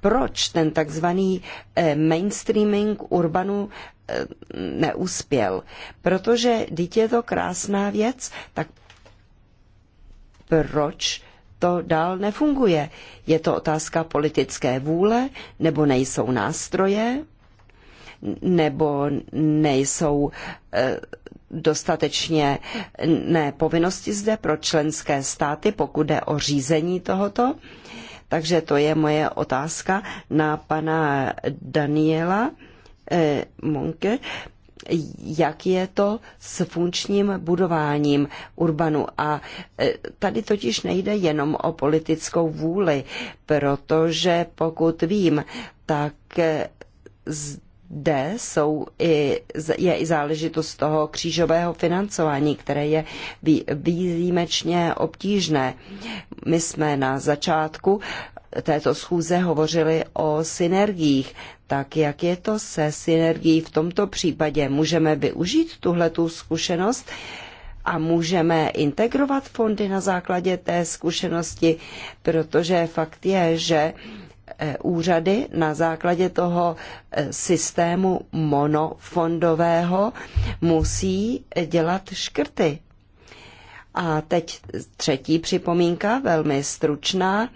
proč ten takzvaný eh, mainstreaming urbanu eh, neuspěl. Protože dítě je to krásná věc, tak proč to dál nefunguje. Je to otázka politické vůle, nebo nejsou nástroje, nebo nejsou eh, dostatečně nepovinnosti zde pro členské státy, pokud jde o řízení tohoto. Takže to je moje otázka na pana Daniela eh, Monke jak je to s funkčním budováním urbanu. A e, tady totiž nejde jenom o politickou vůli, protože pokud vím, tak e, zde jsou i, je i záležitost toho křížového financování, které je výjimečně obtížné. My jsme na začátku této schůze hovořili o synergiích. Tak jak je to se synergií v tomto případě? Můžeme využít tuhletu zkušenost a můžeme integrovat fondy na základě té zkušenosti, protože fakt je, že e, úřady na základě toho e, systému monofondového musí dělat škrty. A teď třetí připomínka, velmi stručná.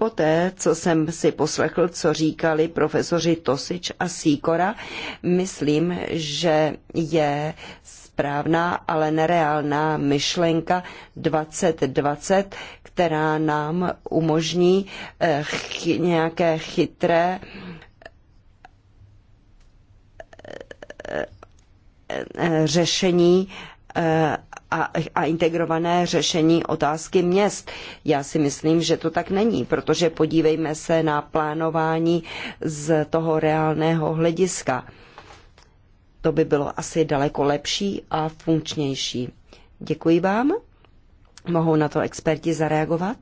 Poté, co jsem si poslechl, co říkali profesoři Tosič a Sýkora, myslím, že je správná, ale nereálná myšlenka 2020, která nám umožní eh, ch- nějaké chytré eh, eh, řešení a, a integrované řešení otázky měst. Já si myslím, že to tak není, protože podívejme se na plánování z toho reálného hlediska. To by bylo asi daleko lepší a funkčnější. Děkuji vám. Mohou na to experti zareagovat?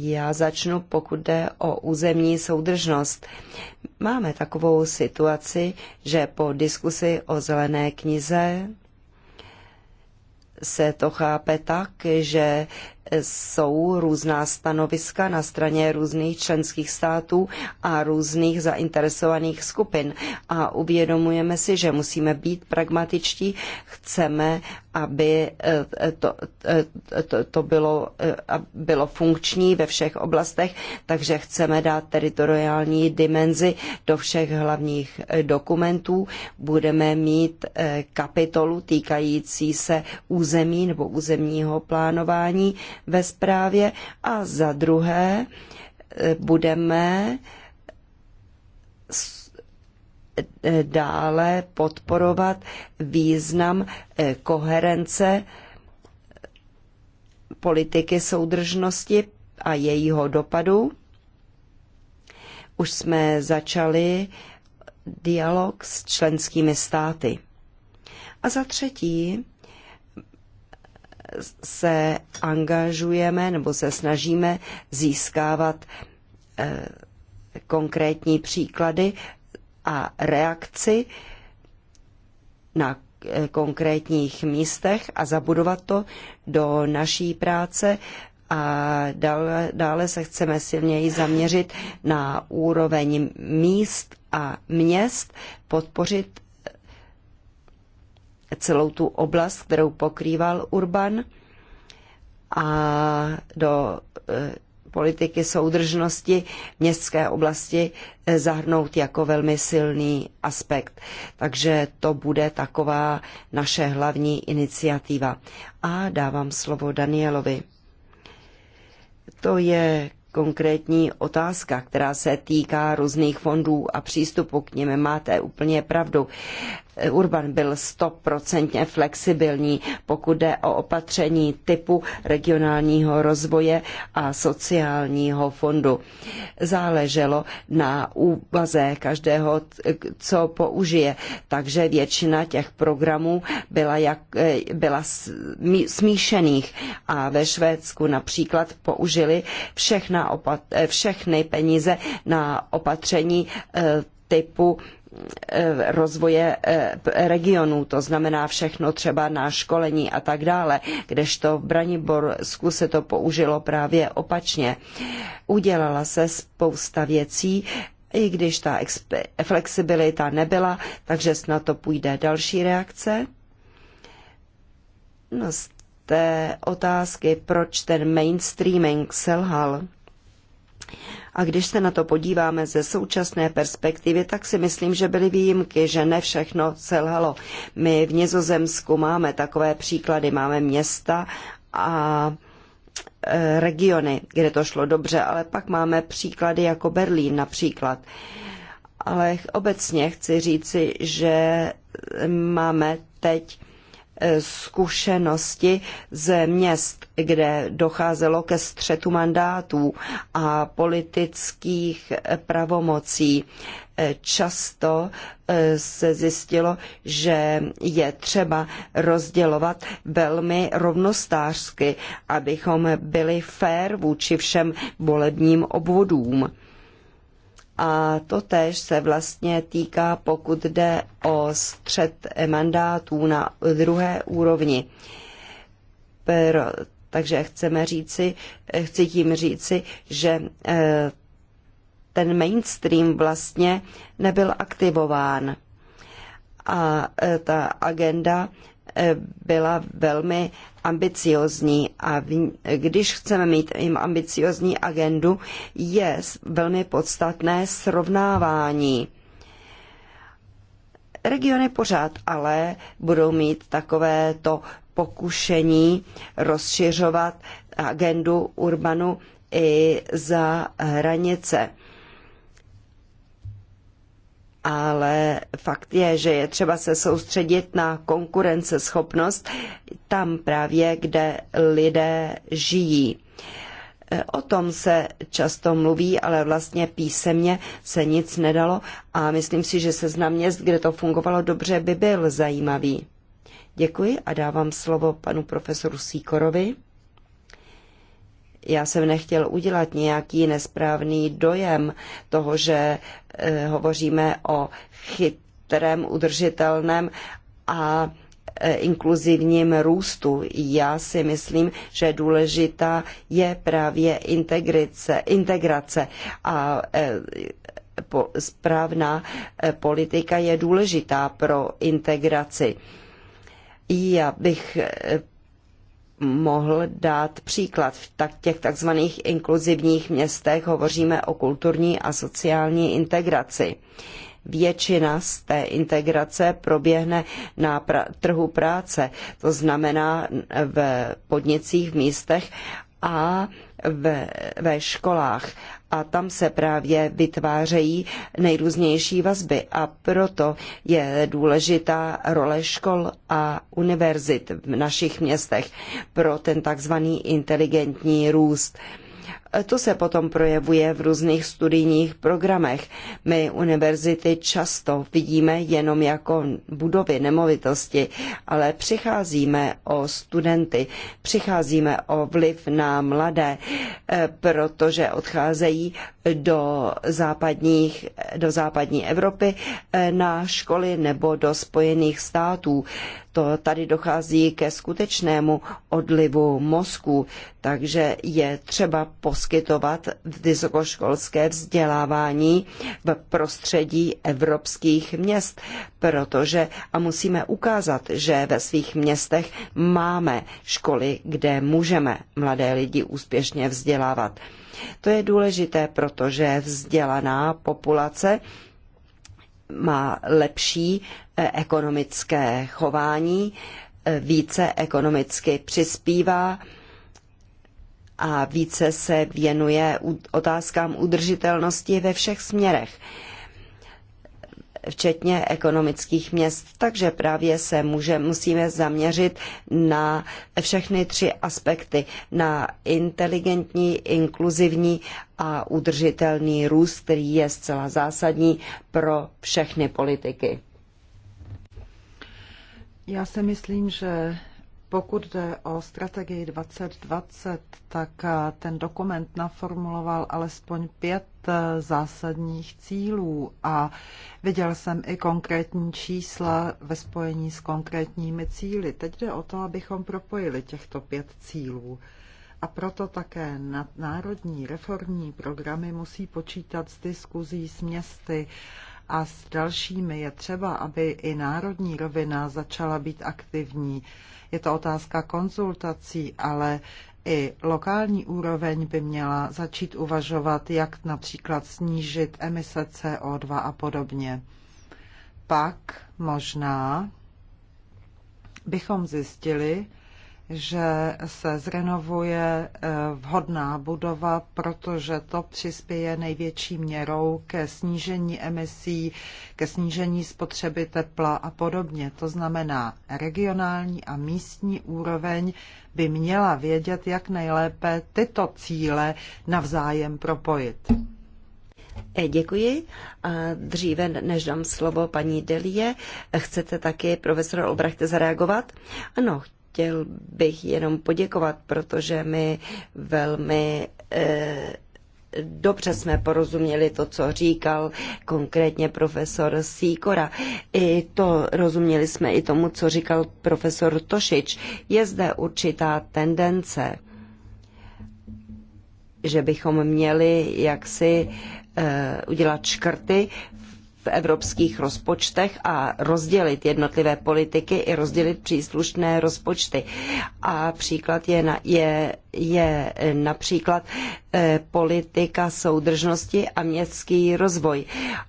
Já začnu, pokud jde o územní soudržnost. Máme takovou situaci, že po diskusi o zelené knize se to chápe tak, že jsou různá stanoviska na straně různých členských států a různých zainteresovaných skupin. A uvědomujeme si, že musíme být pragmatičtí, chceme, aby eh, to, eh, to, to bylo, eh, bylo funkční ve všech oblastech, takže chceme dát teritoriální dimenzi do všech hlavních dokumentů. Budeme mít kapitolu týkající se území nebo územního plánování ve zprávě a za druhé budeme dále podporovat význam eh, koherence politiky soudržnosti a jejího dopadu. Už jsme začali dialog s členskými státy. A za třetí se angažujeme nebo se snažíme získávat eh, konkrétní příklady a reakci na eh, konkrétních místech a zabudovat to do naší práce a dále, dále se chceme silněji zaměřit na úroveň míst a měst, podpořit eh, celou tu oblast, kterou pokrýval Urban a do eh, politiky soudržnosti městské oblasti eh, zahrnout jako velmi silný aspekt. Takže to bude taková naše hlavní iniciativa. A dávám slovo Danielovi. To je konkrétní otázka, která se týká různých fondů a přístupu k nim. Máte úplně pravdu. Urban byl stoprocentně flexibilní, pokud jde o opatření typu regionálního rozvoje a sociálního fondu. Záleželo na úvaze každého, co použije, takže většina těch programů byla, jak, byla smíšených a ve Švédsku například použili všechna opat, všechny peníze na opatření eh, typu Eh, rozvoje eh, regionů, to znamená všechno třeba na školení a tak dále, kdežto v Braniborsku se to použilo právě opačně. Udělala se spousta věcí, i když ta flexibilita nebyla, takže snad to půjde další reakce. No z té otázky, proč ten mainstreaming selhal. A když se na to podíváme ze současné perspektivy, tak si myslím, že byly výjimky, že ne všechno selhalo. My v Nizozemsku máme takové příklady, máme města a e, regiony, kde to šlo dobře, ale pak máme příklady jako Berlín například. Ale obecně chci říci, že máme teď Eh, zkušenosti ze měst, kde docházelo ke střetu mandátů a politických eh, pravomocí. Eh, často se zjistilo, že je třeba rozdělovat velmi rovnostářsky, abychom byli fér vůči všem volebním obvodům. A to též se vlastně týká, pokud jde o střed mandátů na druhé úrovni. Pro, takže chceme říci, chci tím říci, že eh, ten mainstream vlastně nebyl aktivován. A eh, ta agenda byla velmi ambiciozní a když chceme mít jim ambiciozní agendu, je velmi podstatné srovnávání. Regiony pořád ale budou mít takovéto pokušení rozšiřovat agendu urbanu i za hranice ale fakt je, že je třeba se soustředit na konkurenceschopnost tam právě, kde lidé žijí. E, o tom se často mluví, ale vlastně písemně se nic nedalo a myslím si, že seznam měst, kde to fungovalo dobře, by byl zajímavý. Děkuji a dávám slovo panu profesoru Sýkorovi. Já jsem nechtěl udělat nějaký nesprávný dojem toho, že eh, hovoříme o chytrém, udržitelném a eh, inkluzivním růstu. Já si myslím, že důležitá je právě integrace, integrace a eh, správná politika je důležitá pro integraci. Já bych mohl dát příklad. V těch takzvaných inkluzivních městech hovoříme o kulturní a sociální integraci. Většina z té integrace proběhne na trhu práce, to znamená v podnicích, v místech a ve, ve školách a tam se právě vytvářejí nejrůznější vazby a proto je důležitá role škol a univerzit v našich městech pro ten takzvaný inteligentní růst. Eh, to se potom projevuje v různých studijních programech. My univerzity často vidíme jenom jako budovy nemovitosti, ale přicházíme o studenty, přicházíme o vliv na mladé, eh, protože odcházejí do, západních, do západní Evropy eh, na školy nebo do Spojených států to tady dochází ke skutečnému odlivu mozku, takže je třeba poskytovat vysokoškolské vzdělávání v prostředí evropských měst, protože a musíme ukázat, že ve svých městech máme školy, kde můžeme mladé lidi úspěšně vzdělávat. To je důležité, protože vzdělaná populace má lepší eh, ekonomické chování, eh, více ekonomicky přispívá a více se věnuje otázkám udržitelnosti ve všech směrech včetně ekonomických měst. Takže právě se může, musíme zaměřit na všechny tři aspekty. Na inteligentní, inkluzivní a udržitelný růst, který je zcela zásadní pro všechny politiky. Já si myslím, že pokud jde o strategii 2020, tak eh, ten dokument naformuloval alespoň pět eh, zásadních cílů a viděl jsem i konkrétní čísla ve spojení s konkrétními cíly. Teď jde o to, abychom propojili těchto pět cílů. A proto také národní reformní programy musí počítat s diskuzí s městy a s dalšími. Je třeba, aby i národní rovina začala být aktivní je to otázka konzultací, ale i lokální úroveň by měla začít uvažovat, jak například snížit emise CO2 a podobně. Pak možná bychom zjistili, že se zrenovuje eh, vhodná budova, protože to přispěje největší měrou ke snížení emisí, ke snížení spotřeby tepla a podobně. To znamená, regionální a místní úroveň by měla vědět, jak nejlépe tyto cíle navzájem propojit. Eh, děkuji. A dříve, než dám slovo paní Delie, chcete taky, profesor Obrachte, zareagovat? Ano, chtěl bych jenom poděkovat, protože my velmi eh, dobře jsme porozuměli to, co říkal konkrétně profesor Sýkora. I to rozuměli jsme i tomu, co říkal profesor Tošič. Je zde určitá tendence, že bychom měli jaksi eh, udělat škrty v evropských rozpočtech a rozdělit jednotlivé politiky i rozdělit příslušné rozpočty. A příklad je, na, je je eh, například eh, politika soudržnosti a městský rozvoj.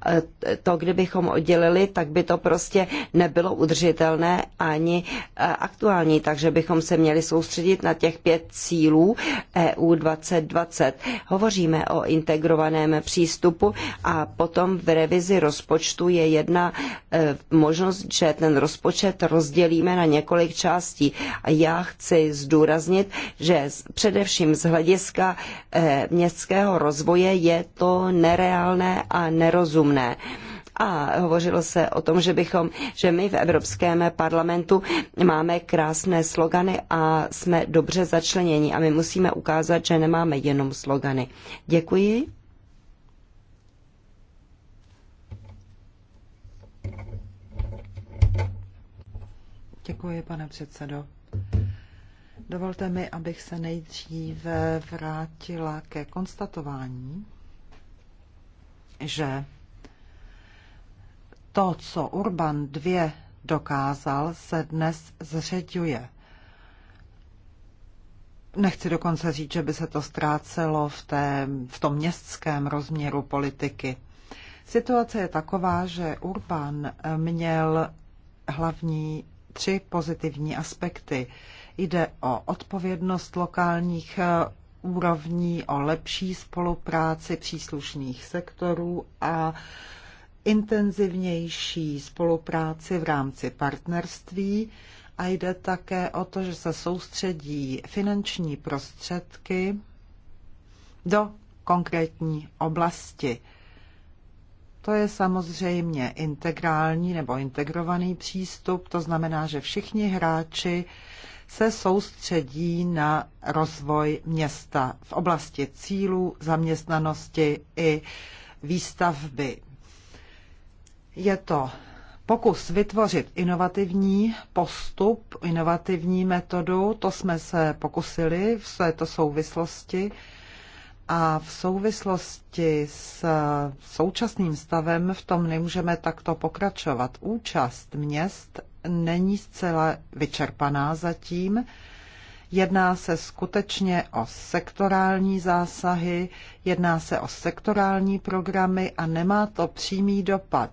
Eh, to, kdybychom oddělili, tak by to prostě nebylo udržitelné ani aktuální, takže bychom se měli soustředit na těch pět cílů EU 2020. Hovoříme o integrovaném přístupu a potom v revizi rozpočtu je jedna možnost, že ten rozpočet rozdělíme na několik částí. A já chci zdůraznit, že především z hlediska eh, městského rozvoje je to nereálné a nerozumné a hovořilo se o tom, že bychom, že my v Evropském parlamentu máme krásné slogany a jsme dobře začleněni a my musíme ukázat, že nemáme jenom slogany. Děkuji. Děkuji, pane předsedo. Dovolte mi, abych se nejdříve vrátila ke konstatování, že to, co Urban II dokázal, se dnes zřeďuje. Nechci dokonce říct, že by se to ztrácelo v, té, v tom městském rozměru politiky. Situace je taková, že Urban měl hlavní tři pozitivní aspekty. Jde o odpovědnost lokálních eh, úrovní, o lepší spolupráci příslušných sektorů a intenzivnější spolupráci v rámci partnerství a jde také o to, že se soustředí finanční prostředky do konkrétní oblasti. To je samozřejmě integrální nebo integrovaný přístup, to znamená, že všichni hráči se soustředí na rozvoj města v oblasti cílů, zaměstnanosti i výstavby. Je to pokus vytvořit inovativní postup, inovativní metodu, to jsme se pokusili v této souvislosti. A v souvislosti s současným stavem v tom nemůžeme takto pokračovat. Účast měst není zcela vyčerpaná zatím. Jedná se skutečně o sektorální zásahy, jedná se o sektorální programy a nemá to přímý dopad.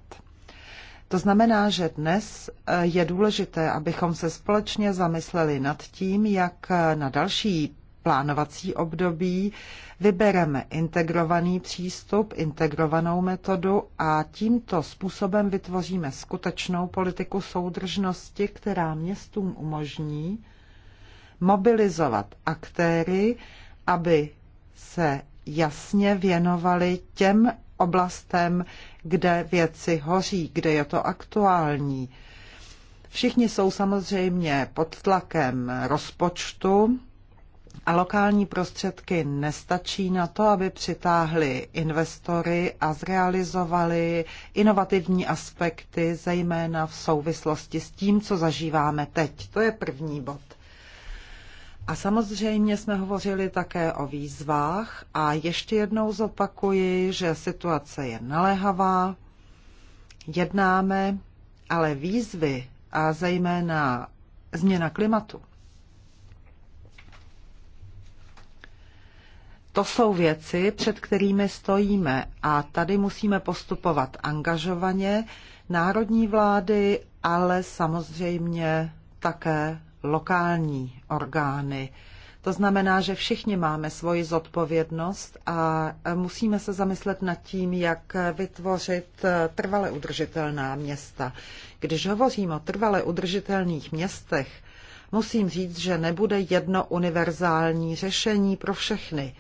To znamená, že dnes eh, je důležité, abychom se společně zamysleli nad tím, jak eh, na další plánovací období, vybereme integrovaný přístup, integrovanou metodu a tímto způsobem vytvoříme skutečnou politiku soudržnosti, která městům umožní mobilizovat aktéry, aby se jasně věnovali těm oblastem, kde věci hoří, kde je to aktuální. Všichni jsou samozřejmě pod tlakem rozpočtu, a lokální prostředky nestačí na to, aby přitáhly investory a zrealizovali inovativní aspekty, zejména v souvislosti s tím, co zažíváme teď. To je první bod. A samozřejmě jsme hovořili také o výzvách a ještě jednou zopakuji, že situace je naléhavá, jednáme, ale výzvy a zejména změna klimatu To jsou věci, před kterými stojíme a tady musíme postupovat angažovaně, národní vlády, ale samozřejmě také lokální orgány. To znamená, že všichni máme svoji zodpovědnost a musíme se zamyslet nad tím, jak vytvořit trvale udržitelná města. Když hovořím o trvale udržitelných městech, musím říct, že nebude jedno univerzální řešení pro všechny.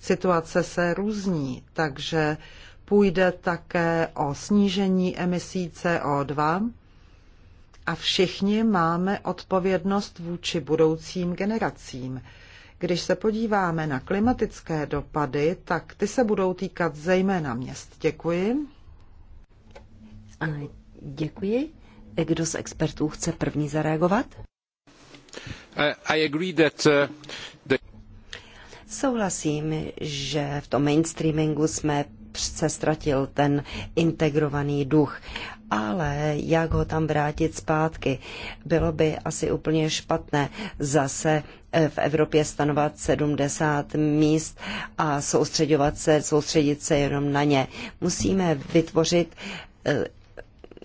Situace se různí, takže půjde také o snížení emisí CO2 a všichni máme odpovědnost vůči budoucím generacím. Když se podíváme na klimatické dopady, tak ty se budou týkat zejména měst. Děkuji. Děkuji. Kdo z expertů chce první zareagovat? Uh, I agree that uh, the... Souhlasím, že v tom mainstreamingu jsme se ztratil ten integrovaný duch. Ale jak ho tam vrátit zpátky? Bylo by asi úplně špatné zase eh, v Evropě stanovat 70 míst a soustředovat se, soustředit se jenom na ně. Musíme vytvořit eh,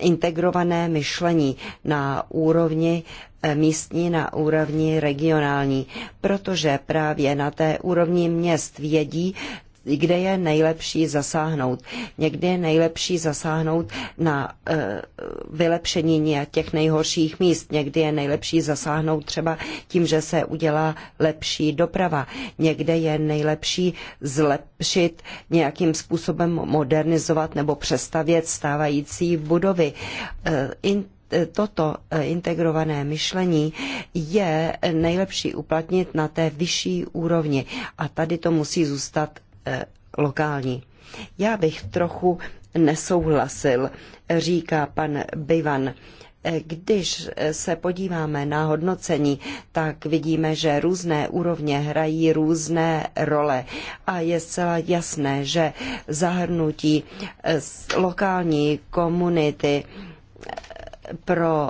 integrované myšlení na úrovni eh, místní, na úrovni regionální, protože právě na té úrovni měst vědí, kde je nejlepší zasáhnout. Někdy je nejlepší zasáhnout na e, vylepšení těch nejhorších míst. Někdy je nejlepší zasáhnout třeba tím, že se udělá lepší doprava. Někde je nejlepší zlepšit nějakým způsobem modernizovat nebo přestavět stávající budovy. E, in, eh, toto integrované myšlení je nejlepší uplatnit na té vyšší úrovni a tady to musí zůstat Eh, lokální. Já bych trochu nesouhlasil, říká pan Bivan. Eh, když eh, se podíváme na hodnocení, tak vidíme, že různé úrovně hrají různé role a je zcela jasné, že zahrnutí lokální komunity pro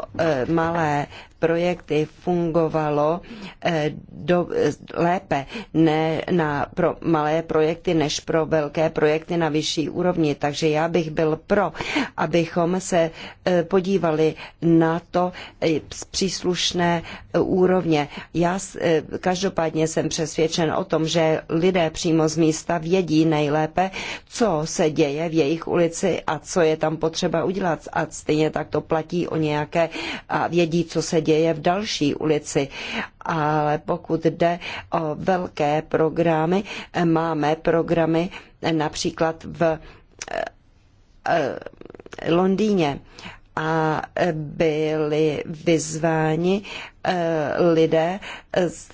malé projekty fungovalo eh, do, eh, lépe ne na pro malé projekty než pro velké projekty na vyšší úrovni. Takže já bych byl pro, abychom se eh, podívali na to z příslušné úrovně. Já každopádně jsem přesvědčen o tom, že lidé přímo z místa vědí nejlépe, co se děje v jejich ulici a co je tam potřeba udělat. A stejně tak to platí o nějaké a vědí, co se děje děje v další ulici. Ale pokud jde o velké programy, máme programy například v eh, eh, Londýně a byli vyzváni eh, lidé z,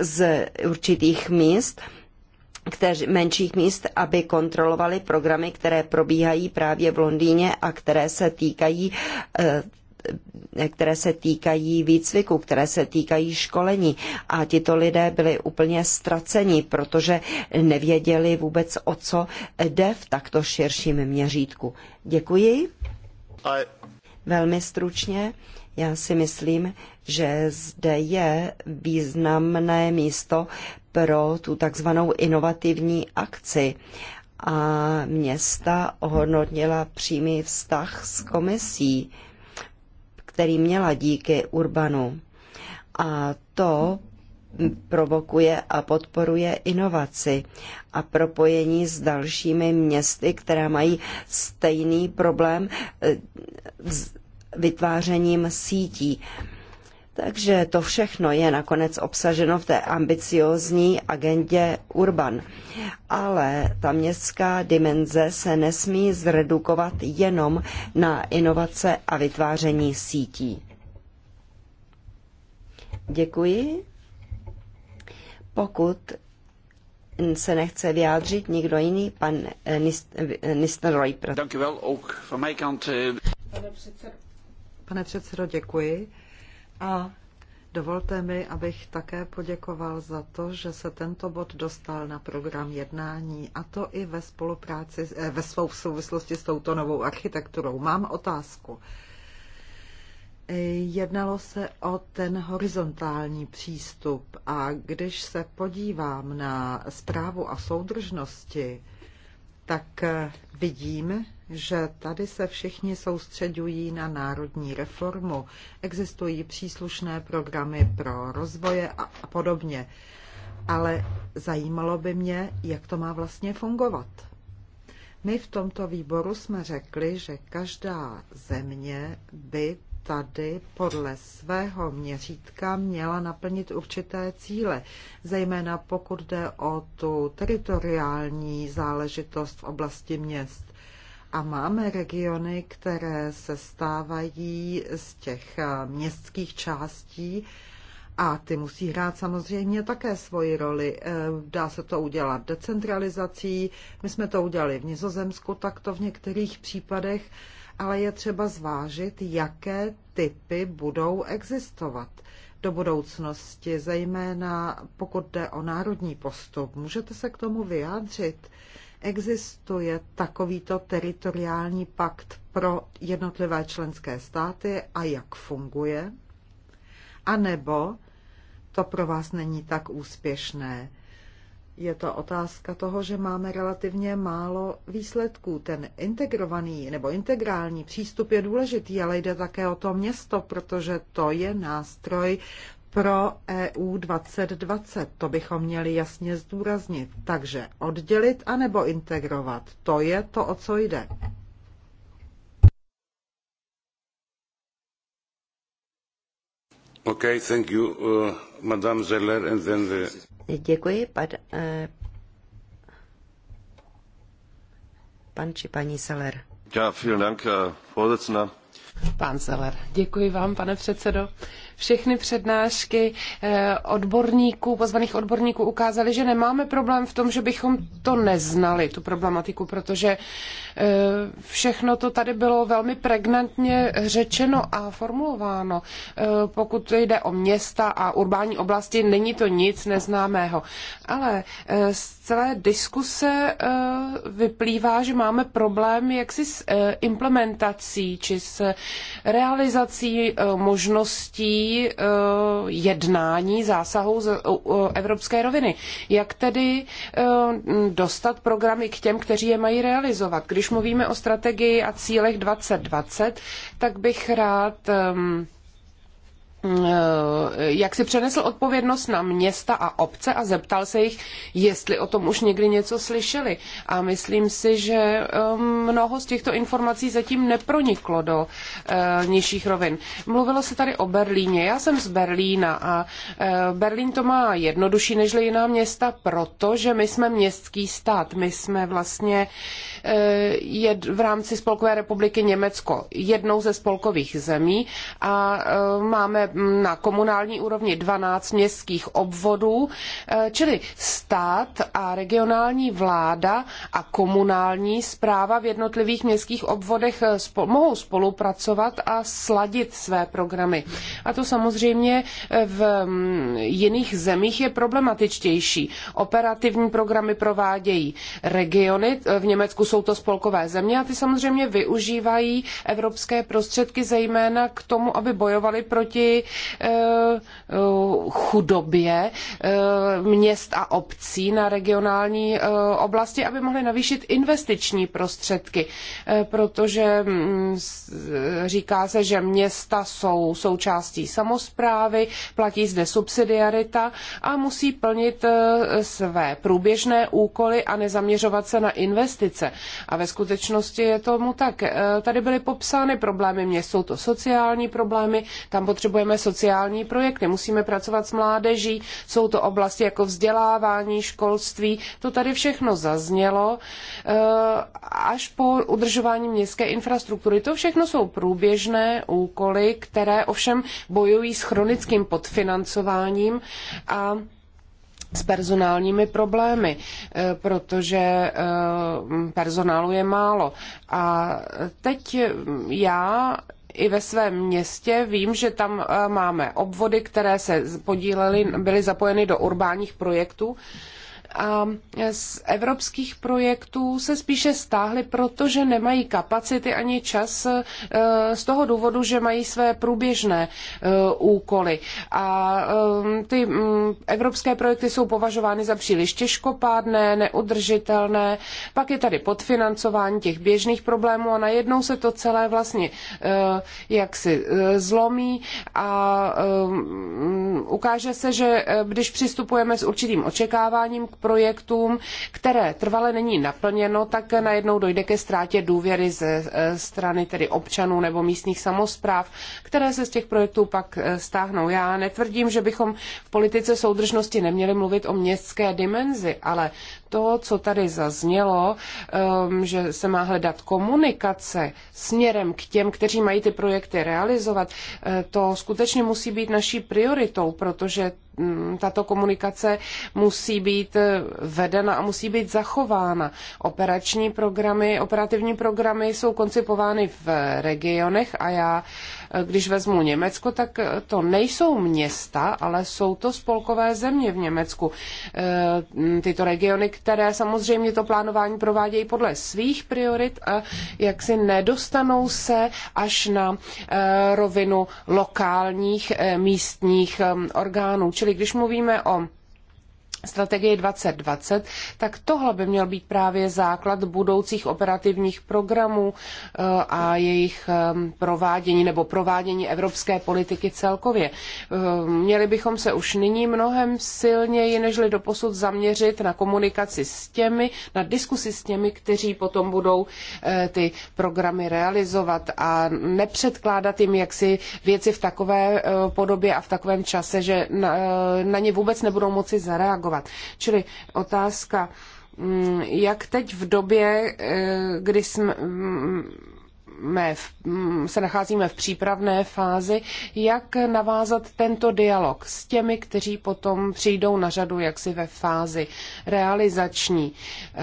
z určitých míst, kteří, menších míst, aby kontrolovali programy, které probíhají právě v Londýně a které se týkají které se týkají výcviku, které se týkají školení. A tito lidé byli úplně ztraceni, protože nevěděli vůbec, o co jde v takto širším měřítku. Děkuji. Velmi stručně. Já si myslím, že zde je významné místo pro tu takzvanou inovativní akci a města ohodnotila přímý vztah s komisí který měla díky Urbanu. A to provokuje a podporuje inovaci a propojení s dalšími městy, která mají stejný problém eh, vytvářením sítí. Takže to všechno je nakonec obsaženo v té ambiciózní agendě Urban. Ale ta městská dimenze se nesmí zredukovat jenom na inovace a vytváření sítí. Děkuji. Pokud se nechce vyjádřit nikdo jiný, pan eh, Nistelrooy. Eh, Dank kant. Eh. Pane předsedo, děkuji. A dovolte mi, abych také poděkoval za to, že se tento bod dostal na program jednání, a to i ve spolupráci, eh, ve svou souvislosti s touto novou architekturou. Mám otázku. Jednalo se o ten horizontální přístup a když se podívám na zprávu a soudržnosti, tak eh, vidím, že tady se všichni soustředují na národní reformu. Existují příslušné programy pro rozvoje a, a podobně. Ale zajímalo by mě, jak to má vlastně fungovat. My v tomto výboru jsme řekli, že každá země by tady podle svého měřítka měla naplnit určité cíle, zejména pokud jde o tu teritoriální záležitost v oblasti měst. A máme regiony, které se stávají z těch eh, městských částí a ty musí hrát samozřejmě také svoji roli. Eh, dá se to udělat decentralizací, my jsme to udělali v Nizozemsku, tak to v některých případech, ale je třeba zvážit, jaké typy budou existovat do budoucnosti, zejména pokud jde o národní postup. Můžete se k tomu vyjádřit? Existuje takovýto teritoriální pakt pro jednotlivé členské státy a jak funguje? A nebo to pro vás není tak úspěšné? Je to otázka toho, že máme relativně málo výsledků. Ten integrovaný nebo integrální přístup je důležitý, ale jde také o to město, protože to je nástroj pro EU 2020. To bychom měli jasně zdůraznit. Takže oddělit anebo integrovat, to je to, o co jde. Okay, thank you, uh, Madame Zeller, and then the... Děkuji, pad, uh, pan či paní Seller. Ja, vielen Dank, uh, Pán Seller, děkuji vám, pane předsedo. Uh, všechny přednášky eh, odborníků, pozvaných odborníků ukázaly, že nemáme problém v tom, že bychom to neznali, tu problematiku, protože eh, všechno to tady bylo velmi pregnantně řečeno a formulováno. Eh, pokud jde o města a urbání oblasti, není to nic neznámého. Ale celé diskuse eh, vyplývá, že máme problém jaksi s eh, implementací či s realizací eh, možností jednání zásahů z evropské roviny. Jak tedy dostat programy k těm, kteří je mají realizovat? Když mluvíme o strategii a cílech 2020, tak bych rád Eh, jak si přenesl odpovědnost na města a obce a zeptal se jich, jestli o tom už někdy něco slyšeli. A myslím si, že eh, mnoho z těchto informací zatím neproniklo do eh, nižších rovin. Mluvilo se tady o Berlíně. Já jsem z Berlína a Berlín to má jednodušší než jiná města, protože my jsme městský stát. My jsme vlastně jed v rámci Spolkové republiky Německo jednou ze spolkových zemí a máme na komunální úrovni 12 městských obvodů, eh, čili stát a regionální vláda a komunální správa v jednotlivých městských obvodech eh, mohou spolupracovat a sladit své programy. A to samozřejmě eh, v mm, jiných zemích je problematičtější. Operativní programy provádějí regiony, v Německu jsou to spolkové země a ty samozřejmě využívají evropské prostředky zejména k tomu, aby bojovali proti Eh, chudobě eh, měst a obcí na regionální eh, oblasti, aby mohly navýšit investiční prostředky, protože mm, říká se, že města jsou součástí samosprávy, platí zde subsidiarita a musí plnit své průběžné úkoly a nezaměřovat se na investice. A ve skutečnosti je tomu tak. Tady byly popsány problémy měst, jsou to sociální problémy, tam potřebujeme podporujeme sociální projekty, musíme pracovat s mládeží, jsou to oblasti jako vzdělávání, školství, to tady všechno zaznělo, eh, až po udržování městské infrastruktury. To všechno jsou průběžné úkoly, které ovšem bojují s chronickým podfinancováním a s personálními problémy, eh, protože eh, personálu je málo. A teď já i ve svém městě. Vím, že tam eh, máme obvody, které se podílely, byly zapojeny do urbánních projektů a z evropských projektů se spíše stáhly, protože nemají kapacity ani čas e, z toho důvodu, že mají své průběžné e, úkoly. A e, ty mm, evropské projekty jsou považovány za příliš těžkopádné, neudržitelné, pak je tady podfinancování těch běžných problémů a najednou se to celé vlastně jaksi zlomí a ukáže se, že když přistupujeme s určitým očekáváním k projektům, které trvale není naplněno, tak najednou dojde ke ztrátě důvěry ze eh, strany tedy občanů nebo místních samospráv, které se z těch projektů pak eh, stáhnou. Já netvrdím, že bychom v politice soudržnosti neměli mluvit o městské dimenzi, ale to, co tady zaznělo, um, že se má hledat komunikace směrem k těm, kteří mají ty projekty realizovat, uh, to skutečně musí být naší prioritou, protože mm, tato komunikace musí být uh, vedena a musí být zachována. Operační programy, operativní programy jsou koncipovány v regionech a já když vezmu Německo, tak to nejsou města, ale jsou to spolkové země v Německu. E, tyto regiony, které samozřejmě to plánování provádějí podle svých priorit a jak si nedostanou se až na e, rovinu lokálních e, místních orgánů. Čili když mluvíme o strategii 2020, tak tohle by měl být právě základ budoucích operativních programů eh, a jejich ehm, provádění nebo provádění evropské politiky celkově. Eh, měli bychom se už nyní mnohem silněji nežli doposud zaměřit na komunikaci s těmi, na diskusi s těmi, kteří potom budou eh, ty programy realizovat a nepředkládat jim jaksi věci v takové podobě a v takovém čase, že na, na ně vůbec nebudou moci zareagovat fungovat. Čili otázka, mm, jak teď v době, eh, kdy jsme, mm, se nacházíme v přípravné fázi, jak navázat tento dialog s těmi, kteří potom přijdou na řadu jaksi ve fázi realizační eh,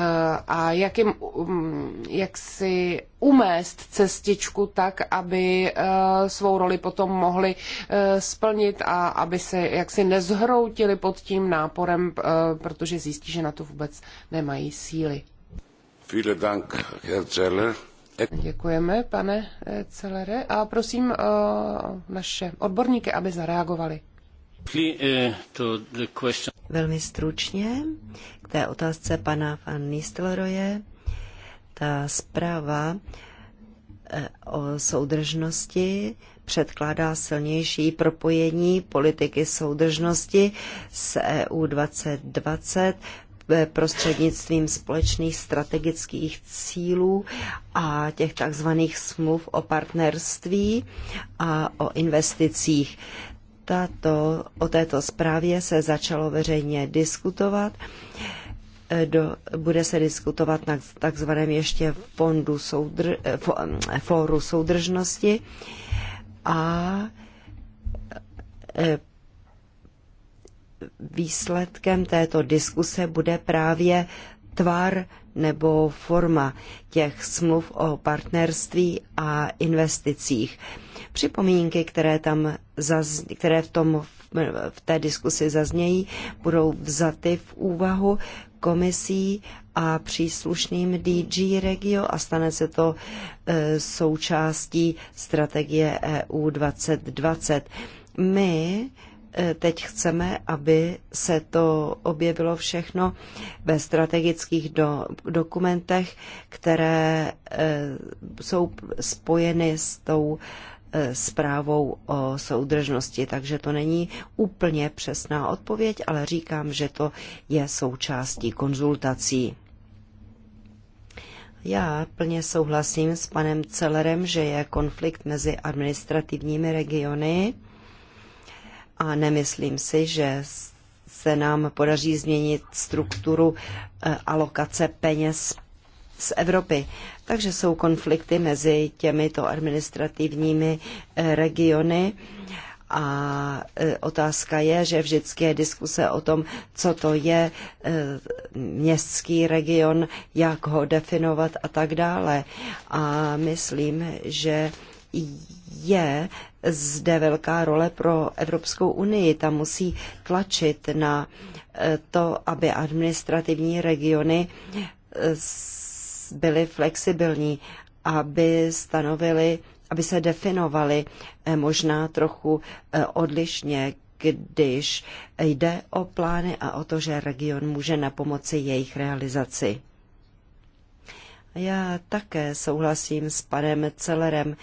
a jak jim um, jak si umést cestičku tak, aby eh, svou roli potom mohli eh, splnit a aby se jaksi nezhroutili pod tím náporem, protože zjistí, že na to vůbec nemají síly. Vielen Dank, Herr Zeller. Děkujeme, pane eh, Celere, a prosím eh, naše odborníky, aby zareagovali. Eh, Velmi stručně k té otázce pana Van Nistelroje. Ta zpráva o soudržnosti předkládá silnější propojení politiky soudržnosti s EU 2020 prostřednictvím společných strategických cílů a těch takzvaných smluv o partnerství a o investicích. Tato, o této zprávě se začalo veřejně diskutovat. E, do, bude se diskutovat na takzvaném ještě fondu soudr, e, fóru soudržnosti a e, výsledkem této diskuse bude právě tvar nebo forma těch smluv o partnerství a investicích. Připomínky, které, tam zaz, které v, tom, v té diskusi zaznějí, budou vzaty v úvahu komisí a příslušným DG Regio a stane se to e, součástí strategie EU 2020. My teď chceme, aby se to objevilo všechno ve strategických do, dokumentech, které eh, jsou spojeny s tou eh, zprávou o soudržnosti, takže to není úplně přesná odpověď, ale říkám, že to je součástí konzultací. Já plně souhlasím s panem Celerem, že je konflikt mezi administrativními regiony a nemyslím si, že se nám podaří změnit strukturu eh, alokace peněz z Evropy. Takže jsou konflikty mezi těmito administrativními eh, regiony. A eh, otázka je, že vždycky je diskuse o tom, co to je městský region, jak ho definovat a tak dále. A myslím, že je zde velká role pro Evropskou unii. Ta musí tlačit na eh, to, aby administrativní regiony eh, byly flexibilní, aby stanovily, aby se definovaly eh, možná trochu odlišně, když jde o plány a o to, že region může na pomoci jejich realizaci. Já také souhlasím s panem Celerem,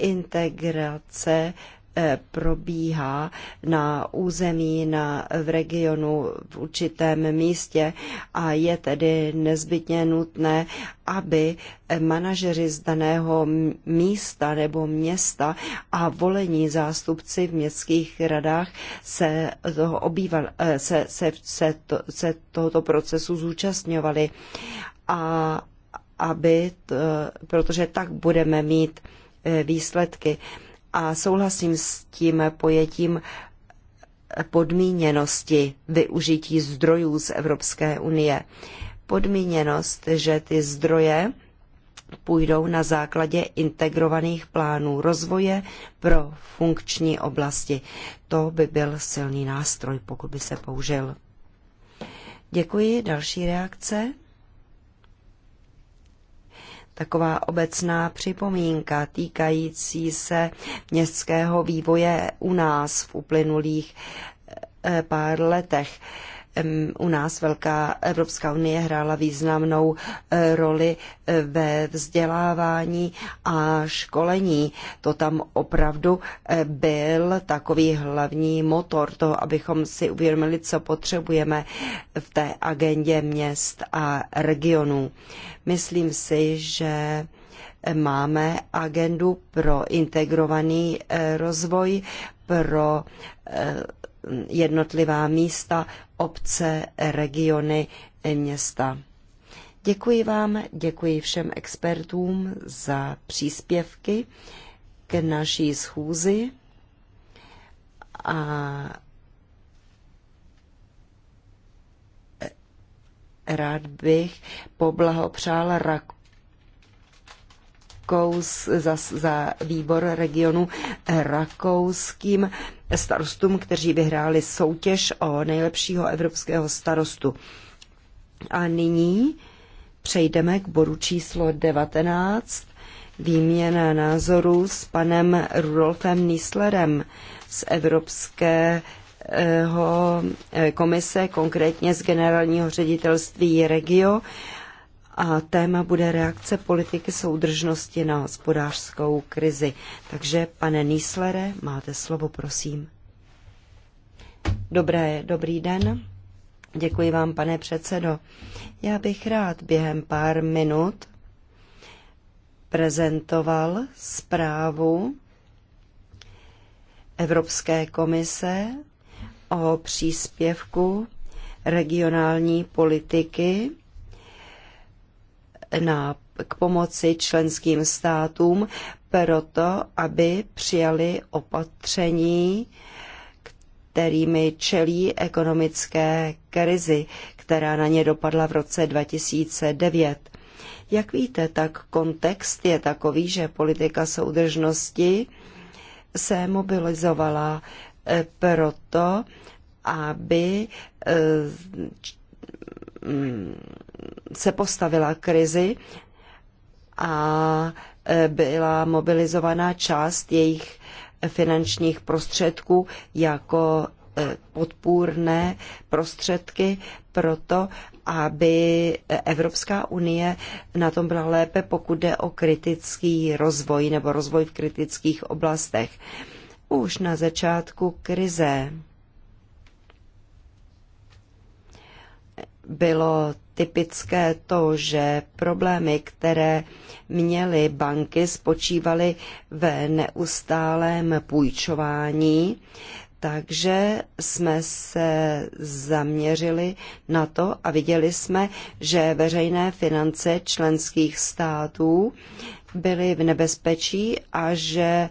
integrace eh, probíhá na území, na, v regionu, v určitém místě a je tedy nezbytně nutné, aby eh, manažeři z daného místa nebo města a volení zástupci v městských radách se, toho obýval, eh, se, se, se, to, se tohoto procesu zúčastňovali a aby, to, protože tak budeme mít E, výsledky. A souhlasím s tím pojetím podmíněnosti využití zdrojů z Evropské unie. Podmíněnost, že ty zdroje půjdou na základě integrovaných plánů rozvoje pro funkční oblasti. To by byl silný nástroj, pokud by se použil. Děkuji. Další reakce? taková obecná připomínka týkající se městského vývoje u nás v uplynulých eh, pár letech u nás Velká Evropská unie hrála významnou eh, roli eh, ve vzdělávání a školení. To tam opravdu eh, byl takový hlavní motor toho, abychom si uvědomili, co potřebujeme v té agendě měst a regionů. Myslím si, že máme agendu pro integrovaný rozvoj, pro jednotlivá místa obce, regiony, města. Děkuji vám, děkuji všem expertům za příspěvky k naší schůzi a rád bych poblahopřál Rak Rakous, za, za výbor regionu rakouským starostům, kteří vyhráli soutěž o nejlepšího evropského starostu. A nyní přejdeme k bodu číslo 19, výměna názorů s panem Rudolfem Nislerem z Evropské eh, komise, konkrétně z generálního ředitelství Regio a téma bude reakce politiky soudržnosti na hospodářskou krizi. Takže, pane Níslere, máte slovo, prosím. Dobré, dobrý den. Děkuji vám, pane předsedo. Já bych rád během pár minut prezentoval zprávu Evropské komise o příspěvku regionální politiky na, k pomoci členským státům proto, aby přijali opatření, kterými čelí ekonomické krizi, která na ně dopadla v roce 2009. Jak víte, tak kontext je takový, že politika soudržnosti se mobilizovala e, proto, aby e, se postavila krizi a e, byla mobilizovaná část jejich finančních prostředků jako e, podpůrné prostředky pro to, aby Evropská unie na tom byla lépe, pokud jde o kritický rozvoj nebo rozvoj v kritických oblastech. Už na začátku krize bylo typické to, že problémy, které měly banky, spočívaly ve neustálém půjčování, takže jsme se zaměřili na to a viděli jsme, že veřejné finance členských států byly v nebezpečí a že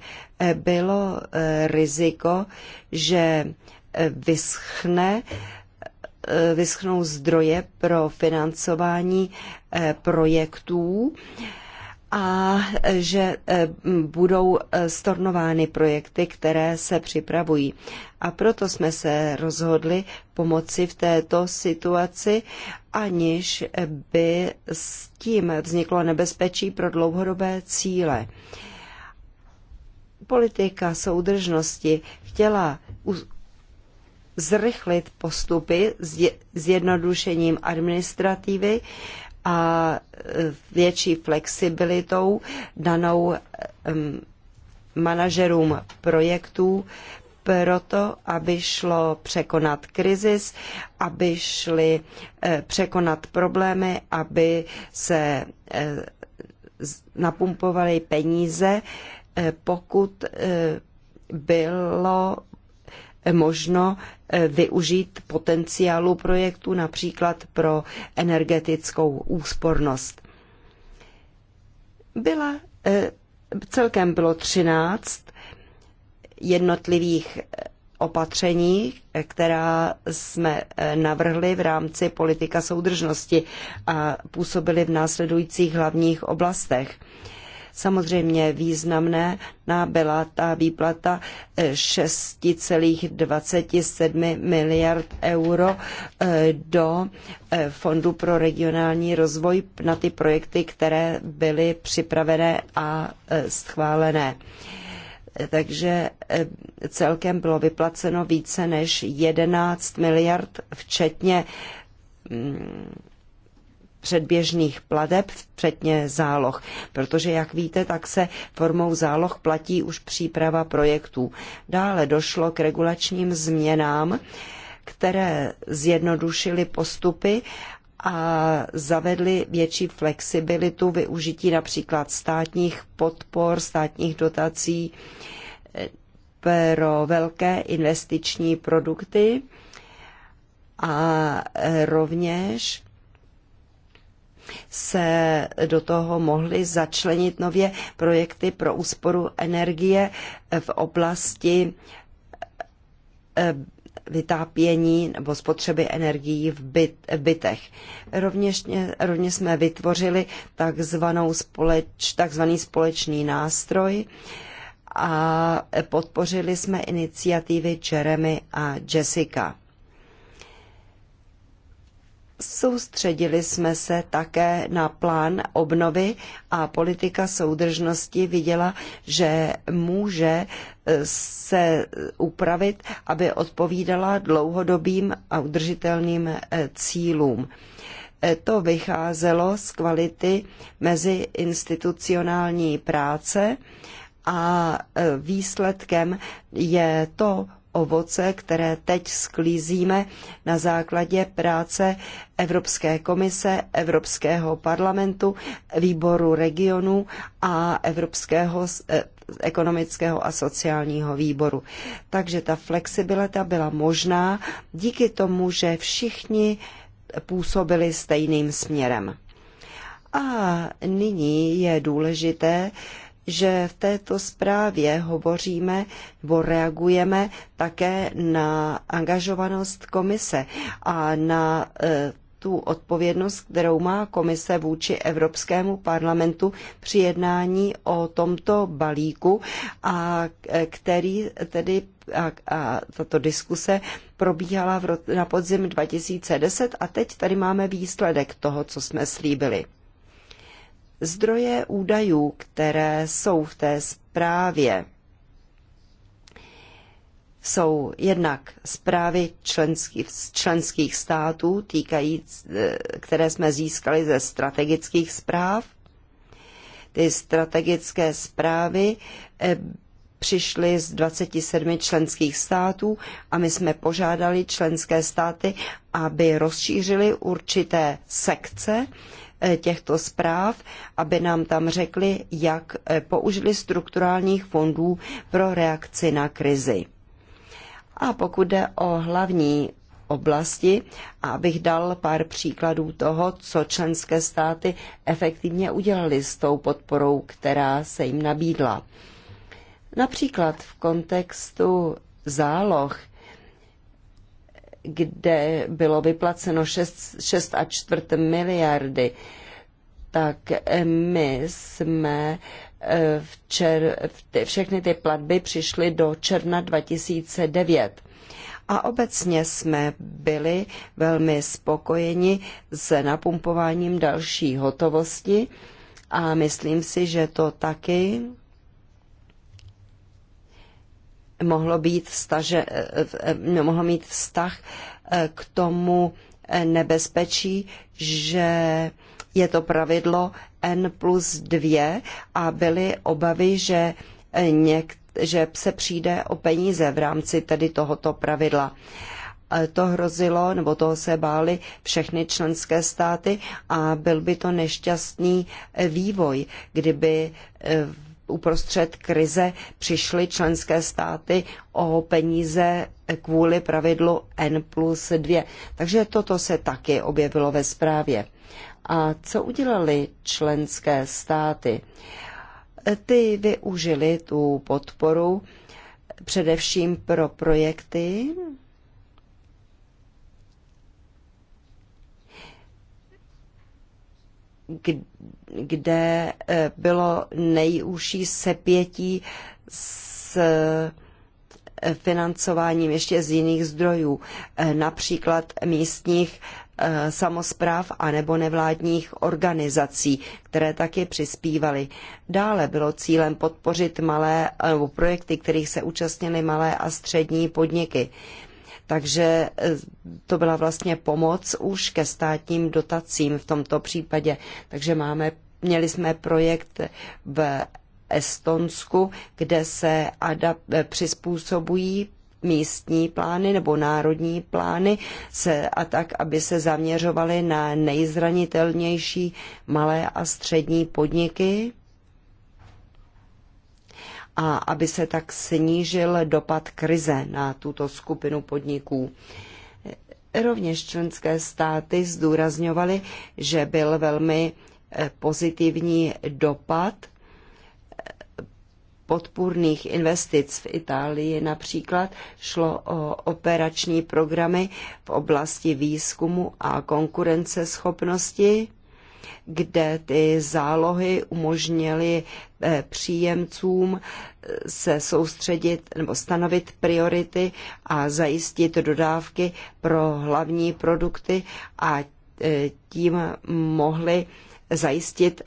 bylo riziko, že vyschne Eh, vyschnou zdroje pro financování eh, projektů a že eh, budou stornovány projekty, které se připravují. A proto jsme se rozhodli pomoci v této situaci, aniž by s tím vzniklo nebezpečí pro dlouhodobé cíle. Politika soudržnosti chtěla zrychlit postupy zjednodušením administrativy a e, větší flexibilitou danou manažerům projektů, proto, aby šlo překonat krizis, aby šli e, překonat problémy, aby se e, napumpovaly peníze, pokud bylo možno eh, využít potenciálu projektu například pro energetickou úspornost. Byla, eh, celkem bylo 13 jednotlivých eh, opatření, která jsme navrhli v rámci politika soudržnosti a působili v následujících hlavních oblastech. Samozřejmě významné byla ta výplata 6,27 eh, miliard euro eh, do eh, Fondu pro regionální rozvoj na ty projekty, které byly připravené a schválené takže celkem bylo vyplaceno více než 11 miliard, včetně mm, předběžných plateb, včetně záloh. Protože, jak víte, tak se formou záloh platí už příprava projektů. Dále došlo k regulačním změnám, které zjednodušily postupy a zavedly větší flexibilitu využití například státních podpor, státních dotací eh, pro velké investiční produkty a eh, rovněž se do toho mohly začlenit nově projekty pro úsporu energie v oblasti eh, vytápění nebo spotřeby energií v, byt, v bytech. Rovněž, rovněž jsme vytvořili takzvanou společ, takzvaný společný nástroj a podpořili jsme iniciativy Jeremy a Jessica. Soustředili jsme se také na plán obnovy a politika soudržnosti viděla, že může e, se upravit, aby odpovídala dlouhodobým a udržitelným e, cílům. E, to vycházelo z kvality institucionální práce a výsledkem je to, ovoce, které teď sklízíme na základě práce Evropské komise, Evropského parlamentu, výboru regionů a Evropského eh, ekonomického a sociálního výboru. Takže ta flexibilita byla možná díky tomu, že všichni působili stejným směrem. A nyní je důležité, že v této zprávě hovoříme nebo reagujeme také na angažovanost komise a na e, tu odpovědnost, kterou má komise vůči Evropskému parlamentu při jednání o tomto balíku a e, který tedy a, a tato diskuse probíhala v, na podzim 2010 a teď tady máme výsledek toho, co jsme slíbili zdroje údajů, které jsou v té zprávě, jsou jednak zprávy členských, z členských států, týkají, e, které jsme získali ze strategických zpráv. Ty strategické zprávy e, přišly z 27 členských států a my jsme požádali členské státy, aby rozšířili určité sekce, Eh, těchto zpráv, aby nám tam řekli, jak eh, použili strukturálních fondů pro reakci na krizi. A pokud jde o hlavní oblasti a abych dal pár příkladů toho, co členské státy efektivně udělali s tou podporou, která se jim nabídla. Například v kontextu záloh kde bylo vyplaceno 6, 6 a čtvrt miliardy, tak my jsme eh, v čer, v všechny ty platby přišly do června 2009. A obecně jsme byli velmi spokojeni s napumpováním další hotovosti a myslím si, že to taky mohlo, být vztaže, eh, eh, no, mohlo mít vztah eh, k tomu nebezpečí, že je to pravidlo N plus 2 a byly obavy, že, něk, že se přijde o peníze v rámci tedy tohoto pravidla to hrozilo, nebo toho se báli všechny členské státy a byl by to nešťastný vývoj, kdyby uprostřed krize přišly členské státy o peníze kvůli pravidlu N plus 2. Takže toto se taky objevilo ve zprávě. A co udělali členské státy? Ty využili tu podporu především pro projekty, kde eh, bylo nejúžší sepětí s eh, financováním ještě z jiných zdrojů, eh, například místních samospráv nebo nevládních organizací, které také přispívaly. Dále bylo cílem podpořit malé nebo projekty, kterých se účastnily malé a střední podniky. Takže eh, to byla vlastně pomoc už ke státním dotacím v tomto případě. Takže máme, měli jsme projekt v Estonsku, kde se adap- eh, přizpůsobují místní plány nebo národní plány se, a tak, aby se zaměřovaly na nejzranitelnější malé a střední podniky a aby se tak snížil dopad krize na tuto skupinu podniků. Rovněž členské státy zdůrazňovaly, že byl velmi eh, pozitivní dopad eh, podpůrných investic v Itálii například šlo o operační programy v oblasti výzkumu a konkurenceschopnosti kde ty zálohy umožnily eh, příjemcům eh, se soustředit nebo stanovit priority a zajistit dodávky pro hlavní produkty a eh, tím mohli zajistit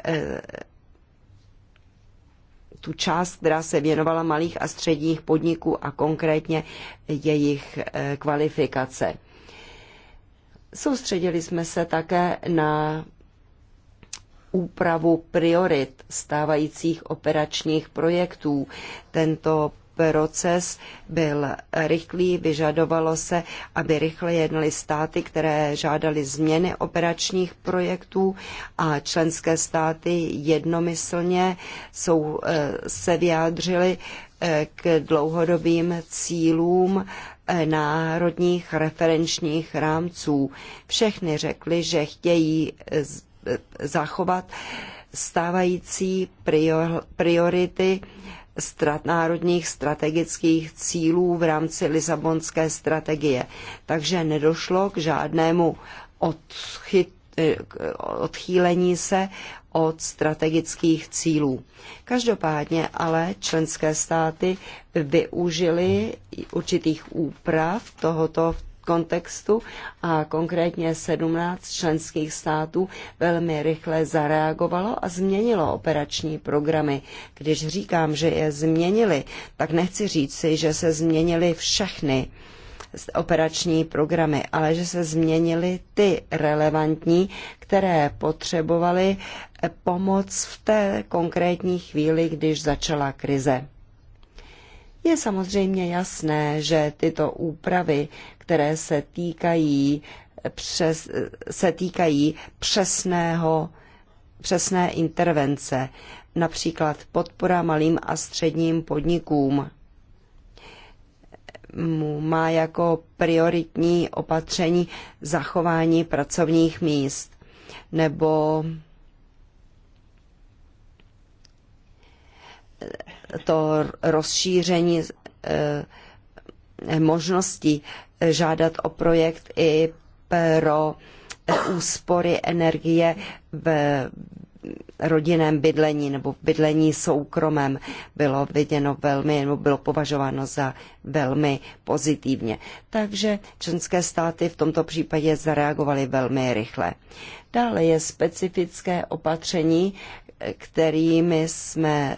tu část, která se věnovala malých a středních podniků a konkrétně jejich kvalifikace. Soustředili jsme se také na úpravu priorit stávajících operačních projektů. Tento proces byl rychlý, vyžadovalo se, aby rychle jednaly státy, které žádaly změny operačních projektů a členské státy jednomyslně jsou, eh, se vyjádřily eh, k dlouhodobým cílům eh, národních referenčních rámců. Všechny řekly, že chtějí zachovat stávající priority strat, národních strategických cílů v rámci Lisabonské strategie. Takže nedošlo k žádnému odchyt, eh, odchýlení se od strategických cílů. Každopádně ale členské státy využily určitých úprav tohoto v kontextu a konkrétně 17 členských států velmi rychle zareagovalo a změnilo operační programy. Když říkám, že je změnili, tak nechci říct že se změnily všechny operační programy, ale že se změnily ty relevantní, které potřebovaly pomoc v té konkrétní chvíli, když začala krize. Je samozřejmě jasné, že tyto úpravy které se týkají, přes, se týkají přesného, přesné intervence, například podpora malým a středním podnikům má jako prioritní opatření zachování pracovních míst nebo to rozšíření eh, možností žádat o projekt i pro úspory energie v rodinném bydlení nebo v bydlení soukromém bylo viděno velmi, nebo bylo považováno za velmi pozitivně. Takže členské státy v tomto případě zareagovaly velmi rychle. Dále je specifické opatření, kterými jsme,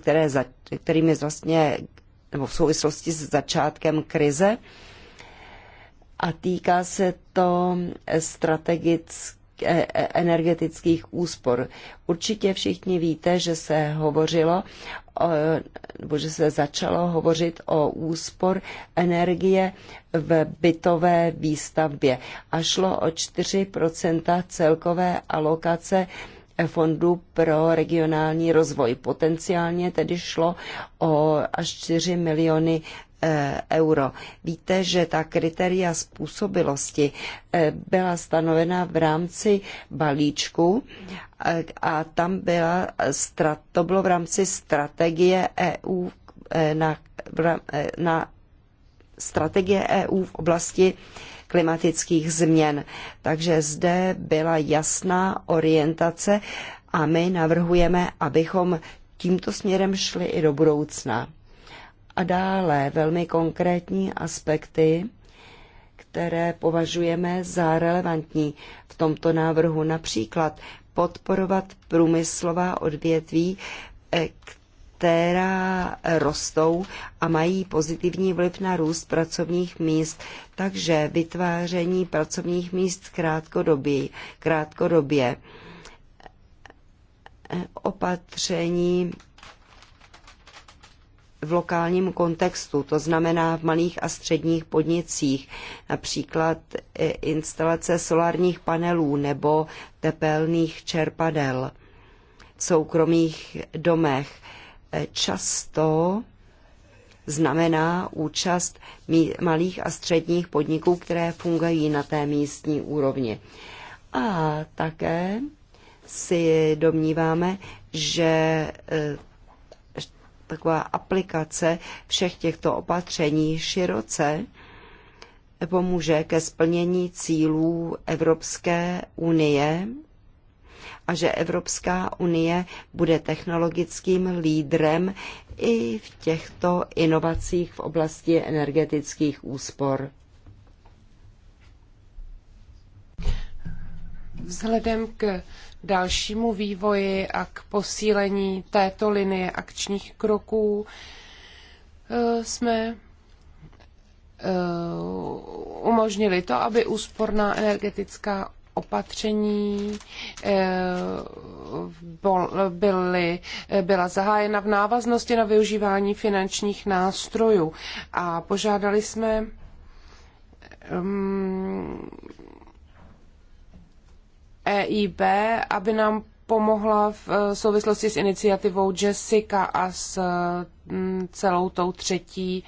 které za, kterými vlastně, nebo v souvislosti s začátkem krize, a týká se to strategických e- e- energetických úspor. Určitě všichni víte, že se hovořilo, nebo že se začalo hovořit o úspor energie v bytové výstavbě a šlo o 4 celkové alokace fondu pro regionální rozvoj. Potenciálně tedy šlo o až 4 miliony Eh, euro. Víte, že ta kritéria způsobilosti eh, byla stanovena v rámci balíčku eh, a tam byla, to bylo v rámci strategie EU na, na strategie EU v oblasti klimatických změn. Takže zde byla jasná orientace a my navrhujeme, abychom tímto směrem šli i do budoucna. A dále velmi konkrétní aspekty, které považujeme za relevantní v tomto návrhu, například podporovat průmyslová odvětví, eh, která rostou a mají pozitivní vliv na růst pracovních míst. Takže vytváření pracovních míst krátkodobě, krátkodobě eh, opatření v lokálním kontextu, to znamená v malých a středních podnicích, například e, instalace solárních panelů nebo tepelných čerpadel v soukromých domech. E, často znamená účast malých a středních podniků, které fungují na té místní úrovni. A také si domníváme, že e, taková aplikace všech těchto opatření široce pomůže ke splnění cílů Evropské unie a že Evropská unie bude technologickým lídrem i v těchto inovacích v oblasti energetických úspor. Vzhledem k dalšímu vývoji a k posílení této linie akčních kroků eh, jsme eh, umožnili to, aby úsporná energetická opatření eh, byly, byla zahájena v návaznosti na využívání finančních nástrojů. A požádali jsme mm, EIB, aby nám pomohla v eh, souvislosti s iniciativou Jessica a s mm, celou tou třetí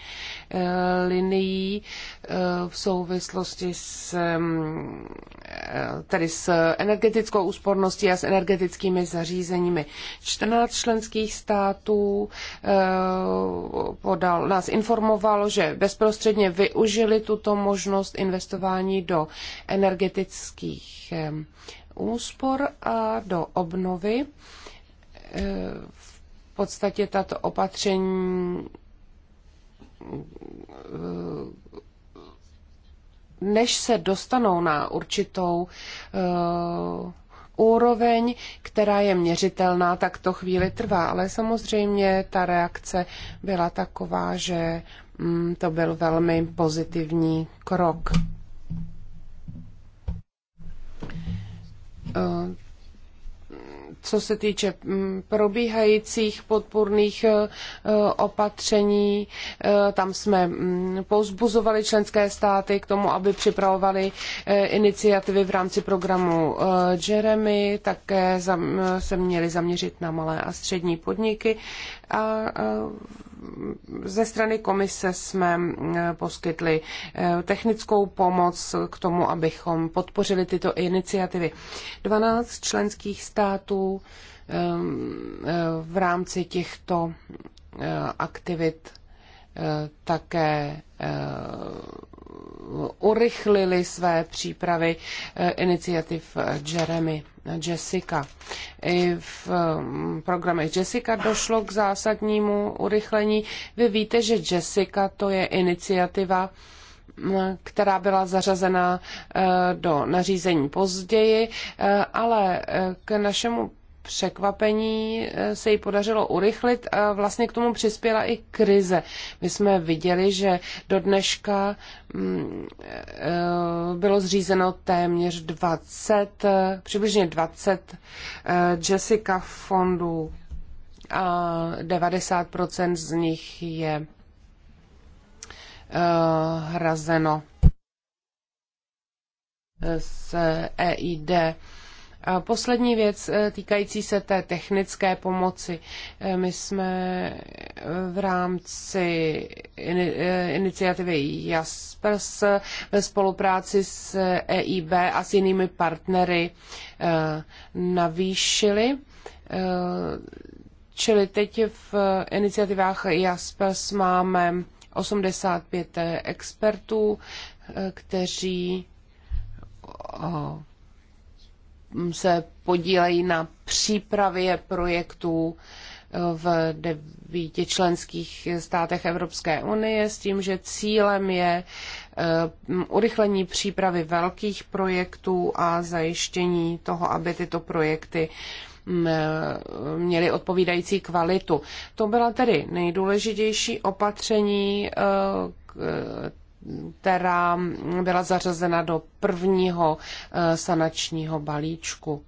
eh, linií eh, v souvislosti s, mm, tedy s energetickou úsporností a s energetickými zařízeními. 14 členských států podal, nás informovalo, že bezprostředně využili tuto možnost investování do energetických úspor a do obnovy. E, v podstatě tato opatření e, než se dostanou na určitou e, úroveň, která je měřitelná, tak to chvíli trvá. Ale samozřejmě ta reakce byla taková, že mm, to byl velmi pozitivní krok. Eh, co se týče mm, probíhajících podpůrných eh, opatření, eh, tam jsme mm, pouzbuzovali členské státy k tomu, aby připravovali iniciativy v rámci programu Jeremy, také se měli zaměřit na malé a střední podniky a ze strany komise jsme poskytli eh, technickou pomoc k tomu, abychom podpořili tyto iniciativy. 12 členských států ehm, eh, v rámci těchto eh, aktivit také urychlili své přípravy iniciativ Jeremy. Jessica. I v um, programech Jessica došlo k zásadnímu urychlení. Vy víte, že Jessica to je iniciativa, která byla zařazena eh, do nařízení později, eh, ale eh, k našemu překvapení eh, se jí podařilo urychlit a vlastně k tomu přispěla i krize. My jsme viděli, že do dneška mm, eh, bylo zřízeno téměř 20, eh, přibližně 20 Jessica fondů a 90% z nich je hrazeno z EID. E poslední věc eh, týkající se té technické pomoci. Eh, my jsme eh, v rámci iniciativy Jaspers ve spolupráci s EIB e a s jinými partnery navýšili Čili teď v iniciativách Jaspers máme 85 expertů, kteří se podílejí na přípravě projektů eh, v devíti členských státech Evropské unie s tím, že cílem je eh, urychlení přípravy velkých projektů a zajištění toho, aby tyto projekty mm, eh, měly odpovídající kvalitu. To byla tedy nejdůležitější opatření, která byla zařazena do prvního eh, sanačního balíčku.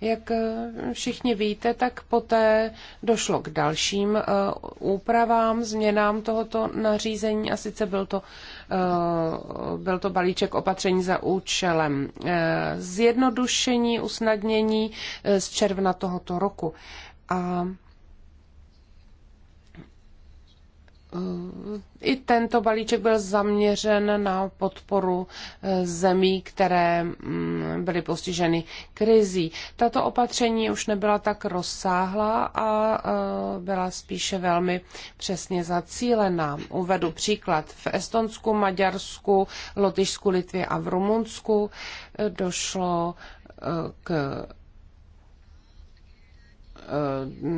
Jak eh, všichni víte, tak poté došlo k dalším eh, úpravám, změnám tohoto nařízení a sice byl to, byl to balíček opatření za účelem zjednodušení, usnadnění z června tohoto roku. A I tento balíček byl zaměřen na podporu eh, zemí, které mm, byly postiženy krizí. Tato opatření už nebyla tak rozsáhlá a eh, byla spíše velmi přesně zacílená. Uvedu příklad. V Estonsku, Maďarsku, Lotyšsku, Litvě a v Rumunsku eh, došlo k Eh,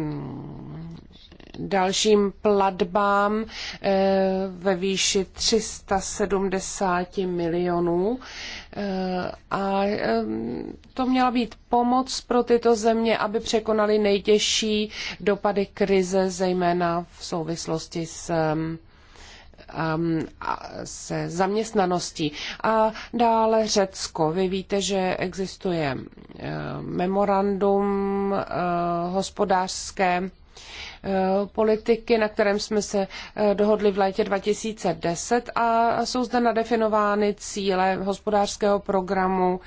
dalším platbám eh, ve výši 370 milionů. Eh, a to měla být pomoc pro tyto země, aby překonali nejtěžší dopady krize, zejména v souvislosti s Um, se zaměstnaností. A dále Řecko. Vy víte, že existuje um, memorandum uh, hospodářské uh, politiky, na kterém jsme se uh, dohodli v létě 2010 a jsou zde nadefinovány cíle hospodářského programu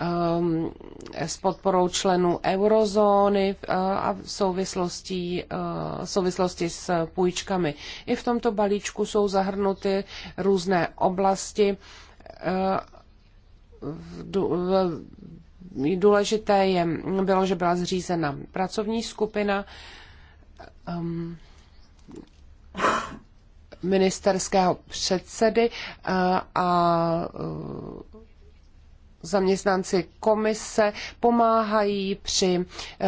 Um, s podporou členů eurozóny uh, a v souvislosti, uh, v souvislosti s půjčkami. I v tomto balíčku jsou zahrnuty různé oblasti. Uh, důležité je, bylo, že byla zřízena pracovní skupina um, ministerského předsedy a, a zaměstnanci komise pomáhají při eh,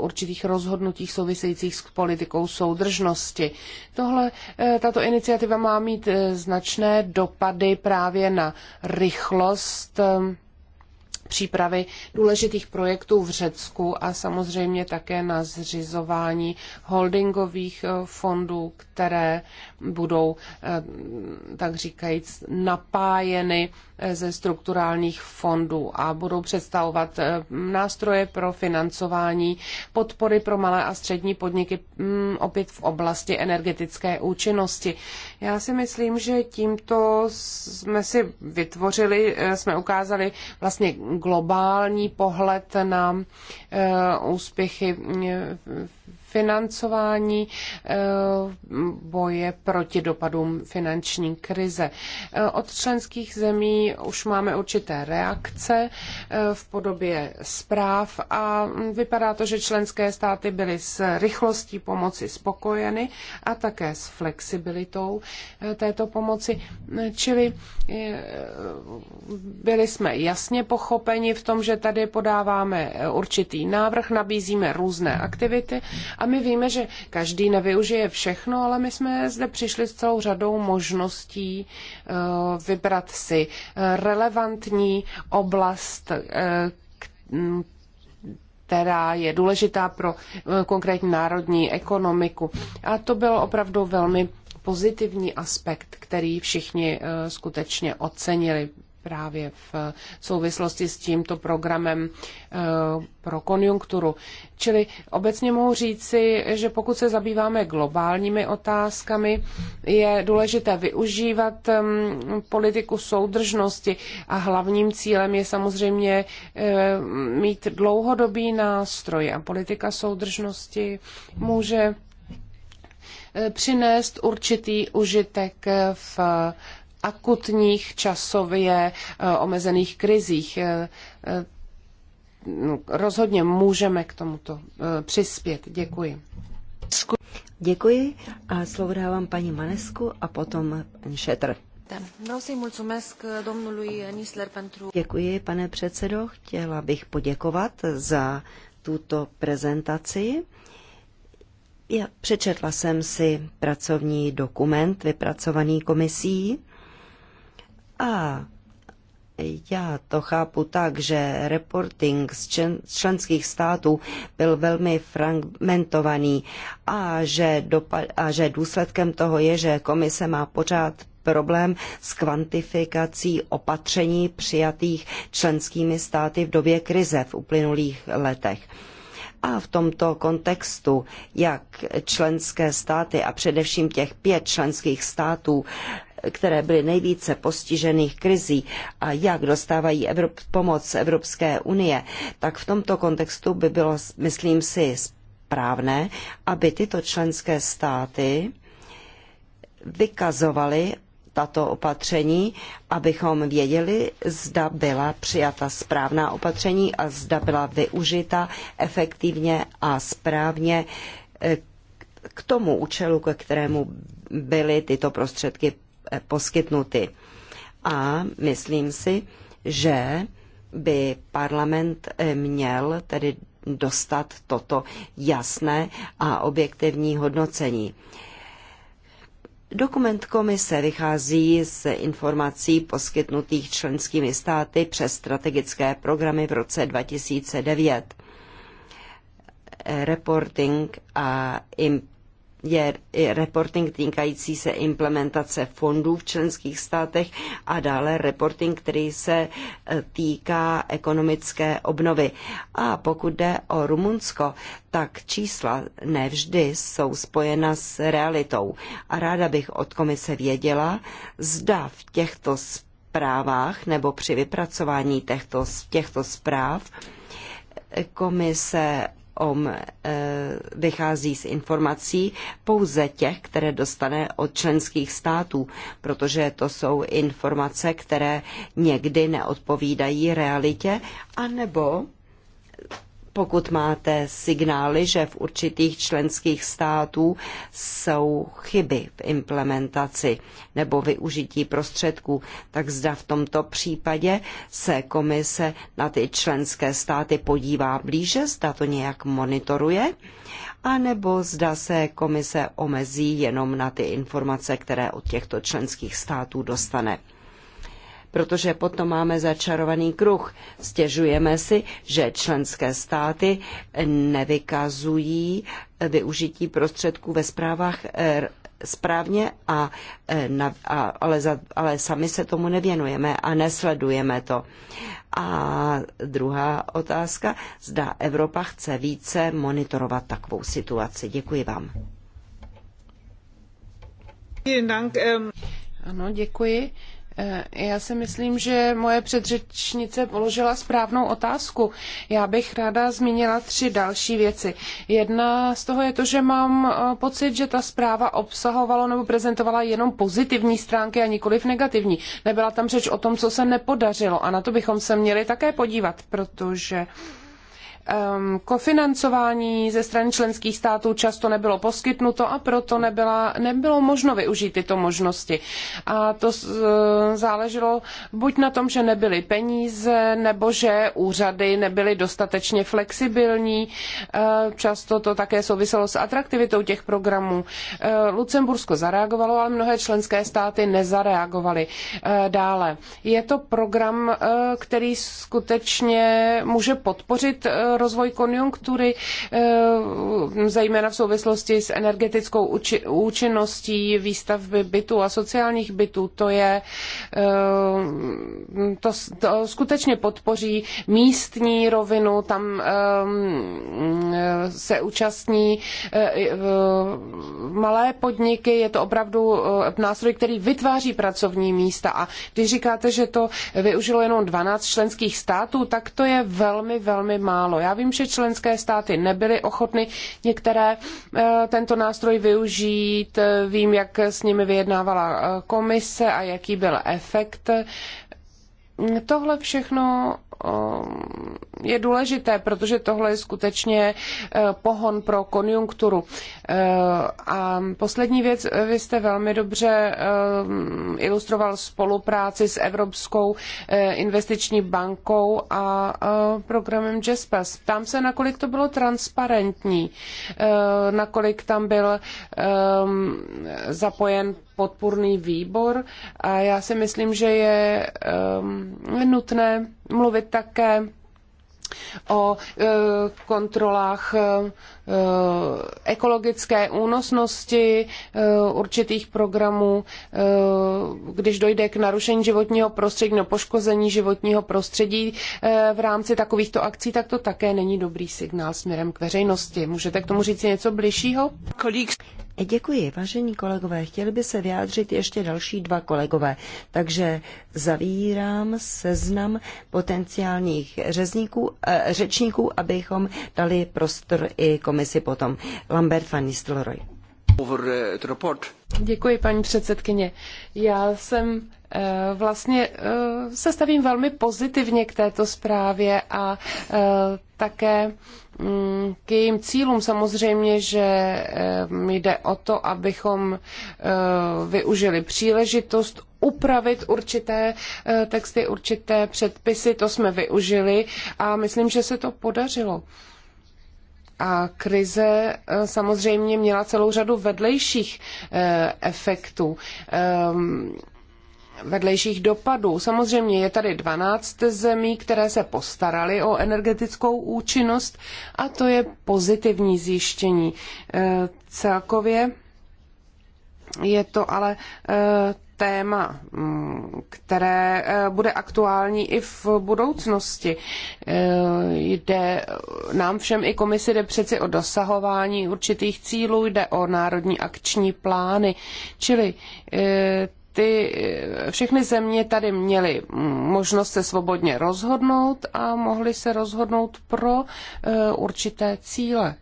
určitých rozhodnutích souvisejících s politikou soudržnosti. Tohle, eh, tato iniciativa má mít eh, značné dopady právě na rychlost přípravy důležitých projektů v Řecku a samozřejmě také na zřizování holdingových fondů, které budou, eh, tak říkajíc, napájeny eh, ze strukturálních fondů a budou představovat eh, nástroje pro financování podpory pro malé a střední podniky mm, opět v oblasti energetické účinnosti. Já si myslím, že tímto jsme si vytvořili, jsme ukázali vlastně globální pohled na úspěchy financování eh, boje proti dopadům finanční krize. Eh, od členských zemí už máme určité reakce eh, v podobě zpráv a vypadá to, že členské státy byly s rychlostí pomoci spokojeny a také s flexibilitou této pomoci, čili byli jsme jasně pochopeni v tom, že tady podáváme určitý návrh, nabízíme různé aktivity a my víme, že každý nevyužije všechno, ale my jsme zde přišli s celou řadou možností eh, vybrat si eh, relevantní oblast, eh, která je důležitá pro konkrétní národní ekonomiku. A to byl opravdu velmi pozitivní aspekt, který všichni skutečně ocenili právě v souvislosti s tímto programem eh, pro konjunkturu. Čili obecně mohu říci, že pokud se zabýváme globálními otázkami, je důležité využívat ehm, politiku soudržnosti a hlavním cílem je samozřejmě eh, mít dlouhodobý nástroj a politika soudržnosti může eh, přinést určitý užitek v akutních časově eh, omezených krizích. Eh, eh, no, rozhodně můžeme k tomuto přispět. Děkuji. Děkuji a slovo dávám paní Manesku a potom pan Šetr. Děkuji, pane předsedo. Chtěla bych poděkovat za tuto prezentaci. Já přečetla jsem si pracovní dokument vypracovaný komisí a já to chápu tak, že reporting z členských států byl velmi fragmentovaný a že, a že důsledkem toho je, že komise má pořád problém s kvantifikací opatření přijatých členskými státy v době krize v uplynulých letech. A v tomto kontextu, jak členské státy a především těch pět členských států které byly nejvíce postižených krizí a jak dostávají Evrop, pomoc Evropské unie, tak v tomto kontextu by bylo, myslím si, správné, aby tyto členské státy vykazovaly tato opatření, abychom věděli, zda byla přijata správná opatření a zda byla využita efektivně a správně eh, k tomu účelu, ke kterému byly tyto prostředky poskytnuty. A myslím si, že by parlament eh, měl tedy dostat toto jasné a objektivní hodnocení. Dokument komise vychází z informací poskytnutých členskými státy přes strategické programy v roce 2009. Reporting a je reporting týkající se implementace fondů v členských státech a dále reporting, který se e, týká ekonomické obnovy. A pokud jde o Rumunsko, tak čísla nevždy jsou spojena s realitou. A ráda bych od komise věděla, zda v těchto zprávách nebo při vypracování těchto, těchto zpráv e, komise OM eh, vychází z informací pouze těch, které dostane od členských států, protože to jsou informace, které někdy neodpovídají realitě, anebo pokud máte signály, že v určitých členských států jsou chyby v implementaci nebo využití prostředků, tak zda v tomto případě se komise na ty členské státy podívá blíže, zda to nějak monitoruje, anebo zda se komise omezí jenom na ty informace, které od těchto členských států dostane protože potom máme začarovaný kruh. Stěžujeme si, že členské státy nevykazují využití prostředků ve zprávách eh, správně, a, eh, a, ale, za, ale sami se tomu nevěnujeme a nesledujeme to. A druhá otázka, zda Evropa chce více monitorovat takovou situaci. Děkuji vám. Ähm. Ano, děkuji. Eh, já si myslím, že moje předřečnice položila správnou otázku. Já bych ráda zmínila tři další věci. Jedna z toho je to, že mám eh, pocit, že ta zpráva obsahovala nebo prezentovala jenom pozitivní stránky a nikoliv negativní. Nebyla tam řeč o tom, co se nepodařilo a na to bychom se měli také podívat, protože uh, um, kofinancování ze strany členských států často nebylo poskytnuto a proto nebyla, nebylo možno využít tyto možnosti. A to e, záleželo buď na tom, že nebyly peníze, nebo že úřady nebyly dostatečně flexibilní. E, často to také souviselo s atraktivitou těch programů. E, Lucembursko zareagovalo, ale mnohé členské státy nezareagovaly. dále. Je to program, který skutečně může podpořit rozvoj konjunktury, eh, zejména v souvislosti s energetickou účinností výstavby bytů a sociálních bytů. To je eh, to, to skutečně podpoří místní rovinu, tam eh, se účastní malé podniky, je to opravdu nástroj, který vytváří pracovní místa. A když říkáte, že to využilo jenom 12 členských států, tak to je velmi, velmi málo. Já já vím, že členské státy nebyly ochotny některé eh, tento nástroj využít. Vím, jak s nimi vyjednávala eh, komise a jaký byl efekt. Tohle všechno Ehm, je důležité, protože tohle je skutečně eh, pohon pro konjunkturu. Eh, a poslední věc, eh, vy jste velmi dobře ehm, ilustroval spolupráci s Evropskou investiční bankou a programem JESPAS. Ptám se, nakolik to bylo transparentní, nakolik tam byl ehm, zapojen podpůrný výbor a já si myslím, že je um, nutné mluvit také o e, kontrolách e, ekologické únosnosti e, určitých programů, když dojde k narušení životního prostředí nebo poškození životního prostředí v rámci takovýchto akcí, tak to také není dobrý signál směrem k veřejnosti. Můžete k tomu říct něco bližšího? Kolik E, děkuji, vážení kolegové. Chtěli by se vyjádřit ještě další dva kolegové, takže zavírám seznam potenciálních řezníků, e, řečníků, abychom dali prostor i komisi potom. Lambert van Nistelrooy. E, děkuji, paní předsedkyně. Já jsem vlastně se stavím velmi pozitivně k této zprávě a také Mm, k jejím cílům samozřejmě, že jde o to, abychom eh, využili příležitost upravit určité eh, texty, určité předpisy, to jsme využili a myslím, že se to podařilo. A krize eh, samozřejmě měla celou řadu vedlejších efektů vedlejších dopadů. Samozřejmě je tady 12 zemí, které se postaraly o energetickou účinnost a to je pozitivní zjištění. E, celkově je to ale e, téma, které e, bude aktuální i v budoucnosti. Jde nám všem i komisi jde přeci o dosahování určitých cílů, jde o národní akční plány, čili ty všechny země tady měly možnost se svobodně rozhodnout a mohly se rozhodnout pro eh, určité cíle.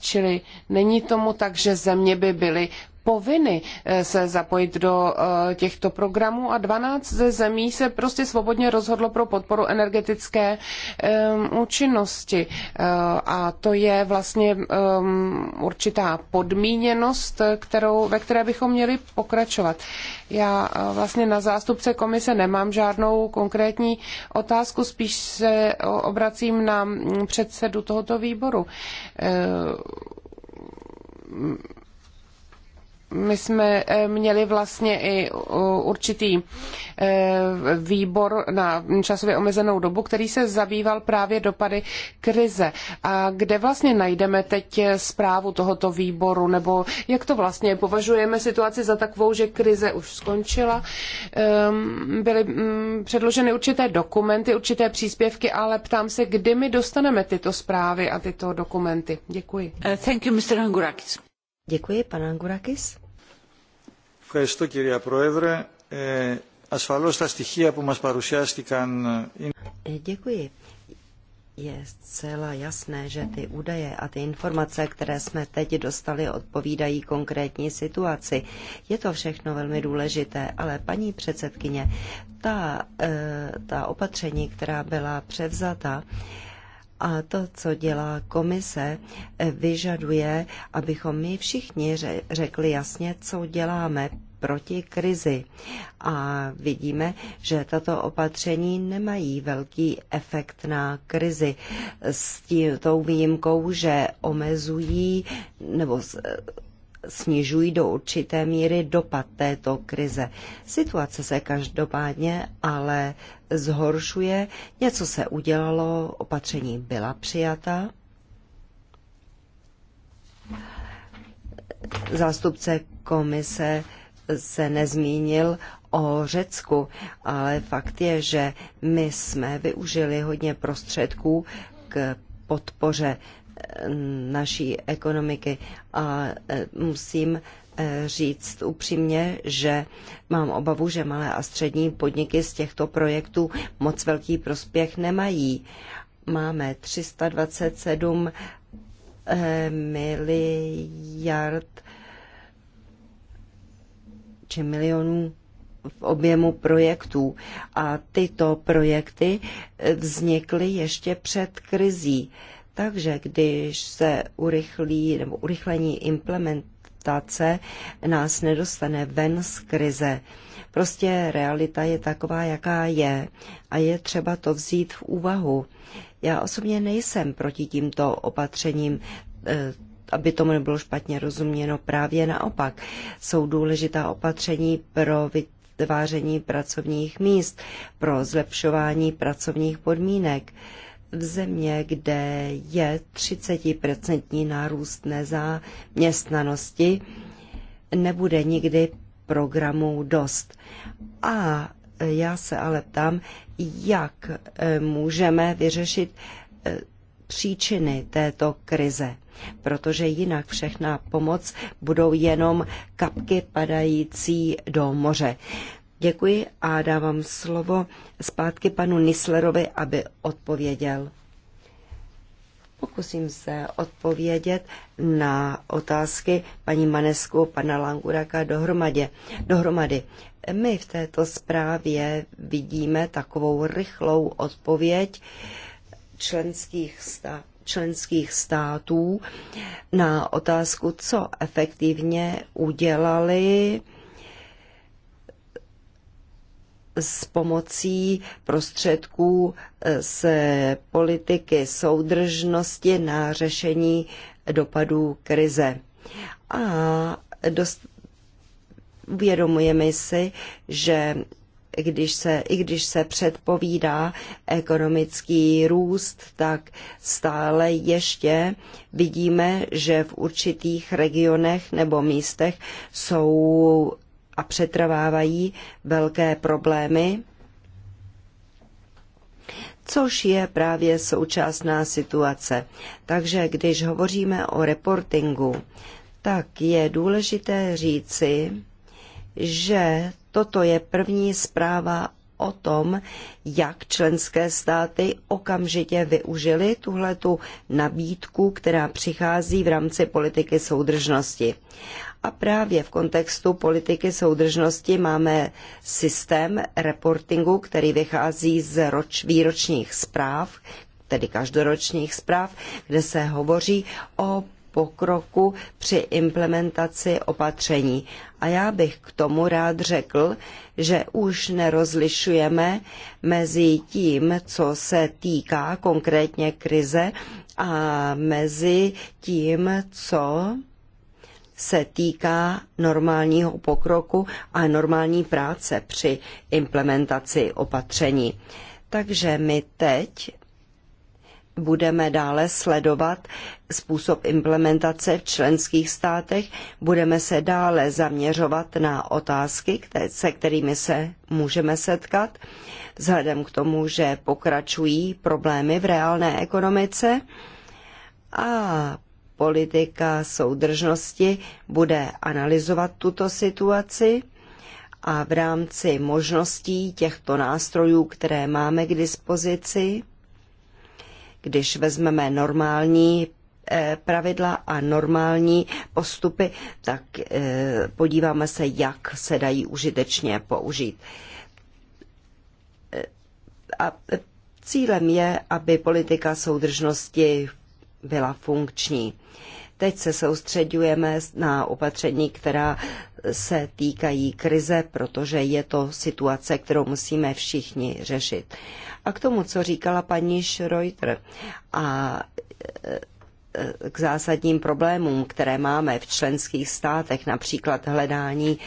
Čili není tomu tak, že země by byly povinny eh, se zapojit do eh, těchto programů a 12 ze zemí se prostě svobodně rozhodlo pro podporu energetické eh, účinnosti. A to je vlastně určitá podmíněnost, kterou, ve které bychom měli pokračovat. Já vlastně na zástupce komise nemám žádnou konkrétní otázku, spíš se obracím na mm, předsedu tohoto výboru my jsme eh, měli vlastně i určitý eh, výbor na časově omezenou dobu, který se zabýval právě dopady krize. A kde vlastně najdeme teď zprávu tohoto výboru, nebo jak to vlastně považujeme situaci za takovou, že krize už skončila? Ehm, byly mm, předloženy určité dokumenty, určité příspěvky, ale ptám se, kdy my dostaneme tyto zprávy a tyto dokumenty. Děkuji. Eh, thank you, Mr. Angurakis. Děkuji, pan Angurakis. Děkuji. Je zcela jasné, že ty údaje a ty informace, které jsme teď dostali, odpovídají konkrétní situaci. Je to všechno velmi důležité, ale paní předsedkyně, ta, e, ta opatření, která byla převzata, a to, co dělá komise, e, vyžaduje, abychom my všichni řekli jasně, co děláme proti krizi. A vidíme, že tato opatření nemají velký efekt na krizi s tím, tou výjimkou, že omezují nebo snižují do určité míry dopad této krize. Situace se každopádně ale zhoršuje, něco se udělalo, opatření byla přijata. Zástupce komise se nezmínil o Řecku, ale fakt je, že my jsme využili hodně prostředků k podpoře eh, naší ekonomiky a eh, musím eh, říct upřímně, že mám obavu, že malé a střední podniky z těchto projektů moc velký prospěch nemají. Máme 327 miliard či milionů v objemu projektů. A tyto projekty eh, vznikly ještě před krizí. Takže když se urychlí nebo urychlení implementace nás nedostane ven z krize. Prostě realita je taková, jaká je a je třeba to vzít v úvahu. Já osobně nejsem proti tímto opatřením eh, aby tomu nebylo špatně rozuměno, právě naopak. Jsou důležitá opatření pro vytváření pracovních míst, pro zlepšování pracovních podmínek. V země, kde je 30% nárůst nezaměstnanosti, nebude nikdy programů dost. A já se ale ptám, jak eh, můžeme vyřešit eh, příčiny této krize protože jinak všechna pomoc budou jenom kapky padající do moře. Děkuji a dávám slovo zpátky panu Nislerovi, aby odpověděl. Pokusím se odpovědět na otázky paní Manesku, pana Languraka dohromadě. dohromady. My v této zprávě vidíme takovou rychlou odpověď členských států členských států na otázku, co efektivně udělali s pomocí prostředků eh, z politiky soudržnosti na řešení dopadů krize. A dost, uvědomujeme si, že když se, i když se předpovídá ekonomický růst, tak stále ještě vidíme, že v určitých regionech nebo místech jsou a přetrvávají velké problémy, což je právě současná situace. Takže když hovoříme o reportingu, tak je důležité říci, že Toto je první zpráva o tom, jak členské státy okamžitě využily tuhle tu nabídku, která přichází v rámci politiky soudržnosti. A právě v kontextu politiky soudržnosti máme systém reportingu, který vychází z roč, výročních zpráv, tedy každoročních zpráv, kde se hovoří o pokroku při implementaci opatření. A já bych k tomu rád řekl, že už nerozlišujeme mezi tím, co se týká konkrétně krize a mezi tím, co se týká normálního pokroku a normální práce při implementaci opatření. Takže my teď budeme dále sledovat způsob implementace v členských státech, budeme se dále zaměřovat na otázky, se kterými se můžeme setkat, vzhledem k tomu, že pokračují problémy v reálné ekonomice a politika soudržnosti bude analyzovat tuto situaci a v rámci možností těchto nástrojů, které máme k dispozici, když vezmeme normální eh, pravidla a normální postupy, tak eh, podíváme se, jak se dají užitečně použít. Eh, a cílem je, aby politika soudržnosti byla funkční. Teď se soustředujeme na opatření, která se týkají krize, protože je to situace, kterou musíme všichni řešit. A k tomu, co říkala paní Schreuter a e, e, k zásadním problémům, které máme v členských státech, například hledání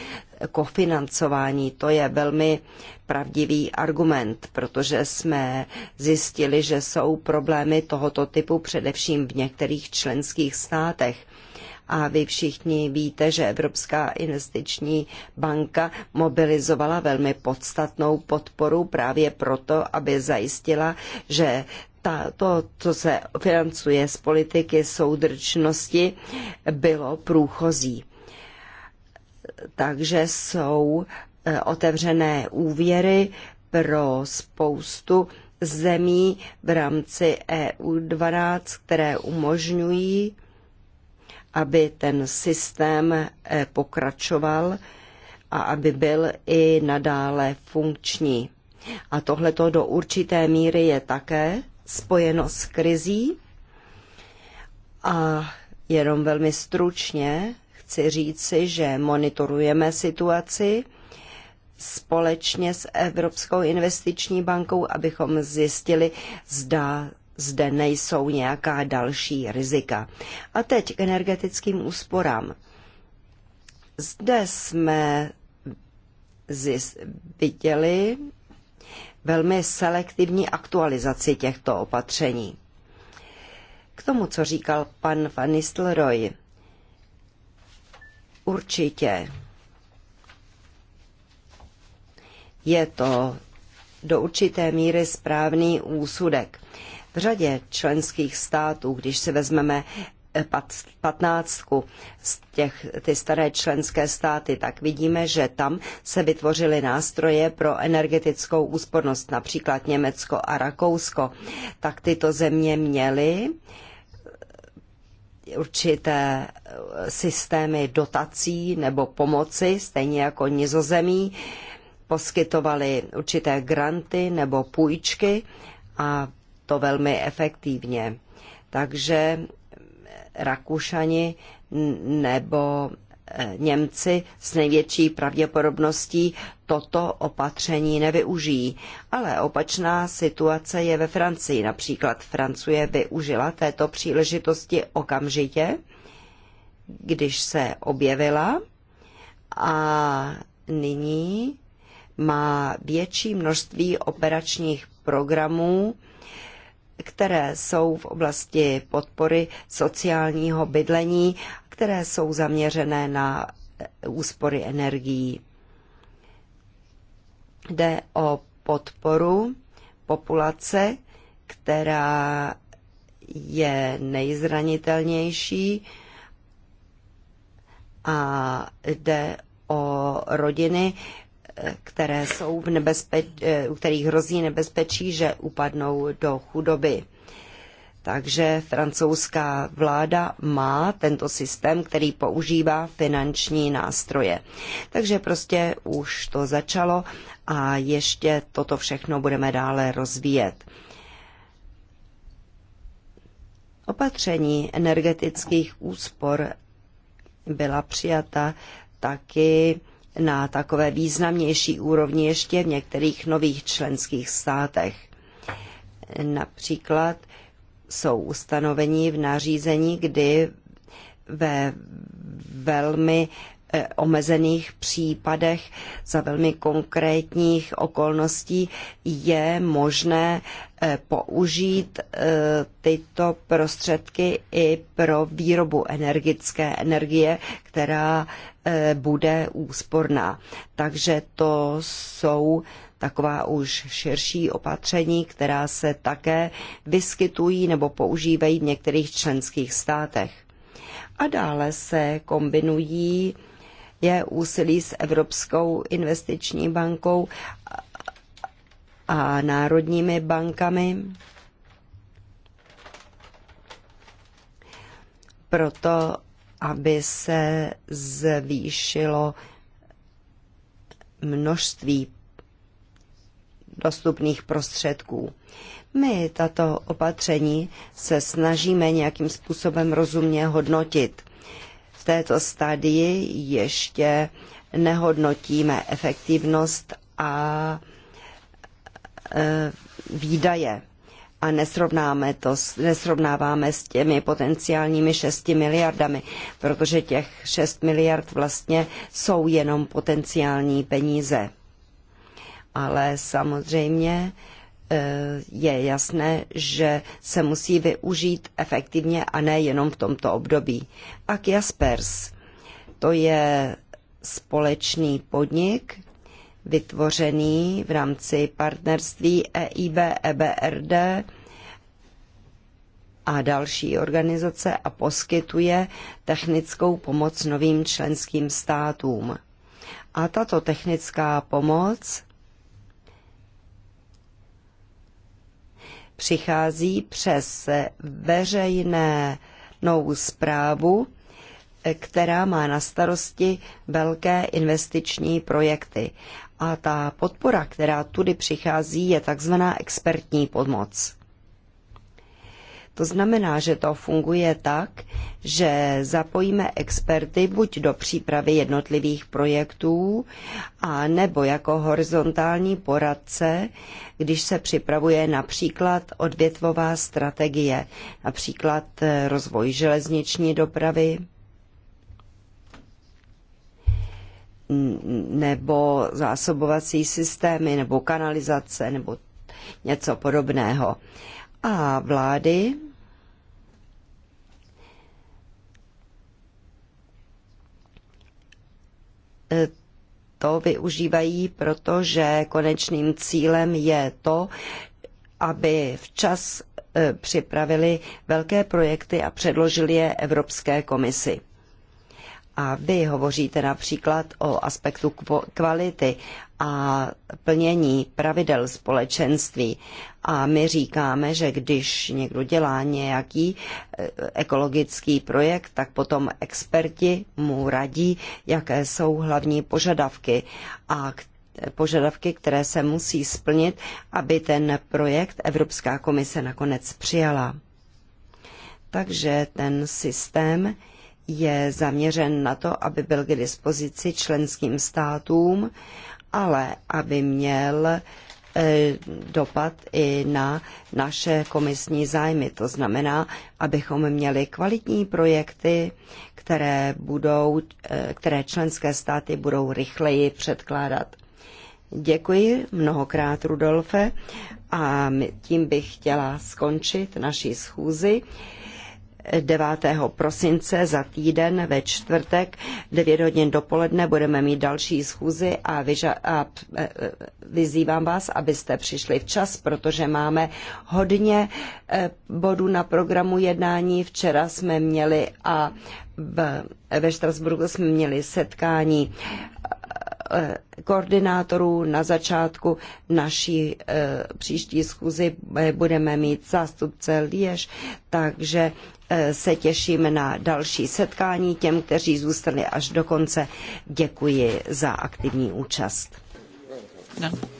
kofinancování, to je velmi pravdivý argument, protože jsme zjistili, že jsou problémy tohoto typu především v některých členských státech. A vy všichni víte, že Evropská investiční banka mobilizovala velmi podstatnou podporu právě proto, aby zajistila, že ta, to, co se financuje z politiky soudržnosti, bylo průchozí. Takže jsou e, otevřené úvěry pro spoustu zemí v rámci EU 12, které umožňují aby ten systém eh, pokračoval a aby byl i nadále funkční. A tohle do určité míry je také spojeno s krizí. A jenom velmi stručně chci říci, že monitorujeme situaci společně s Evropskou investiční bankou, abychom zjistili, zda zde nejsou nějaká další rizika. A teď k energetickým úsporám. Zde jsme viděli velmi selektivní aktualizaci těchto opatření. K tomu, co říkal pan Van Nistelrooy, určitě je to do určité míry správný úsudek řadě členských států, když si vezmeme eh, patnáctku z těch, ty staré členské státy, tak vidíme, že tam se vytvořily nástroje pro energetickou úspornost, například Německo a Rakousko. Tak tyto země měly eh, určité eh, systémy dotací nebo pomoci, stejně jako nizozemí, poskytovali určité granty nebo půjčky a to velmi efektivně. Takže Rakušani nebo eh, Němci s největší pravděpodobností toto opatření nevyužijí. Ale opačná situace je ve Francii. Například Francie využila této příležitosti okamžitě, když se objevila a nyní má větší množství operačních programů, které jsou v oblasti podpory sociálního bydlení, které jsou zaměřené na úspory energií. Jde o podporu populace, která je nejzranitelnější a jde o rodiny, které jsou v nebezpečí, eh, u kterých hrozí nebezpečí, že upadnou do chudoby. Takže francouzská vláda má tento systém, který používá finanční nástroje. Takže prostě už to začalo a ještě toto všechno budeme dále rozvíjet. Opatření energetických úspor byla přijata taky na takové významnější úrovni ještě v některých nových členských státech. Například jsou ustanovení v nařízení, kdy ve velmi Eh, omezených případech za velmi konkrétních okolností je možné eh, použít eh, tyto prostředky i pro výrobu energické energie, která bude úsporná. Takže to jsou taková už širší opatření, která se také vyskytují nebo používají v některých členských státech. A dále se kombinují je úsilí s Evropskou investiční bankou a národními bankami. Proto, aby se zvýšilo množství dostupných prostředků. My tato opatření se snažíme nějakým způsobem rozumně hodnotit této stadii ještě nehodnotíme efektivnost a e, výdaje a nesrovnáme to, nesrovnáváme s těmi potenciálními 6 miliardami, protože těch 6 miliard vlastně jsou jenom potenciální peníze. Ale samozřejmě Eh, je jasné, že se musí využít efektivně a ne jenom v tomto období. A Jaspers, to je společný podnik vytvořený v rámci partnerství EIB, EBRD a další organizace a poskytuje technickou pomoc novým členským státům. A tato technická pomoc přichází přes veřejnou zprávu, která má na starosti velké investiční projekty. A ta podpora, která tudy přichází, je takzvaná expertní pomoc. To znamená, že to funguje tak, že zapojíme experty buď do přípravy jednotlivých projektů, a nebo jako horizontální poradce, když se připravuje například odvětvová strategie, například eh, rozvoj železniční dopravy, nebo zásobovací systémy, nebo kanalizace, nebo něco podobného. A vlády to využívají, protože konečným cílem je to, aby včas e, připravili velké projekty a předložili je Evropské komisi. A vy hovoříte například o aspektu kvality a plnění pravidel společenství. A my říkáme, že když někdo dělá nějaký e, ekologický projekt, tak potom experti mu radí, jaké jsou hlavní požadavky a požadavky, které se musí splnit, aby ten projekt Evropská komise nakonec přijala. Takže ten systém je zaměřen na to, aby byl k dispozici členským státům, ale aby měl e, dopad i na naše komisní zájmy. To znamená, abychom měli kvalitní projekty, které, budou, e, které členské státy budou rychleji předkládat. Děkuji mnohokrát, Rudolfe, a tím bych chtěla skončit naší schůzi. 9. prosince za týden ve čtvrtek 9 hodin dopoledne budeme mít další schůzi a, vyža- a e, e, vyzývám vás, abyste přišli včas, protože máme hodně e, bodů na programu jednání. Včera jsme měli a v, ve Štrasburgu jsme měli setkání koordinátorů na začátku naší příští schůzi budeme mít zástupce Liež, takže Eh, se těším na další setkání. Těm, kteří zůstali až do konce, děkuji za aktivní účast. No.